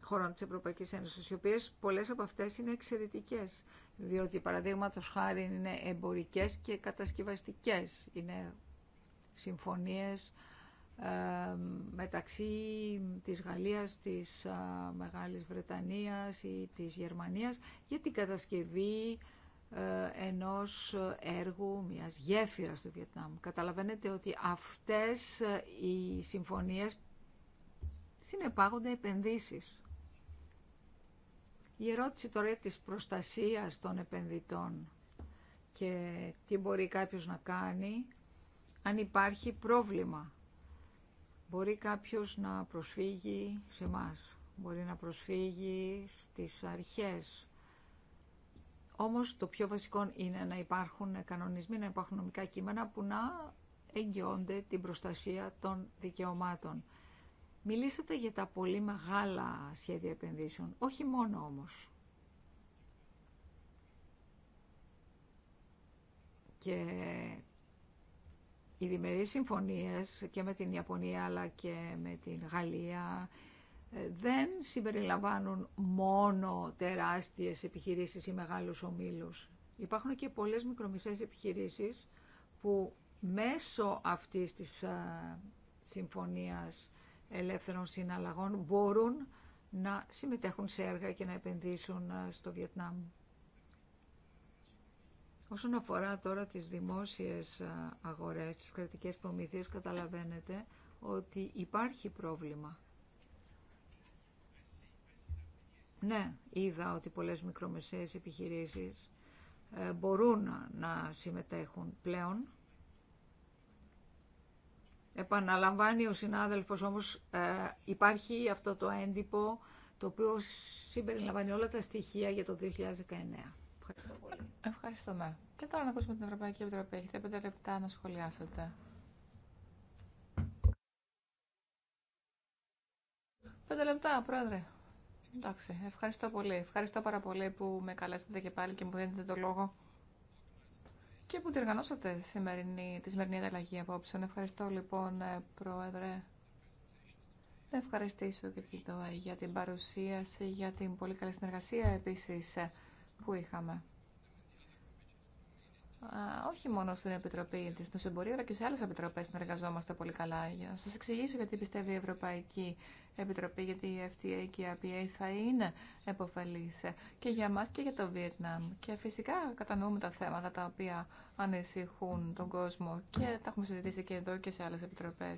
χωρών της Ευρωπαϊκής Ένωσης, οι οποίες πολλές από αυτές είναι εξαιρετικές, διότι παραδείγματο χάρη είναι εμπορικές και κατασκευαστικές, είναι συμφωνίες ε, μεταξύ της Γαλλίας, της ε, Μεγάλης Βρετανίας ή της Γερμανίας για την κατασκευή ε, ενός έργου μιας γέφυρας του Βιετνάμ. Καταλαβαίνετε ότι αυτές οι συμφωνίες συνεπάγονται επενδύσεις. Η ερώτηση τώρα της προστασίας των επενδυτών και τι μπορεί κάποιος να κάνει αν υπάρχει πρόβλημα Μπορεί κάποιος να προσφύγει σε μας, μπορεί να προσφύγει στις αρχές. Όμως το πιο βασικό είναι να υπάρχουν κανονισμοί, να υπάρχουν νομικά κείμενα που να εγγυώνται την προστασία των δικαιωμάτων. Μιλήσατε για τα πολύ μεγάλα σχέδια επενδύσεων, όχι μόνο όμως οι διμερείς συμφωνίες και με την Ιαπωνία αλλά και με την Γαλλία ε, δεν συμπεριλαμβάνουν μόνο τεράστιες επιχειρήσεις ή μεγάλους ομίλους. Υπάρχουν και πολλές μικρομισές επιχειρήσεις που μέσω αυτής της ε, συμφωνίας ελεύθερων συναλλαγών μπορούν να συμμετέχουν σε έργα και να επενδύσουν ε, στο Βιετνάμ. Όσον αφορά τώρα τις δημόσιες αγορές, τις κρατικές προμήθειες, καταλαβαίνετε ότι υπάρχει πρόβλημα. Ναι, είδα ότι πολλές μικρομεσαίες επιχειρήσεις ε, μπορούν να συμμετέχουν πλέον. Επαναλαμβάνει ο συνάδελφος όμως ε, υπάρχει αυτό το έντυπο το οποίο συμπεριλαμβάνει όλα τα στοιχεία για το 2019. Ευχαριστώ πολύ. Ευχαριστούμε. Και τώρα να ακούσουμε την Ευρωπαϊκή Επιτροπή. Έχετε πέντε λεπτά να σχολιάσετε. Πέντε λεπτά, Πρόεδρε. Εντάξει, ευχαριστώ πολύ. Ευχαριστώ πάρα πολύ που με καλέσατε και πάλι και μου δίνετε το λόγο και που διοργανώσατε σημερινή, τη σημερινή ανταλλαγή απόψεων. Ευχαριστώ λοιπόν, ε, Πρόεδρε. Να ευχαριστήσω και την ΤΟΕ για την παρουσίαση, για την πολύ καλή συνεργασία επίσης ε, που είχαμε. όχι μόνο στην Επιτροπή τη Νοσημπορία αλλά και σε άλλε επιτροπέ συνεργαζόμαστε πολύ καλά. Για να σα εξηγήσω γιατί πιστεύει η Ευρωπαϊκή Επιτροπή, γιατί η FTA και η APA θα είναι επωφελή και για μα και για το Βιετνάμ. Και φυσικά κατανοούμε τα θέματα τα οποία ανησυχούν τον κόσμο και τα έχουμε συζητήσει και εδώ και σε άλλε επιτροπέ.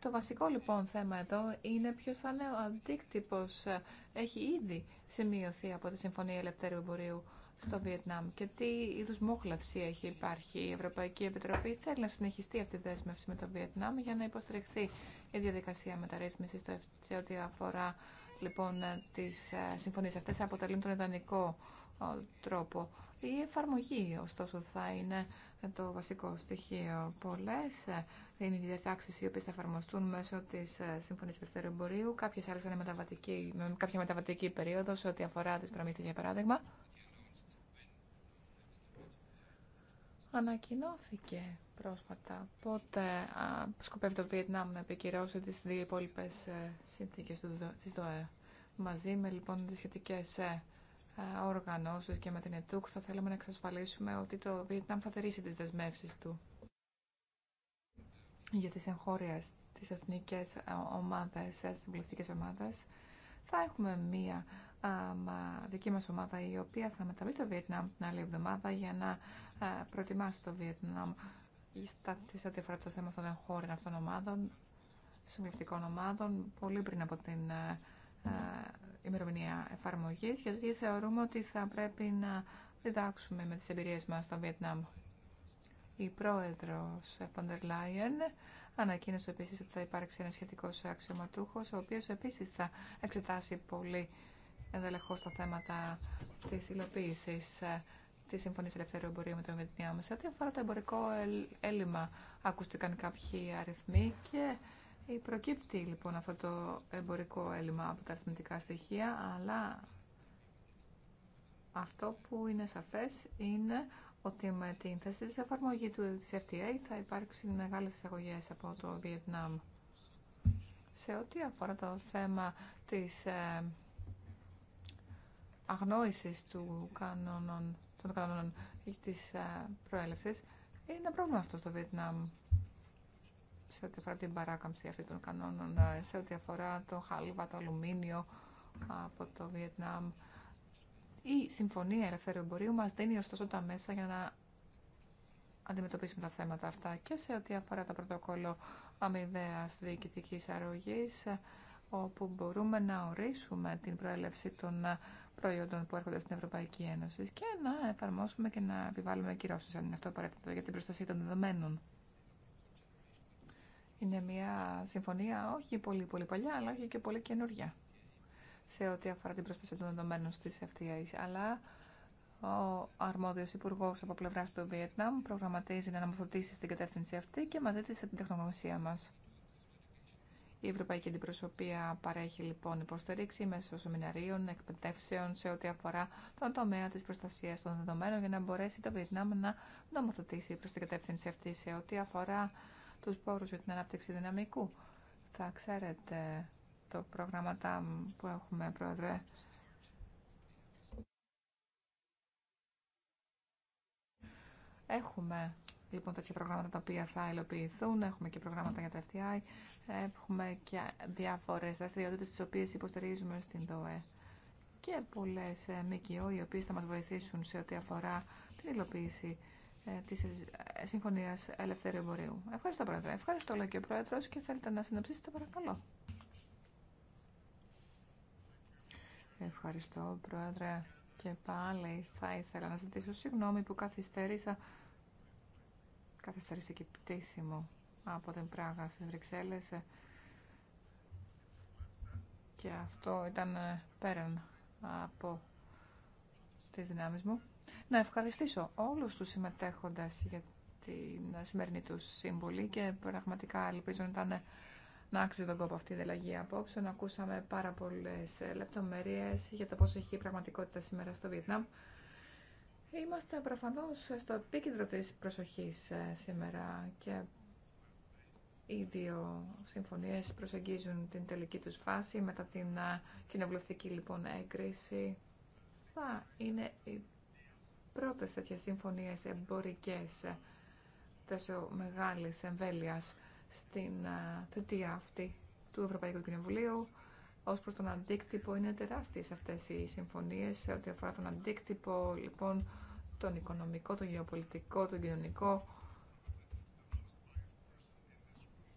Το βασικό λοιπόν θέμα εδώ είναι ποιο θα είναι ο αντίκτυπο. Ε, έχει ήδη σημειωθεί από τη Συμφωνία Ελευθέρου Εμπορίου στο Βιετνάμ και τι είδου μόχλευση έχει υπάρχει. Η Ευρωπαϊκή Επιτροπή θέλει να συνεχιστεί αυτή η δέσμευση με το Βιετνάμ για να υποστηριχθεί η διαδικασία μεταρρύθμιση σε ό,τι αφορά λοιπόν ε, τι ε, συμφωνίε αυτέ. Αποτελούν τον ιδανικό τρόπο. Η εφαρμογή ωστόσο θα είναι το βασικό στοιχείο. Πολλέ είναι οι διατάξει οι οποίε θα εφαρμοστούν μέσω τη ε, Σύμφωνη Ελευθερίου Εμπορίου. Κάποιε άλλε θα είναι μεταβατική, με κάποια μεταβατική περίοδο σε ό,τι αφορά τι προμήθειε, για παράδειγμα. Ανακοινώθηκε πρόσφατα πότε σκοπεύει το Βιετνάμ να επικυρώσει τι δύο υπόλοιπε συνθήκε τη ΔΟΕ. Μαζί με λοιπόν τι σχετικέ ε, και με την ΕΤΟΚ θα θέλαμε να εξασφαλίσουμε ότι το Βιετνάμ θα θερήσει τις δεσμεύσεις του για τις εγχώριες, τις εθνικέ ομάδες, ε, τις ομάδες. Θα έχουμε μία δική μας ομάδα η οποία θα μεταβεί στο Βιετνάμ την άλλη εβδομάδα για να προετοιμάσει το Βιετνάμ σε ό,τι αφορά το θέμα των εγχώριων αυτών ομάδων, συμβουλευτικών ομάδων, πολύ πριν από την ημερομηνία εφαρμογή, γιατί θεωρούμε ότι θα πρέπει να διδάξουμε με τι εμπειρίε μα στο Βιετνάμ. Η Πρόεδρο Φοντερ Λάιεν ανακοίνωσε επίση ότι θα υπάρξει ένα σχετικό αξιωματούχο, ο οποίο επίση θα εξετάσει πολύ ενδελεχώ τα θέματα τη υλοποίηση ε, τη Συμφωνία Ελευθερίου Εμπορίου με τον Βιετνάμ. Σε ό,τι αφορά το εμπορικό ε, έλλειμμα, ακούστηκαν κάποιοι αριθμοί και ε, προκύπτει λοιπόν αυτό το εμπορικό έλλειμμα από τα αριθμητικά στοιχεία, αλλά αυτό που είναι σαφές είναι ότι με την θέση της εφαρμογή του της FTA θα υπάρξει μεγάλες εισαγωγές από το Βιετνάμ. Σε ό,τι αφορά το θέμα της ε, αγνόησης του κανόνων, των κανόνων της ε, προέλευσης, είναι ένα πρόβλημα αυτό στο Βιετνάμ σε ό,τι αφορά την παράκαμψη αυτή των κανόνων, ε, σε ό,τι αφορά το χάλιβα, το αλουμίνιο από το Βιετνάμ. Η Συμφωνία Ελευθέρου Εμπορίου μας δίνει ωστόσο τα μέσα για να αντιμετωπίσουμε τα θέματα αυτά και σε ό,τι αφορά το πρωτοκόλλο αμοιβαίας διοικητικής αρρωγής, όπου μπορούμε να ορίσουμε την προέλευση των προϊόντων που έρχονται στην Ευρωπαϊκή Ένωση και να εφαρμόσουμε και να επιβάλλουμε κυρώσεις, αν είναι αυτό απαραίτητο, για την προστασία των δεδομένων. Είναι μια συμφωνία όχι πολύ πολύ παλιά, αλλά όχι και πολύ καινούργια σε ό,τι αφορά την προστασία των δεδομένων στις FTAs. Αλλά ο αρμόδιος υπουργό από πλευρά του Βιετνάμ προγραμματίζει να νομοθετήσει στην κατεύθυνση αυτή και της σε την τεχνογνωσία μας. Η Ευρωπαϊκή Αντιπροσωπεία παρέχει λοιπόν υποστηρίξη μέσω σεμιναρίων, εκπαιδεύσεων σε ό,τι αφορά τον τομέα τη προστασία των δεδομένων για να μπορέσει το Βιετνάμ να νομοθετήσει προ την κατεύθυνση αυτή σε ό,τι αφορά τους πόρους για την ανάπτυξη δυναμικού. Θα ξέρετε το προγράμματα που έχουμε, Πρόεδρε. Έχουμε λοιπόν τέτοια προγράμματα τα οποία θα υλοποιηθούν, έχουμε και προγράμματα για τα FTI, έχουμε και διάφορες δραστηριότητε τις οποίες υποστηρίζουμε στην ΔΟΕ και πολλές ε, ΜΚΟ οι οποίε θα μας βοηθήσουν σε ό,τι αφορά την υλοποίηση ε, της συμφωνία Ελευθερίου Εμπορίου. Ευχαριστώ, Πρόεδρε. Ευχαριστώ, λέει και ο Πρόεδρος και θέλετε να συνοψίσετε, παρακαλώ. Ευχαριστώ, Πρόεδρε. Και πάλι θα ήθελα να ζητήσω συγγνώμη που καθυστέρησα καθυστέρησε και πτήση μου από την Πράγα στι Βρυξέλλε. και αυτό ήταν ε, πέραν από τις δυνάμεις μου. Να ευχαριστήσω όλους τους συμμετέχοντες για την σημερινή τους σύμβολη και πραγματικά ελπίζω να ήταν να άξιζε τον κόπο αυτή η δελαγή απόψε. Να ακούσαμε πάρα πολλές λεπτομέρειες για το πώ έχει η πραγματικότητα σήμερα στο Βιετνάμ. Είμαστε προφανώ στο επίκεντρο τη προσοχή ε, σήμερα και οι δύο συμφωνίε προσεγγίζουν την τελική του φάση. Μετά την ε, κοινοβουλευτική λοιπόν έγκριση θα είναι η πρώτες τέτοιες συμφωνίες εμπορικές τόσο μεγάλης εμβέλειας στην ε, θετία αυτή του Ευρωπαϊκού Κοινοβουλίου. Ω προ τον αντίκτυπο, είναι τεράστιε αυτές οι συμφωνίε ό,τι αφορά τον αντίκτυπο, λοιπόν, τον οικονομικό, τον γεωπολιτικό, τον κοινωνικό.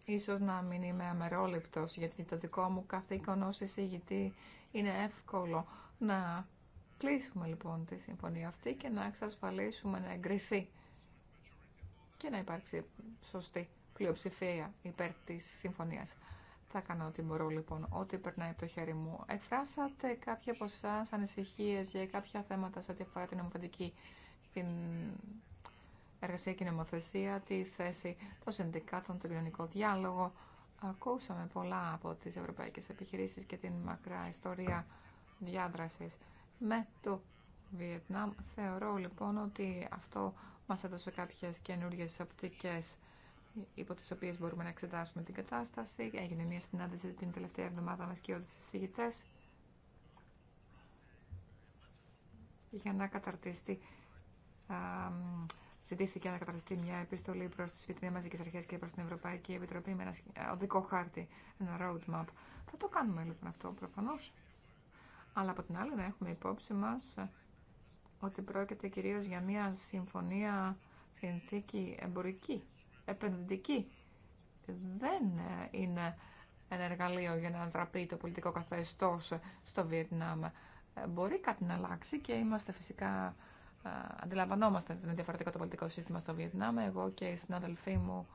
Ίσως να μην είμαι αμερόληπτος, γιατί το δικό μου καθήκον ως εισηγητή είναι εύκολο να κλείσουμε λοιπόν τη συμφωνία αυτή και να εξασφαλίσουμε να εγκριθεί και να υπάρξει σωστή πλειοψηφία υπέρ της συμφωνίας. Θα κάνω ό,τι μπορώ λοιπόν, ό,τι περνάει από το χέρι μου. Εκφράσατε κάποια από εσά ανησυχίε για κάποια θέματα σε ό,τι αφορά την νομοθετική την εργασία και νομοθεσία, τη θέση των συνδικάτων, τον κοινωνικό διάλογο. Ακούσαμε πολλά από τις ευρωπαϊκές επιχειρήσεις και την μακρά ιστορία διάδρασης με το Βιετνάμ. Θεωρώ λοιπόν ότι αυτό μας έδωσε κάποιες καινούργιες απτικές υπό τις οποίες μπορούμε να εξετάσουμε την κατάσταση. Έγινε μια συνάντηση την τελευταία εβδομάδα μας και όδησες για να καταρτιστεί α, Ζητήθηκε να καταρτιστεί μια επιστολή προ τι Βιετνέ μαζικέ αρχέ και προ την Ευρωπαϊκή Επιτροπή με ένα οδικό χάρτη, ένα roadmap. Θα το κάνουμε λοιπόν αυτό προφανώ αλλά από την άλλη να έχουμε υπόψη μας ε, ότι πρόκειται κυρίως για μια συμφωνία συνθήκη εμπορική, επενδυτική. Δεν ε, είναι ένα εργαλείο για να ανατραπεί το πολιτικό καθεστώς ε, στο Βιετνάμ. Μπορεί κάτι να αλλάξει και είμαστε φυσικά, αντιλαμβανόμαστε ότι είναι διαφορετικό το πολιτικό σύστημα στο Βιετνάμ. Εγώ και οι συνάδελφοί μου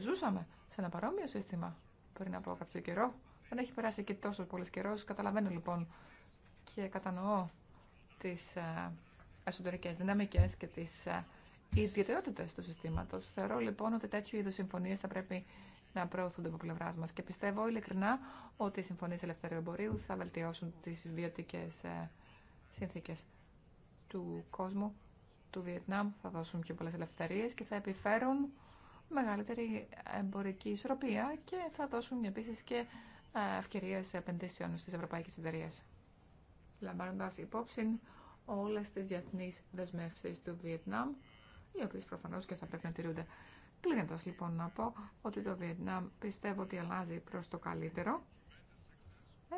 ζούσαμε σε ένα παρόμοιο σύστημα πριν από κάποιο καιρό δεν έχει περάσει και τόσο πολύ καιρό. Καταλαβαίνω λοιπόν και κατανοώ τι ε, εσωτερικέ δυναμικέ και τι ε, ιδιαιτερότητε του συστήματο. Θεωρώ λοιπόν ότι τέτοιου είδου συμφωνίε θα πρέπει να προωθούνται από πλευρά μα. Και πιστεύω ειλικρινά ότι οι συμφωνίε ελευθερίου εμπορίου θα βελτιώσουν τι βιωτικέ ε, συνθήκε του κόσμου του Βιετνάμ, θα δώσουν πιο πολλέ ελευθερίε και θα επιφέρουν μεγαλύτερη εμπορική ισορροπία και θα δώσουν επίση και ε, ευκαιρίε επενδύσεων στις ευρωπαϊκές εταιρείε. λαμβάνοντα υπόψη όλε τι διεθνεί δεσμεύσει του Βιετνάμ, οι οποίε προφανώ και θα πρέπει να τηρούνται. Κλείνοντα λοιπόν να πω ότι το Βιετνάμ πιστεύω ότι αλλάζει προ το καλύτερο.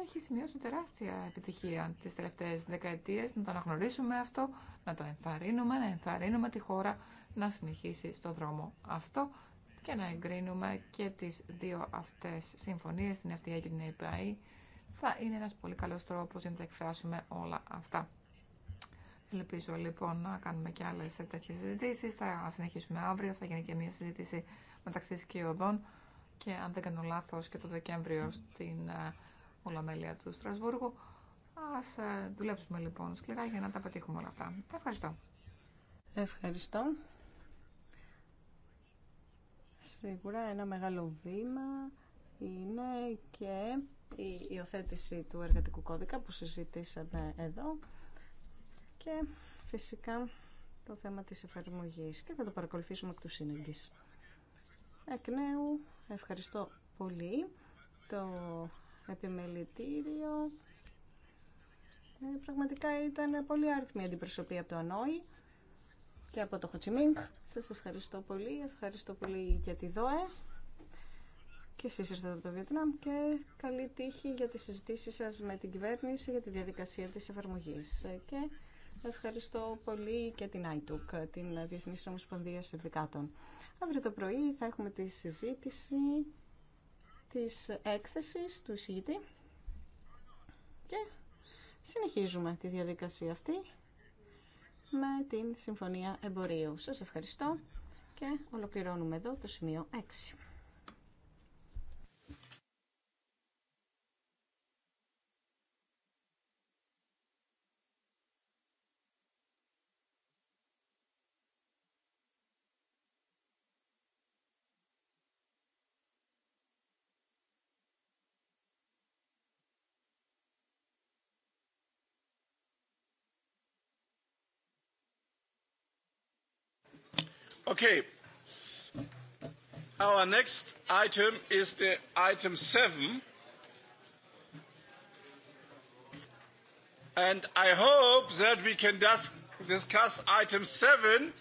Έχει σημειώσει τεράστια επιτυχία τις τελευταίες δεκαετίες, να το αναγνωρίσουμε αυτό, να το ενθαρρύνουμε, να ενθαρρύνουμε τη χώρα να συνεχίσει στο δρόμο αυτό και να εγκρίνουμε και τις δύο αυτές συμφωνίες, την FTA και την API, θα είναι ένας πολύ καλός τρόπος για να τα εκφράσουμε όλα αυτά. Ελπίζω λοιπόν να κάνουμε και άλλες τέτοιες συζητήσεις. Θα συνεχίσουμε αύριο, θα γίνει και μια συζήτηση μεταξύ σκιωδών και αν δεν κάνω λάθος και το Δεκέμβριο στην ε, Ολομέλεια του Στρασβούργου. Ας ε, δουλέψουμε λοιπόν σκληρά για να τα πετύχουμε όλα αυτά. Ευχαριστώ. Ευχαριστώ. Σίγουρα ένα μεγάλο βήμα είναι και η υιοθέτηση του εργατικού κώδικα που συζητήσαμε εδώ και φυσικά το θέμα της εφαρμογής και θα το παρακολουθήσουμε εκ του σύνεγγης. Εκ νέου, ευχαριστώ πολύ το επιμελητήριο. Ε, πραγματικά ήταν πολύ άριθμη αντιπροσωπή από το ΑΝΟΗ και από το Χοτσιμίνγκ. Σας ευχαριστώ πολύ. Ευχαριστώ πολύ για τη ΔΟΕ. Και εσείς ήρθατε από το Βιετνάμ και καλή τύχη για τις συζητήσεις σας με την κυβέρνηση για τη διαδικασία της εφαρμογής. Και ευχαριστώ πολύ και την ITUC, την Διεθνής Ομοσπονδία Συνδικάτων. Αύριο το πρωί θα έχουμε τη συζήτηση της έκθεσης του εισηγητή και συνεχίζουμε τη διαδικασία αυτή με την Συμφωνία Εμπορίου. Σας ευχαριστώ και ολοκληρώνουμε εδώ το σημείο 6. Okay. Our next item is the item 7. And I hope that we can discuss item 7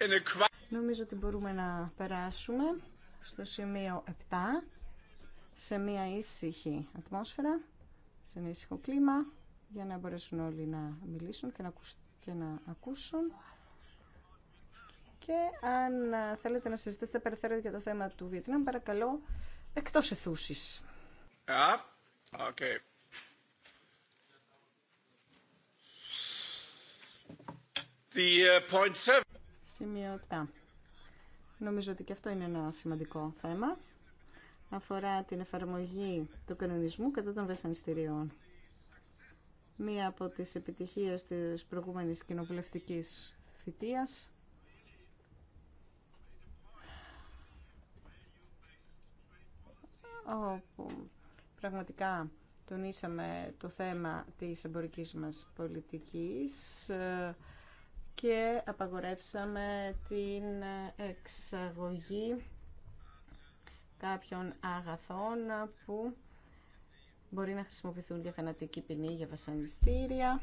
in a Νομίζω ότι μπορούμε να περάσουμε στο σημείο 7 σε μια ήσυχη ατμόσφαιρα, σε ένα ήσυχο κλίμα για να μπορέσουν όλοι να μιλήσουν και να Και να ακούσουν. Και αν θέλετε να συζητήσετε περιθέρετε για το θέμα του Βιετνάμ, παρακαλώ, εκτός εθούσης. Α, The ε, Νομίζω ότι και αυτό είναι ένα σημαντικό θέμα. Αφορά την εφαρμογή του κανονισμού κατά των βασανιστήριων. Μία από τις επιτυχίες της προηγούμενης κοινοβουλευτικής θητείας όπου πραγματικά τονίσαμε το θέμα της εμπορικής μας πολιτικής ε, και απαγορεύσαμε την εξαγωγή κάποιων αγαθών που μπορεί να χρησιμοποιηθούν για θανατική ποινή, για βασανιστήρια.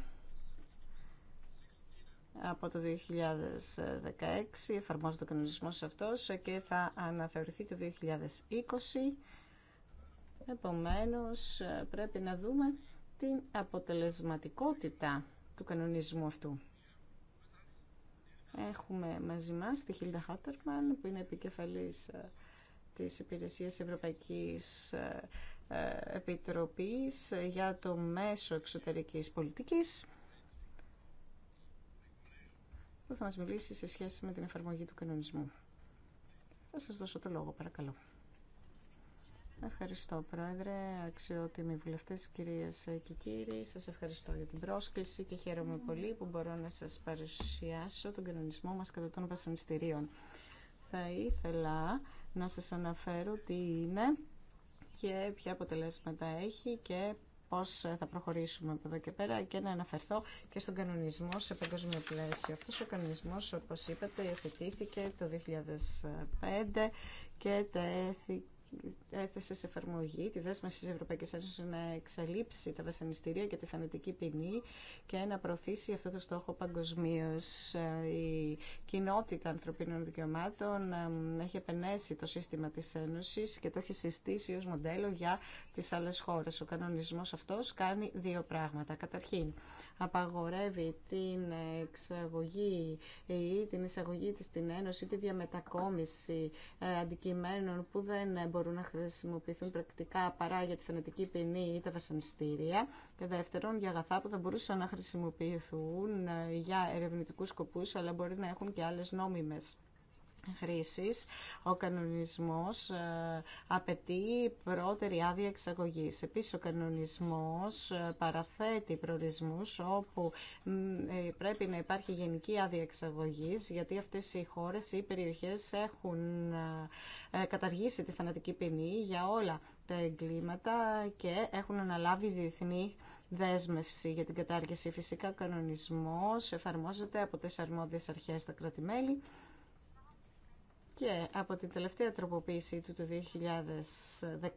Από το 2016 εφαρμόζεται ο κανονισμός αυτός και θα αναθεωρηθεί το 2020 Επομένως, ε, πρέπει να δούμε την αποτελεσματικότητα του κανονισμού αυτού. Έχουμε μαζί μας τη Χίλτα Χάτερμαν, που είναι επικεφαλής ε, της Υπηρεσίας Ευρωπαϊκής ε, Επιτροπής για το μέσο εξωτερικής πολιτικής που θα μας μιλήσει σε σχέση με την εφαρμογή του κανονισμού. Θα σας δώσω το λόγο, παρακαλώ. Ευχαριστώ Πρόεδρε, αξιότιμοι βουλευτέ, κυρίε και κύριοι. Σα ευχαριστώ για την πρόσκληση και χαίρομαι πολύ που μπορώ να σα παρουσιάσω τον κανονισμό μα κατά των βασανιστήριων. Θα ήθελα να σα αναφέρω τι είναι και ποια αποτελέσματα έχει και πώ θα προχωρήσουμε από εδώ και πέρα και να αναφερθώ και στον κανονισμό σε παγκόσμιο πλαίσιο. Αυτός ο κανονισμό, όπω είπατε, υιοθετήθηκε το 2005 και τέθηκε έθεσε σε εφαρμογή τη δέσμευση τη Ευρωπαϊκή Ένωση να εξαλείψει τα βασανιστήρια και τη θανατική ποινή και να προωθήσει αυτό το στόχο παγκοσμίω. Ε, η κοινότητα ανθρωπίνων δικαιωμάτων ε, έχει επενέσει το σύστημα τη Ένωση και το έχει συστήσει ω μοντέλο για τι άλλε χώρε. Ο κανονισμό αυτό κάνει δύο πράγματα. Καταρχήν, απαγορεύει την εξαγωγή ή την εισαγωγή της στην Ένωση, τη διαμετακόμιση ε, αντικειμένων που δεν μπορούν να χρησιμοποιηθούν πρακτικά παρά για τη θανατική ποινή ή τα βασανιστήρια και δεύτερον για αγαθά που θα μπορούσαν να χρησιμοποιηθούν ε, για ερευνητικούς σκοπούς αλλά μπορεί να έχουν και άλλες νόμιμες χρήσης, ο κανονισμός ε, απαιτεί πρώτερη άδεια εξαγωγής. Επίσης, ο κανονισμός ε, παραθέτει προορισμούς όπου ε, πρέπει να υπάρχει γενική άδεια εξαγωγής, γιατί αυτές οι χώρες ή περιοχές έχουν καταργήσει τη θανατική ποινή για όλα τα εγκλήματα και έχουν αναλάβει διεθνή δέσμευση για την κατάργηση. Φυσικά, ο κανονισμός εφαρμόζεται από τις αρμόδιες αρχές στα κρατη και από την τελευταία τροποποίησή του 2016,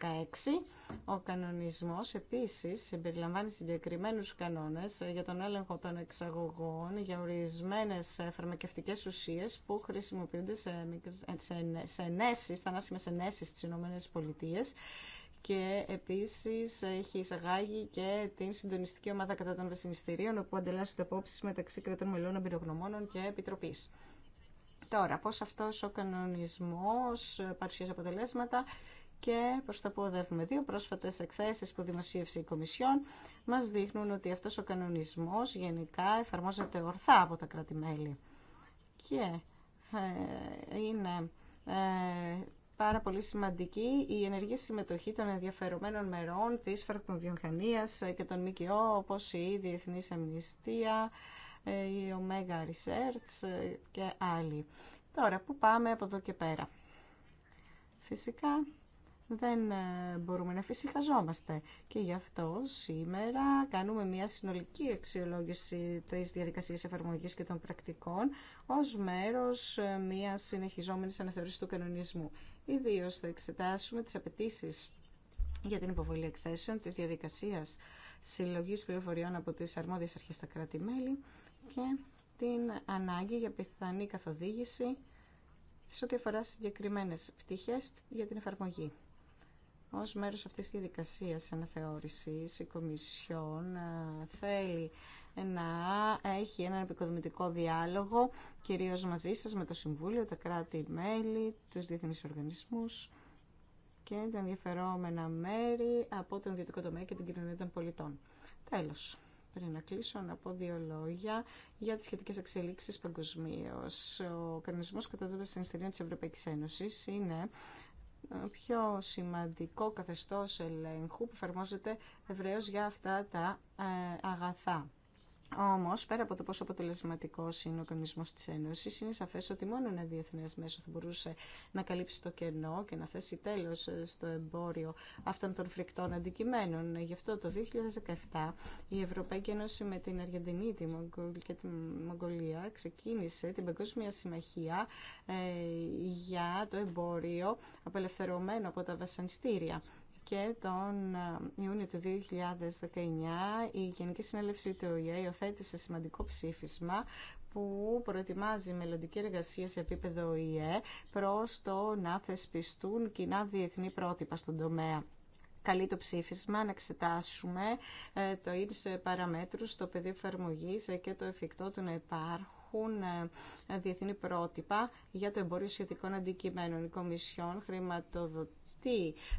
ο κανονισμός επίσης συμπεριλαμβάνει συγκεκριμένους κανόνες για τον έλεγχο των εξαγωγών για ορισμένες φαρμακευτικές ουσίες που χρησιμοποιούνται σε, σε ενέσεις, θανάσιμες ενέσεις στις ΗΠΑ και επίσης έχει εισαγάγει και την συντονιστική ομάδα κατά των βασινιστήριων όπου αντελάσσονται απόψεις μεταξύ κρατών μελών εμπειρογνωμόνων και επιτροπής. Τώρα, πώς αυτός ο κανονισμός παρουσιάζει αποτελέσματα και προς τα που οδεύουμε. Δύο πρόσφατες εκθέσεις που δημοσίευσε η Κομισιόν μας δείχνουν ότι αυτός ο κανονισμός γενικά εφαρμόζεται ορθά από τα κράτη-μέλη. Και ε, είναι ε, πάρα πολύ σημαντική η ενεργή συμμετοχή των ενδιαφερομένων μερών της φαρμακοβιομηχανίας και των ΜΚΟ, όπως η Διεθνής Αμνηστία, ε, η Omega Research ε, και άλλοι. Τώρα, πού πάμε από εδώ και πέρα. Φυσικά, δεν ε, μπορούμε να φυσικαζόμαστε. Και γι' αυτό σήμερα κάνουμε μια συνολική αξιολόγηση της διαδικασίας εφαρμογής και των πρακτικών ως μέρος μιας συνεχιζόμενης αναθεωρήσης του κανονισμού. Ιδίω θα εξετάσουμε τις απαιτήσει για την υποβολή εκθέσεων της διαδικασίας συλλογής πληροφοριών από τις αρμόδιες αρχές στα κρατη και την ανάγκη για πιθανή καθοδήγηση σε ό,τι αφορά συγκεκριμένες πτυχές για την εφαρμογή. Ως μέρος αυτής της διαδικασίας αναθεώρησης, η Κομισιόν ε, θέλει να έχει έναν επικοδομητικό διάλογο, κυρίως μαζί σας, με το Συμβούλιο, τα κράτη-μέλη, τους διεθνείς οργανισμούς και τα ενδιαφερόμενα μέρη από τον ιδιωτικό τομέα και την κοινωνία των πολιτών. Τέλος. Πριν να κλείσω, να πω δύο λόγια για τις σχετικές εξελίξει παγκοσμίω. Ο κανονισμός κατά των τη ευρωπαϊκή Ένωση είναι πιο σημαντικό καθεστώ ελέγχου που εφαρμόζεται ευρέως για αυτά τα ε, αγαθά. Όμω, πέρα από το πόσο αποτελεσματικό είναι ο οικονομισμό τη Ένωση, είναι σαφέ ότι μόνο ένα διεθνέ μέσο θα μπορούσε να καλύψει το κενό και να θέσει τέλο στο εμπόριο αυτών των φρικτών αντικειμένων. Γι' αυτό το 2017 η Ευρωπαϊκή Ένωση με την Αργεντινή τη και τη Μογγολία ξεκίνησε την Παγκόσμια Συμμαχία ε, για το εμπόριο απελευθερωμένο από τα βασανιστήρια και τον ε, Ιούνιο του 2019 η Γενική Συνέλευση του ΟΗΕ υιοθέτησε σημαντικό ψήφισμα που προετοιμάζει μελλοντική εργασία σε επίπεδο ΟΗΕ προς το να θεσπιστούν κοινά διεθνή πρότυπα στον τομέα καλεί το ψήφισμα να εξετάσουμε ε, το ύψε παραμέτρους, στο πεδίο εφαρμογή ε, και το εφικτό του να υπάρχουν διεθνή πρότυπα για το εμπόριο σχετικών αντικειμένων. Η Κομισιόν χρηματοδοτεί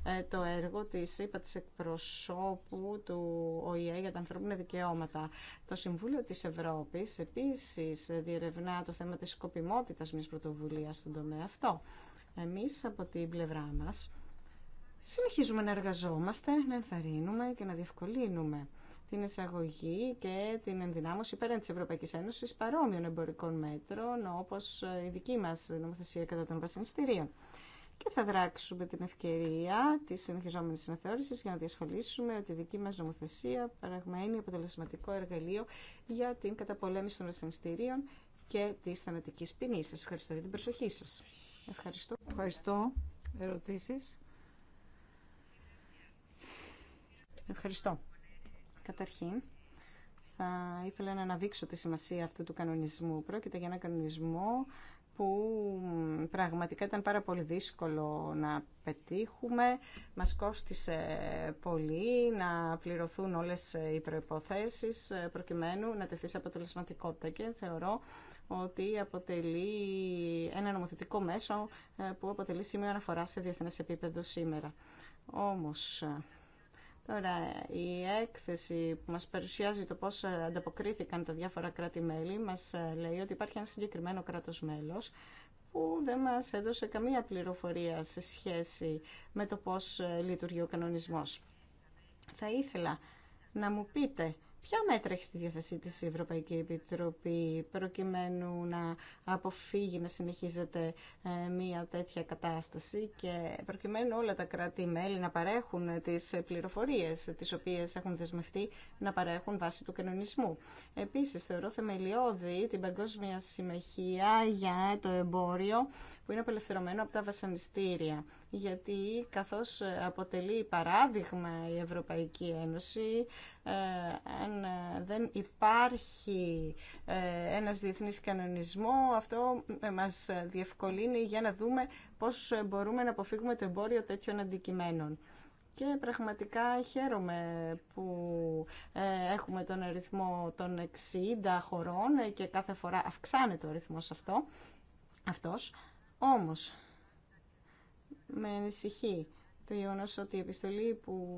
ε, το έργο της είπα της εκπροσώπου του ΟΗΕ για τα ανθρώπινα δικαιώματα. Το Συμβούλιο της Ευρώπης επίσης διερευνά το θέμα της κοπιμότητας μιας πρωτοβουλίας στον τομέα αυτό. Εμείς από την πλευρά μας συνεχίζουμε να εργαζόμαστε, να ενθαρρύνουμε και να διευκολύνουμε την εισαγωγή και την ενδυνάμωση πέραν της Ευρωπαϊκής Ένωσης παρόμοιων εμπορικών μέτρων όπως η δική μας νομοθεσία κατά των βασανιστήριων και θα δράξουμε την ευκαιρία τη συνεχιζόμενη αναθεώρηση για να διασφαλίσουμε ότι η δική μα νομοθεσία παραγμένει αποτελεσματικό εργαλείο για την καταπολέμηση των ασθενιστήριων και τη θανατική ποινή. Σα ευχαριστώ για την προσοχή σα. Ευχαριστώ. Ευχαριστώ. Ερωτήσει. Ευχαριστώ. Καταρχήν, θα ήθελα να αναδείξω τη σημασία αυτού του κανονισμού. Πρόκειται για ένα κανονισμό που πραγματικά ήταν πάρα πολύ δύσκολο να πετύχουμε. Μας κόστισε πολύ να πληρωθούν όλες οι προϋποθέσεις ε, προκειμένου να τεθεί σε αποτελεσματικότητα και θεωρώ ότι αποτελεί ένα νομοθετικό μέσο ε, που αποτελεί σημείο αναφορά σε διεθνές επίπεδο σήμερα. Όμως, ε, Τώρα, η έκθεση που μας παρουσιάζει το πώς ανταποκρίθηκαν τα διάφορα κράτη-μέλη μας ε, λέει ότι υπάρχει ένα συγκεκριμένο κράτος μέλος που δεν μας έδωσε καμία πληροφορία σε σχέση με το πώς ε, λειτουργεί ο κανονισμός. Θα ήθελα να μου πείτε Ποια μέτρα έχει στη διάθεσή της η Ευρωπαϊκή Επιτροπή προκειμένου να αποφύγει να συνεχίζεται ε, μια τέτοια κατάσταση και προκειμένου όλα τα κράτη-μέλη να παρέχουν τις πληροφορίες τις οποίες έχουν δεσμευτεί να παρέχουν βάσει του κανονισμού. Επίση, θεωρώ θεμελιώδη την Παγκόσμια Συμμεχία για το εμπόριο που είναι απελευθερωμένο από τα βασανιστήρια. Γιατί καθώς αποτελεί παράδειγμα η Ευρωπαϊκή Ένωση, ε, αν δεν υπάρχει ε, ένας διεθνής κανονισμό, αυτό ε, μας διευκολύνει για να δούμε πώς μπορούμε να αποφύγουμε το εμπόριο τέτοιων αντικειμένων. Και πραγματικά χαίρομαι που ε, έχουμε τον αριθμό των 60 χωρών και κάθε φορά αυξάνεται ο αριθμός αυτό, αυτός. Όμως, με ανησυχεί το γεγονό ότι η επιστολή που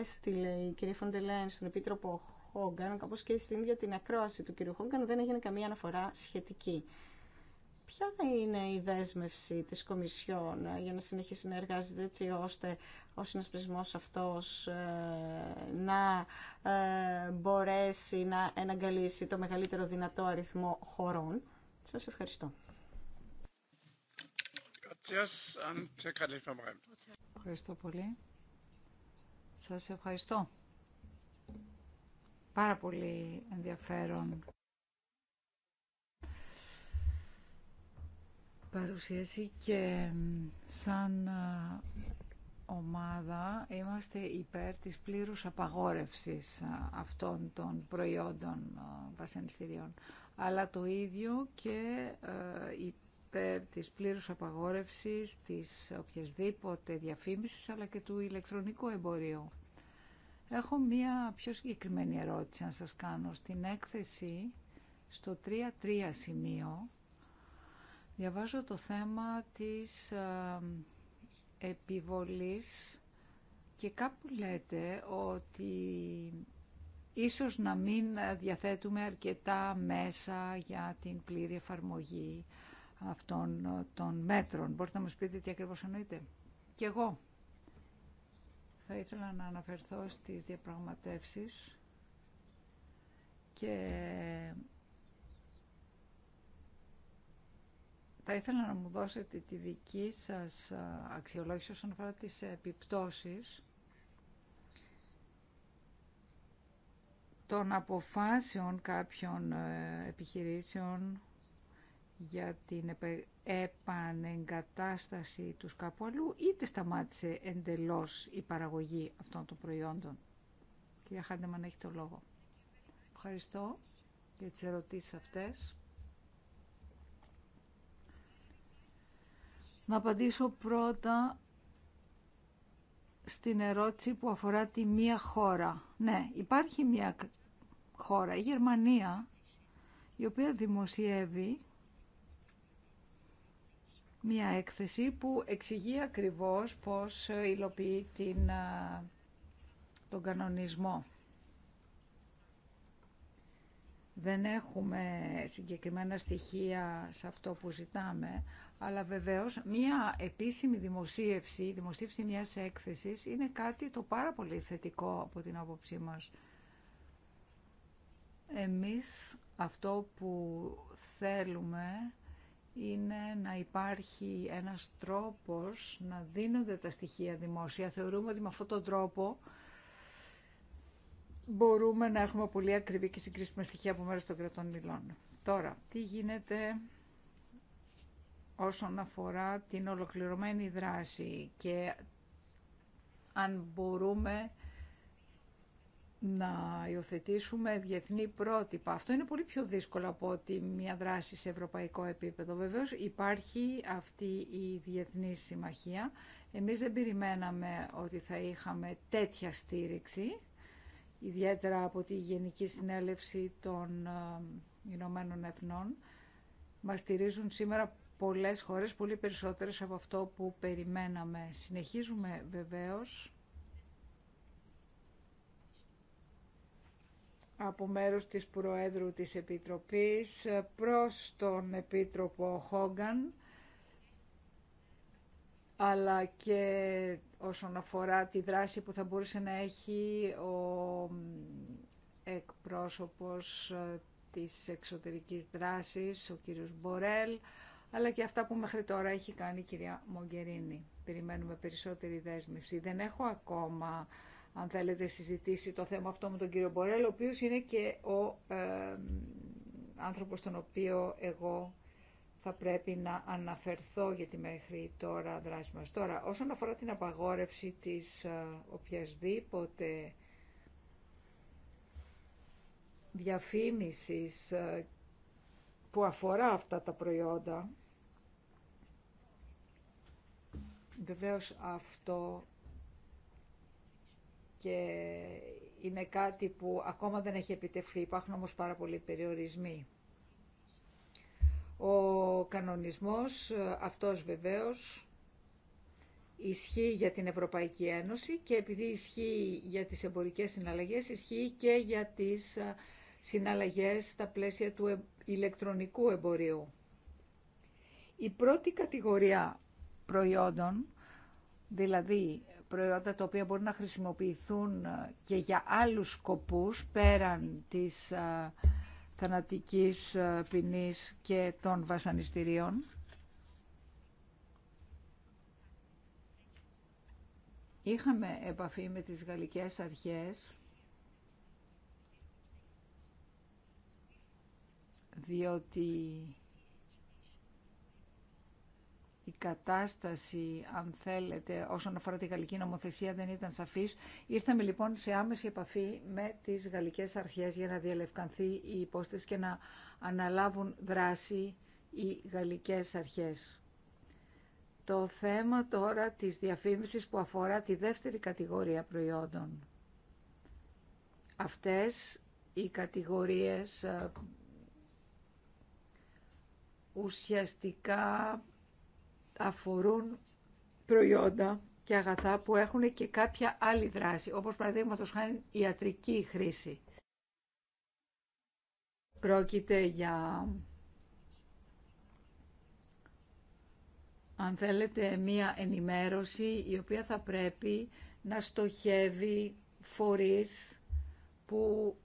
έστειλε η κυρία Φοντελέν στον Επίτροπο Χόγκαν, όπως και στην ίδια την ακρόαση του κυρίου Χόγκαν, δεν έγινε καμία αναφορά σχετική. Ποια θα είναι η δέσμευση της Κομισιόν για να συνεχίσει να εργάζεται έτσι ώστε ο συνασπισμός αυτός ε, να ε, μπορέσει να εναγκαλίσει το μεγαλύτερο δυνατό αριθμό χωρών. Σας ευχαριστώ. Ευχαριστώ πολύ. Σας ευχαριστώ. Πάρα πολύ ενδιαφέρον. Παρουσίαση και σαν ομάδα είμαστε υπέρ της πλήρους απαγόρευσης αυτών των προϊόντων βασανιστήριων. Αλλά το ίδιο και ε, υπέρ της πλήρους απαγόρευσης της οποιασδήποτε διαφήμισης αλλά και του ηλεκτρονικού εμπορίου. Έχω μία πιο συγκεκριμένη ερώτηση να σας κάνω. Στην έκθεση, στο 3.3 σημείο, διαβάζω το θέμα της επιβολής και κάπου λέτε ότι ίσως να μην διαθέτουμε αρκετά μέσα για την πλήρη εφαρμογή αυτών ε, των μέτρων. Μπορείτε να μας πείτε τι ακριβώς εννοείτε. Και εγώ θα ήθελα να αναφερθώ στις διαπραγματεύσεις και θα ήθελα να μου δώσετε τη δική σας ε, αξιολόγηση όσον αφορά τις επιπτώσεις των αποφάσεων κάποιων ε, επιχειρήσεων για την επανεγκατάσταση του κάπου αλλού, είτε σταμάτησε εντελώς η παραγωγή αυτών των προϊόντων. Κυρία Χάρντεμαν, έχει το λόγο. Ευχαριστώ για τις ερωτήσεις αυτές. Να απαντήσω πρώτα στην ερώτηση που αφορά τη μία χώρα. Ναι, υπάρχει μία χώρα, η Γερμανία, η οποία δημοσιεύει μια έκθεση που εξηγεί ακριβώς πώς υλοποιεί την, τον κανονισμό. Δεν έχουμε συγκεκριμένα στοιχεία σε αυτό που ζητάμε, αλλά βεβαίως μια επίσημη δημοσίευση, δημοσίευση μιας έκθεσης είναι κάτι το πάρα πολύ θετικό από την άποψή μας. Εμείς αυτό που θέλουμε είναι να υπάρχει ένας τρόπος να δίνονται τα στοιχεία δημόσια. Θεωρούμε ότι με αυτόν τον τρόπο μπορούμε να έχουμε πολύ ακριβή και συγκρίσιμα στοιχεία από μέρους των κρατών μιλών. Τώρα, τι γίνεται όσον αφορά την ολοκληρωμένη δράση και αν μπορούμε να υιοθετήσουμε διεθνή πρότυπα. Αυτό είναι πολύ πιο δύσκολο από ότι μια δράση σε ευρωπαϊκό επίπεδο. Βεβαίως υπάρχει αυτή η διεθνή συμμαχία. Εμείς δεν περιμέναμε ότι θα είχαμε τέτοια στήριξη, ιδιαίτερα από τη Γενική Συνέλευση των ε, Ηνωμένων Εθνών. Μας στηρίζουν σήμερα πολλές χώρες, πολύ περισσότερες από αυτό που περιμέναμε. Συνεχίζουμε βεβαίως από μέρους της Προέδρου της Επιτροπής προς τον Επίτροπο Χόγκαν αλλά και όσον αφορά τη δράση που θα μπορούσε να έχει ο εκπρόσωπος ε, της εξωτερικής δράσης, ο κύριος Μπορέλ, αλλά και αυτά που μέχρι τώρα έχει κάνει η κυρία Μογκερίνη. Περιμένουμε περισσότερη δέσμευση. Δεν έχω ακόμα αν θέλετε, συζητήσει το θέμα αυτό με τον κύριο Μπορέλ, ο οποίο είναι και ο ε, άνθρωπος τον οποίο εγώ θα πρέπει να αναφερθώ για τη μέχρι τώρα δράση μας. Τώρα, όσον αφορά την απαγόρευση της ε, οποιασδήποτε διαφήμισης ε, που αφορά αυτά τα προϊόντα, βεβαίως αυτό και είναι κάτι που ακόμα δεν έχει επιτευχθεί, υπάρχουν όμως πάρα πολλοί περιορισμοί. Ο κανονισμός ε, αυτός βεβαίως ισχύει για την Ευρωπαϊκή Ένωση και επειδή ισχύει για τις εμπορικές συναλλαγές, ισχύει και για τις ε, συναλλαγές στα πλαίσια του ηλεκτρονικού εμπορίου. Η πρώτη κατηγορία προϊόντων, δηλαδή προϊόντα τα οποία μπορούν να χρησιμοποιηθούν ε, και για άλλους σκοπούς πέραν της ε, θανατικής ε, ποινής και των βασανιστήριων. Είχαμε επαφή με τις γαλλικές αρχές διότι η κατάσταση, αν θέλετε, όσον αφορά τη γαλλική νομοθεσία δεν ήταν σαφής. Ήρθαμε λοιπόν σε άμεση επαφή με τις γαλλικές αρχές για να διαλευκανθεί η υπόσταση και να αναλάβουν δράση οι γαλλικές αρχές. Το θέμα τώρα της διαφήμισης που αφορά τη δεύτερη κατηγορία προϊόντων. Αυτές οι κατηγορίες ε, ουσιαστικά αφορούν προϊόντα και αγαθά που έχουν και κάποια άλλη δράση, όπως παραδείγματος χάνει ιατρική χρήση. Πρόκειται για, αν θέλετε, μία ενημέρωση η οποία θα πρέπει να στοχεύει φορείς που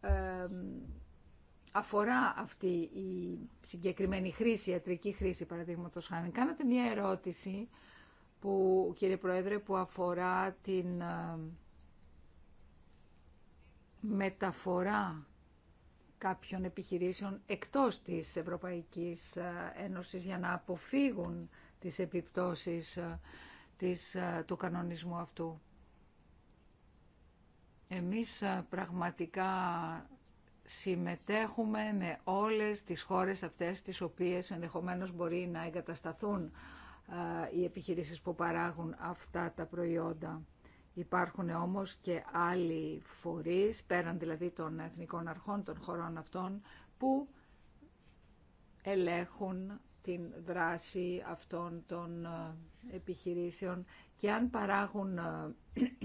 αφορά αυτή η συγκεκριμένη χρήση, η ιατρική χρήση παραδείγματος χάνει. Κάνατε μια ερώτηση που, κύριε Πρόεδρε, που αφορά την ε, μεταφορά κάποιων επιχειρήσεων εκτός της Ευρωπαϊκής ε, Ένωσης για να αποφύγουν τις επιπτώσεις ε, του κανονισμού αυτού. Εμείς πραγματικά συμμετέχουμε με όλες τις χώρες αυτές τις οποίες ενδεχομένως μπορεί να εγκατασταθούν οι επιχειρήσεις που παράγουν αυτά τα προϊόντα. Υπάρχουν όμως και άλλοι φορείς, πέραν δηλαδή των εθνικών αρχών των χωρών αυτών, που ελέγχουν την δράση αυτών των επιχειρήσεων και αν παράγουν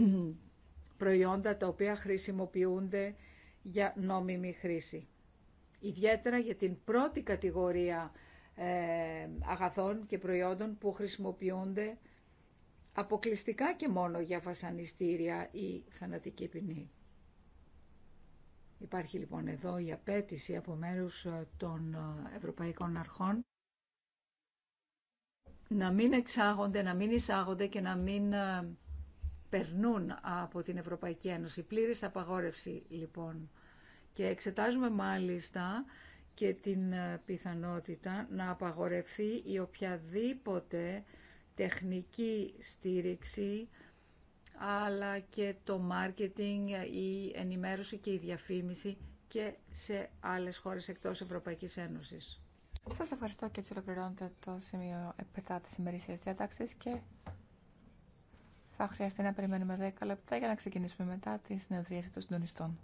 προϊόντα τα οποία χρησιμοποιούνται για νόμιμη χρήση. Ιδιαίτερα για την πρώτη κατηγορία ε, αγαθών και προϊόντων που χρησιμοποιούνται αποκλειστικά και μόνο για φασανιστήρια ή θανατική ποινή. Υπάρχει λοιπόν εδώ η απέτηση από μέρους ε, των ε, ευρωπαϊκών αρχών να μην εξάγονται, να μην εισάγονται και να μην περνούν από την Ευρωπαϊκή Ένωση. Πλήρης απαγόρευση λοιπόν. Και εξετάζουμε μάλιστα και την ε, πιθανότητα να απαγορευθεί η οποιαδήποτε τεχνική στήριξη αλλά και το μάρκετινγκ, η ενημέρωση και η διαφήμιση και σε άλλες χώρες εκτός Ευρωπαϊκής Ένωσης. Σας ευχαριστώ και έτσι ολοκληρώνεται το σημείο 7 της ημερήσιας διάταξης και θα χρειαστεί να περιμένουμε 10 λεπτά για να ξεκινήσουμε μετά τη συνεδρίαση των συντονιστών.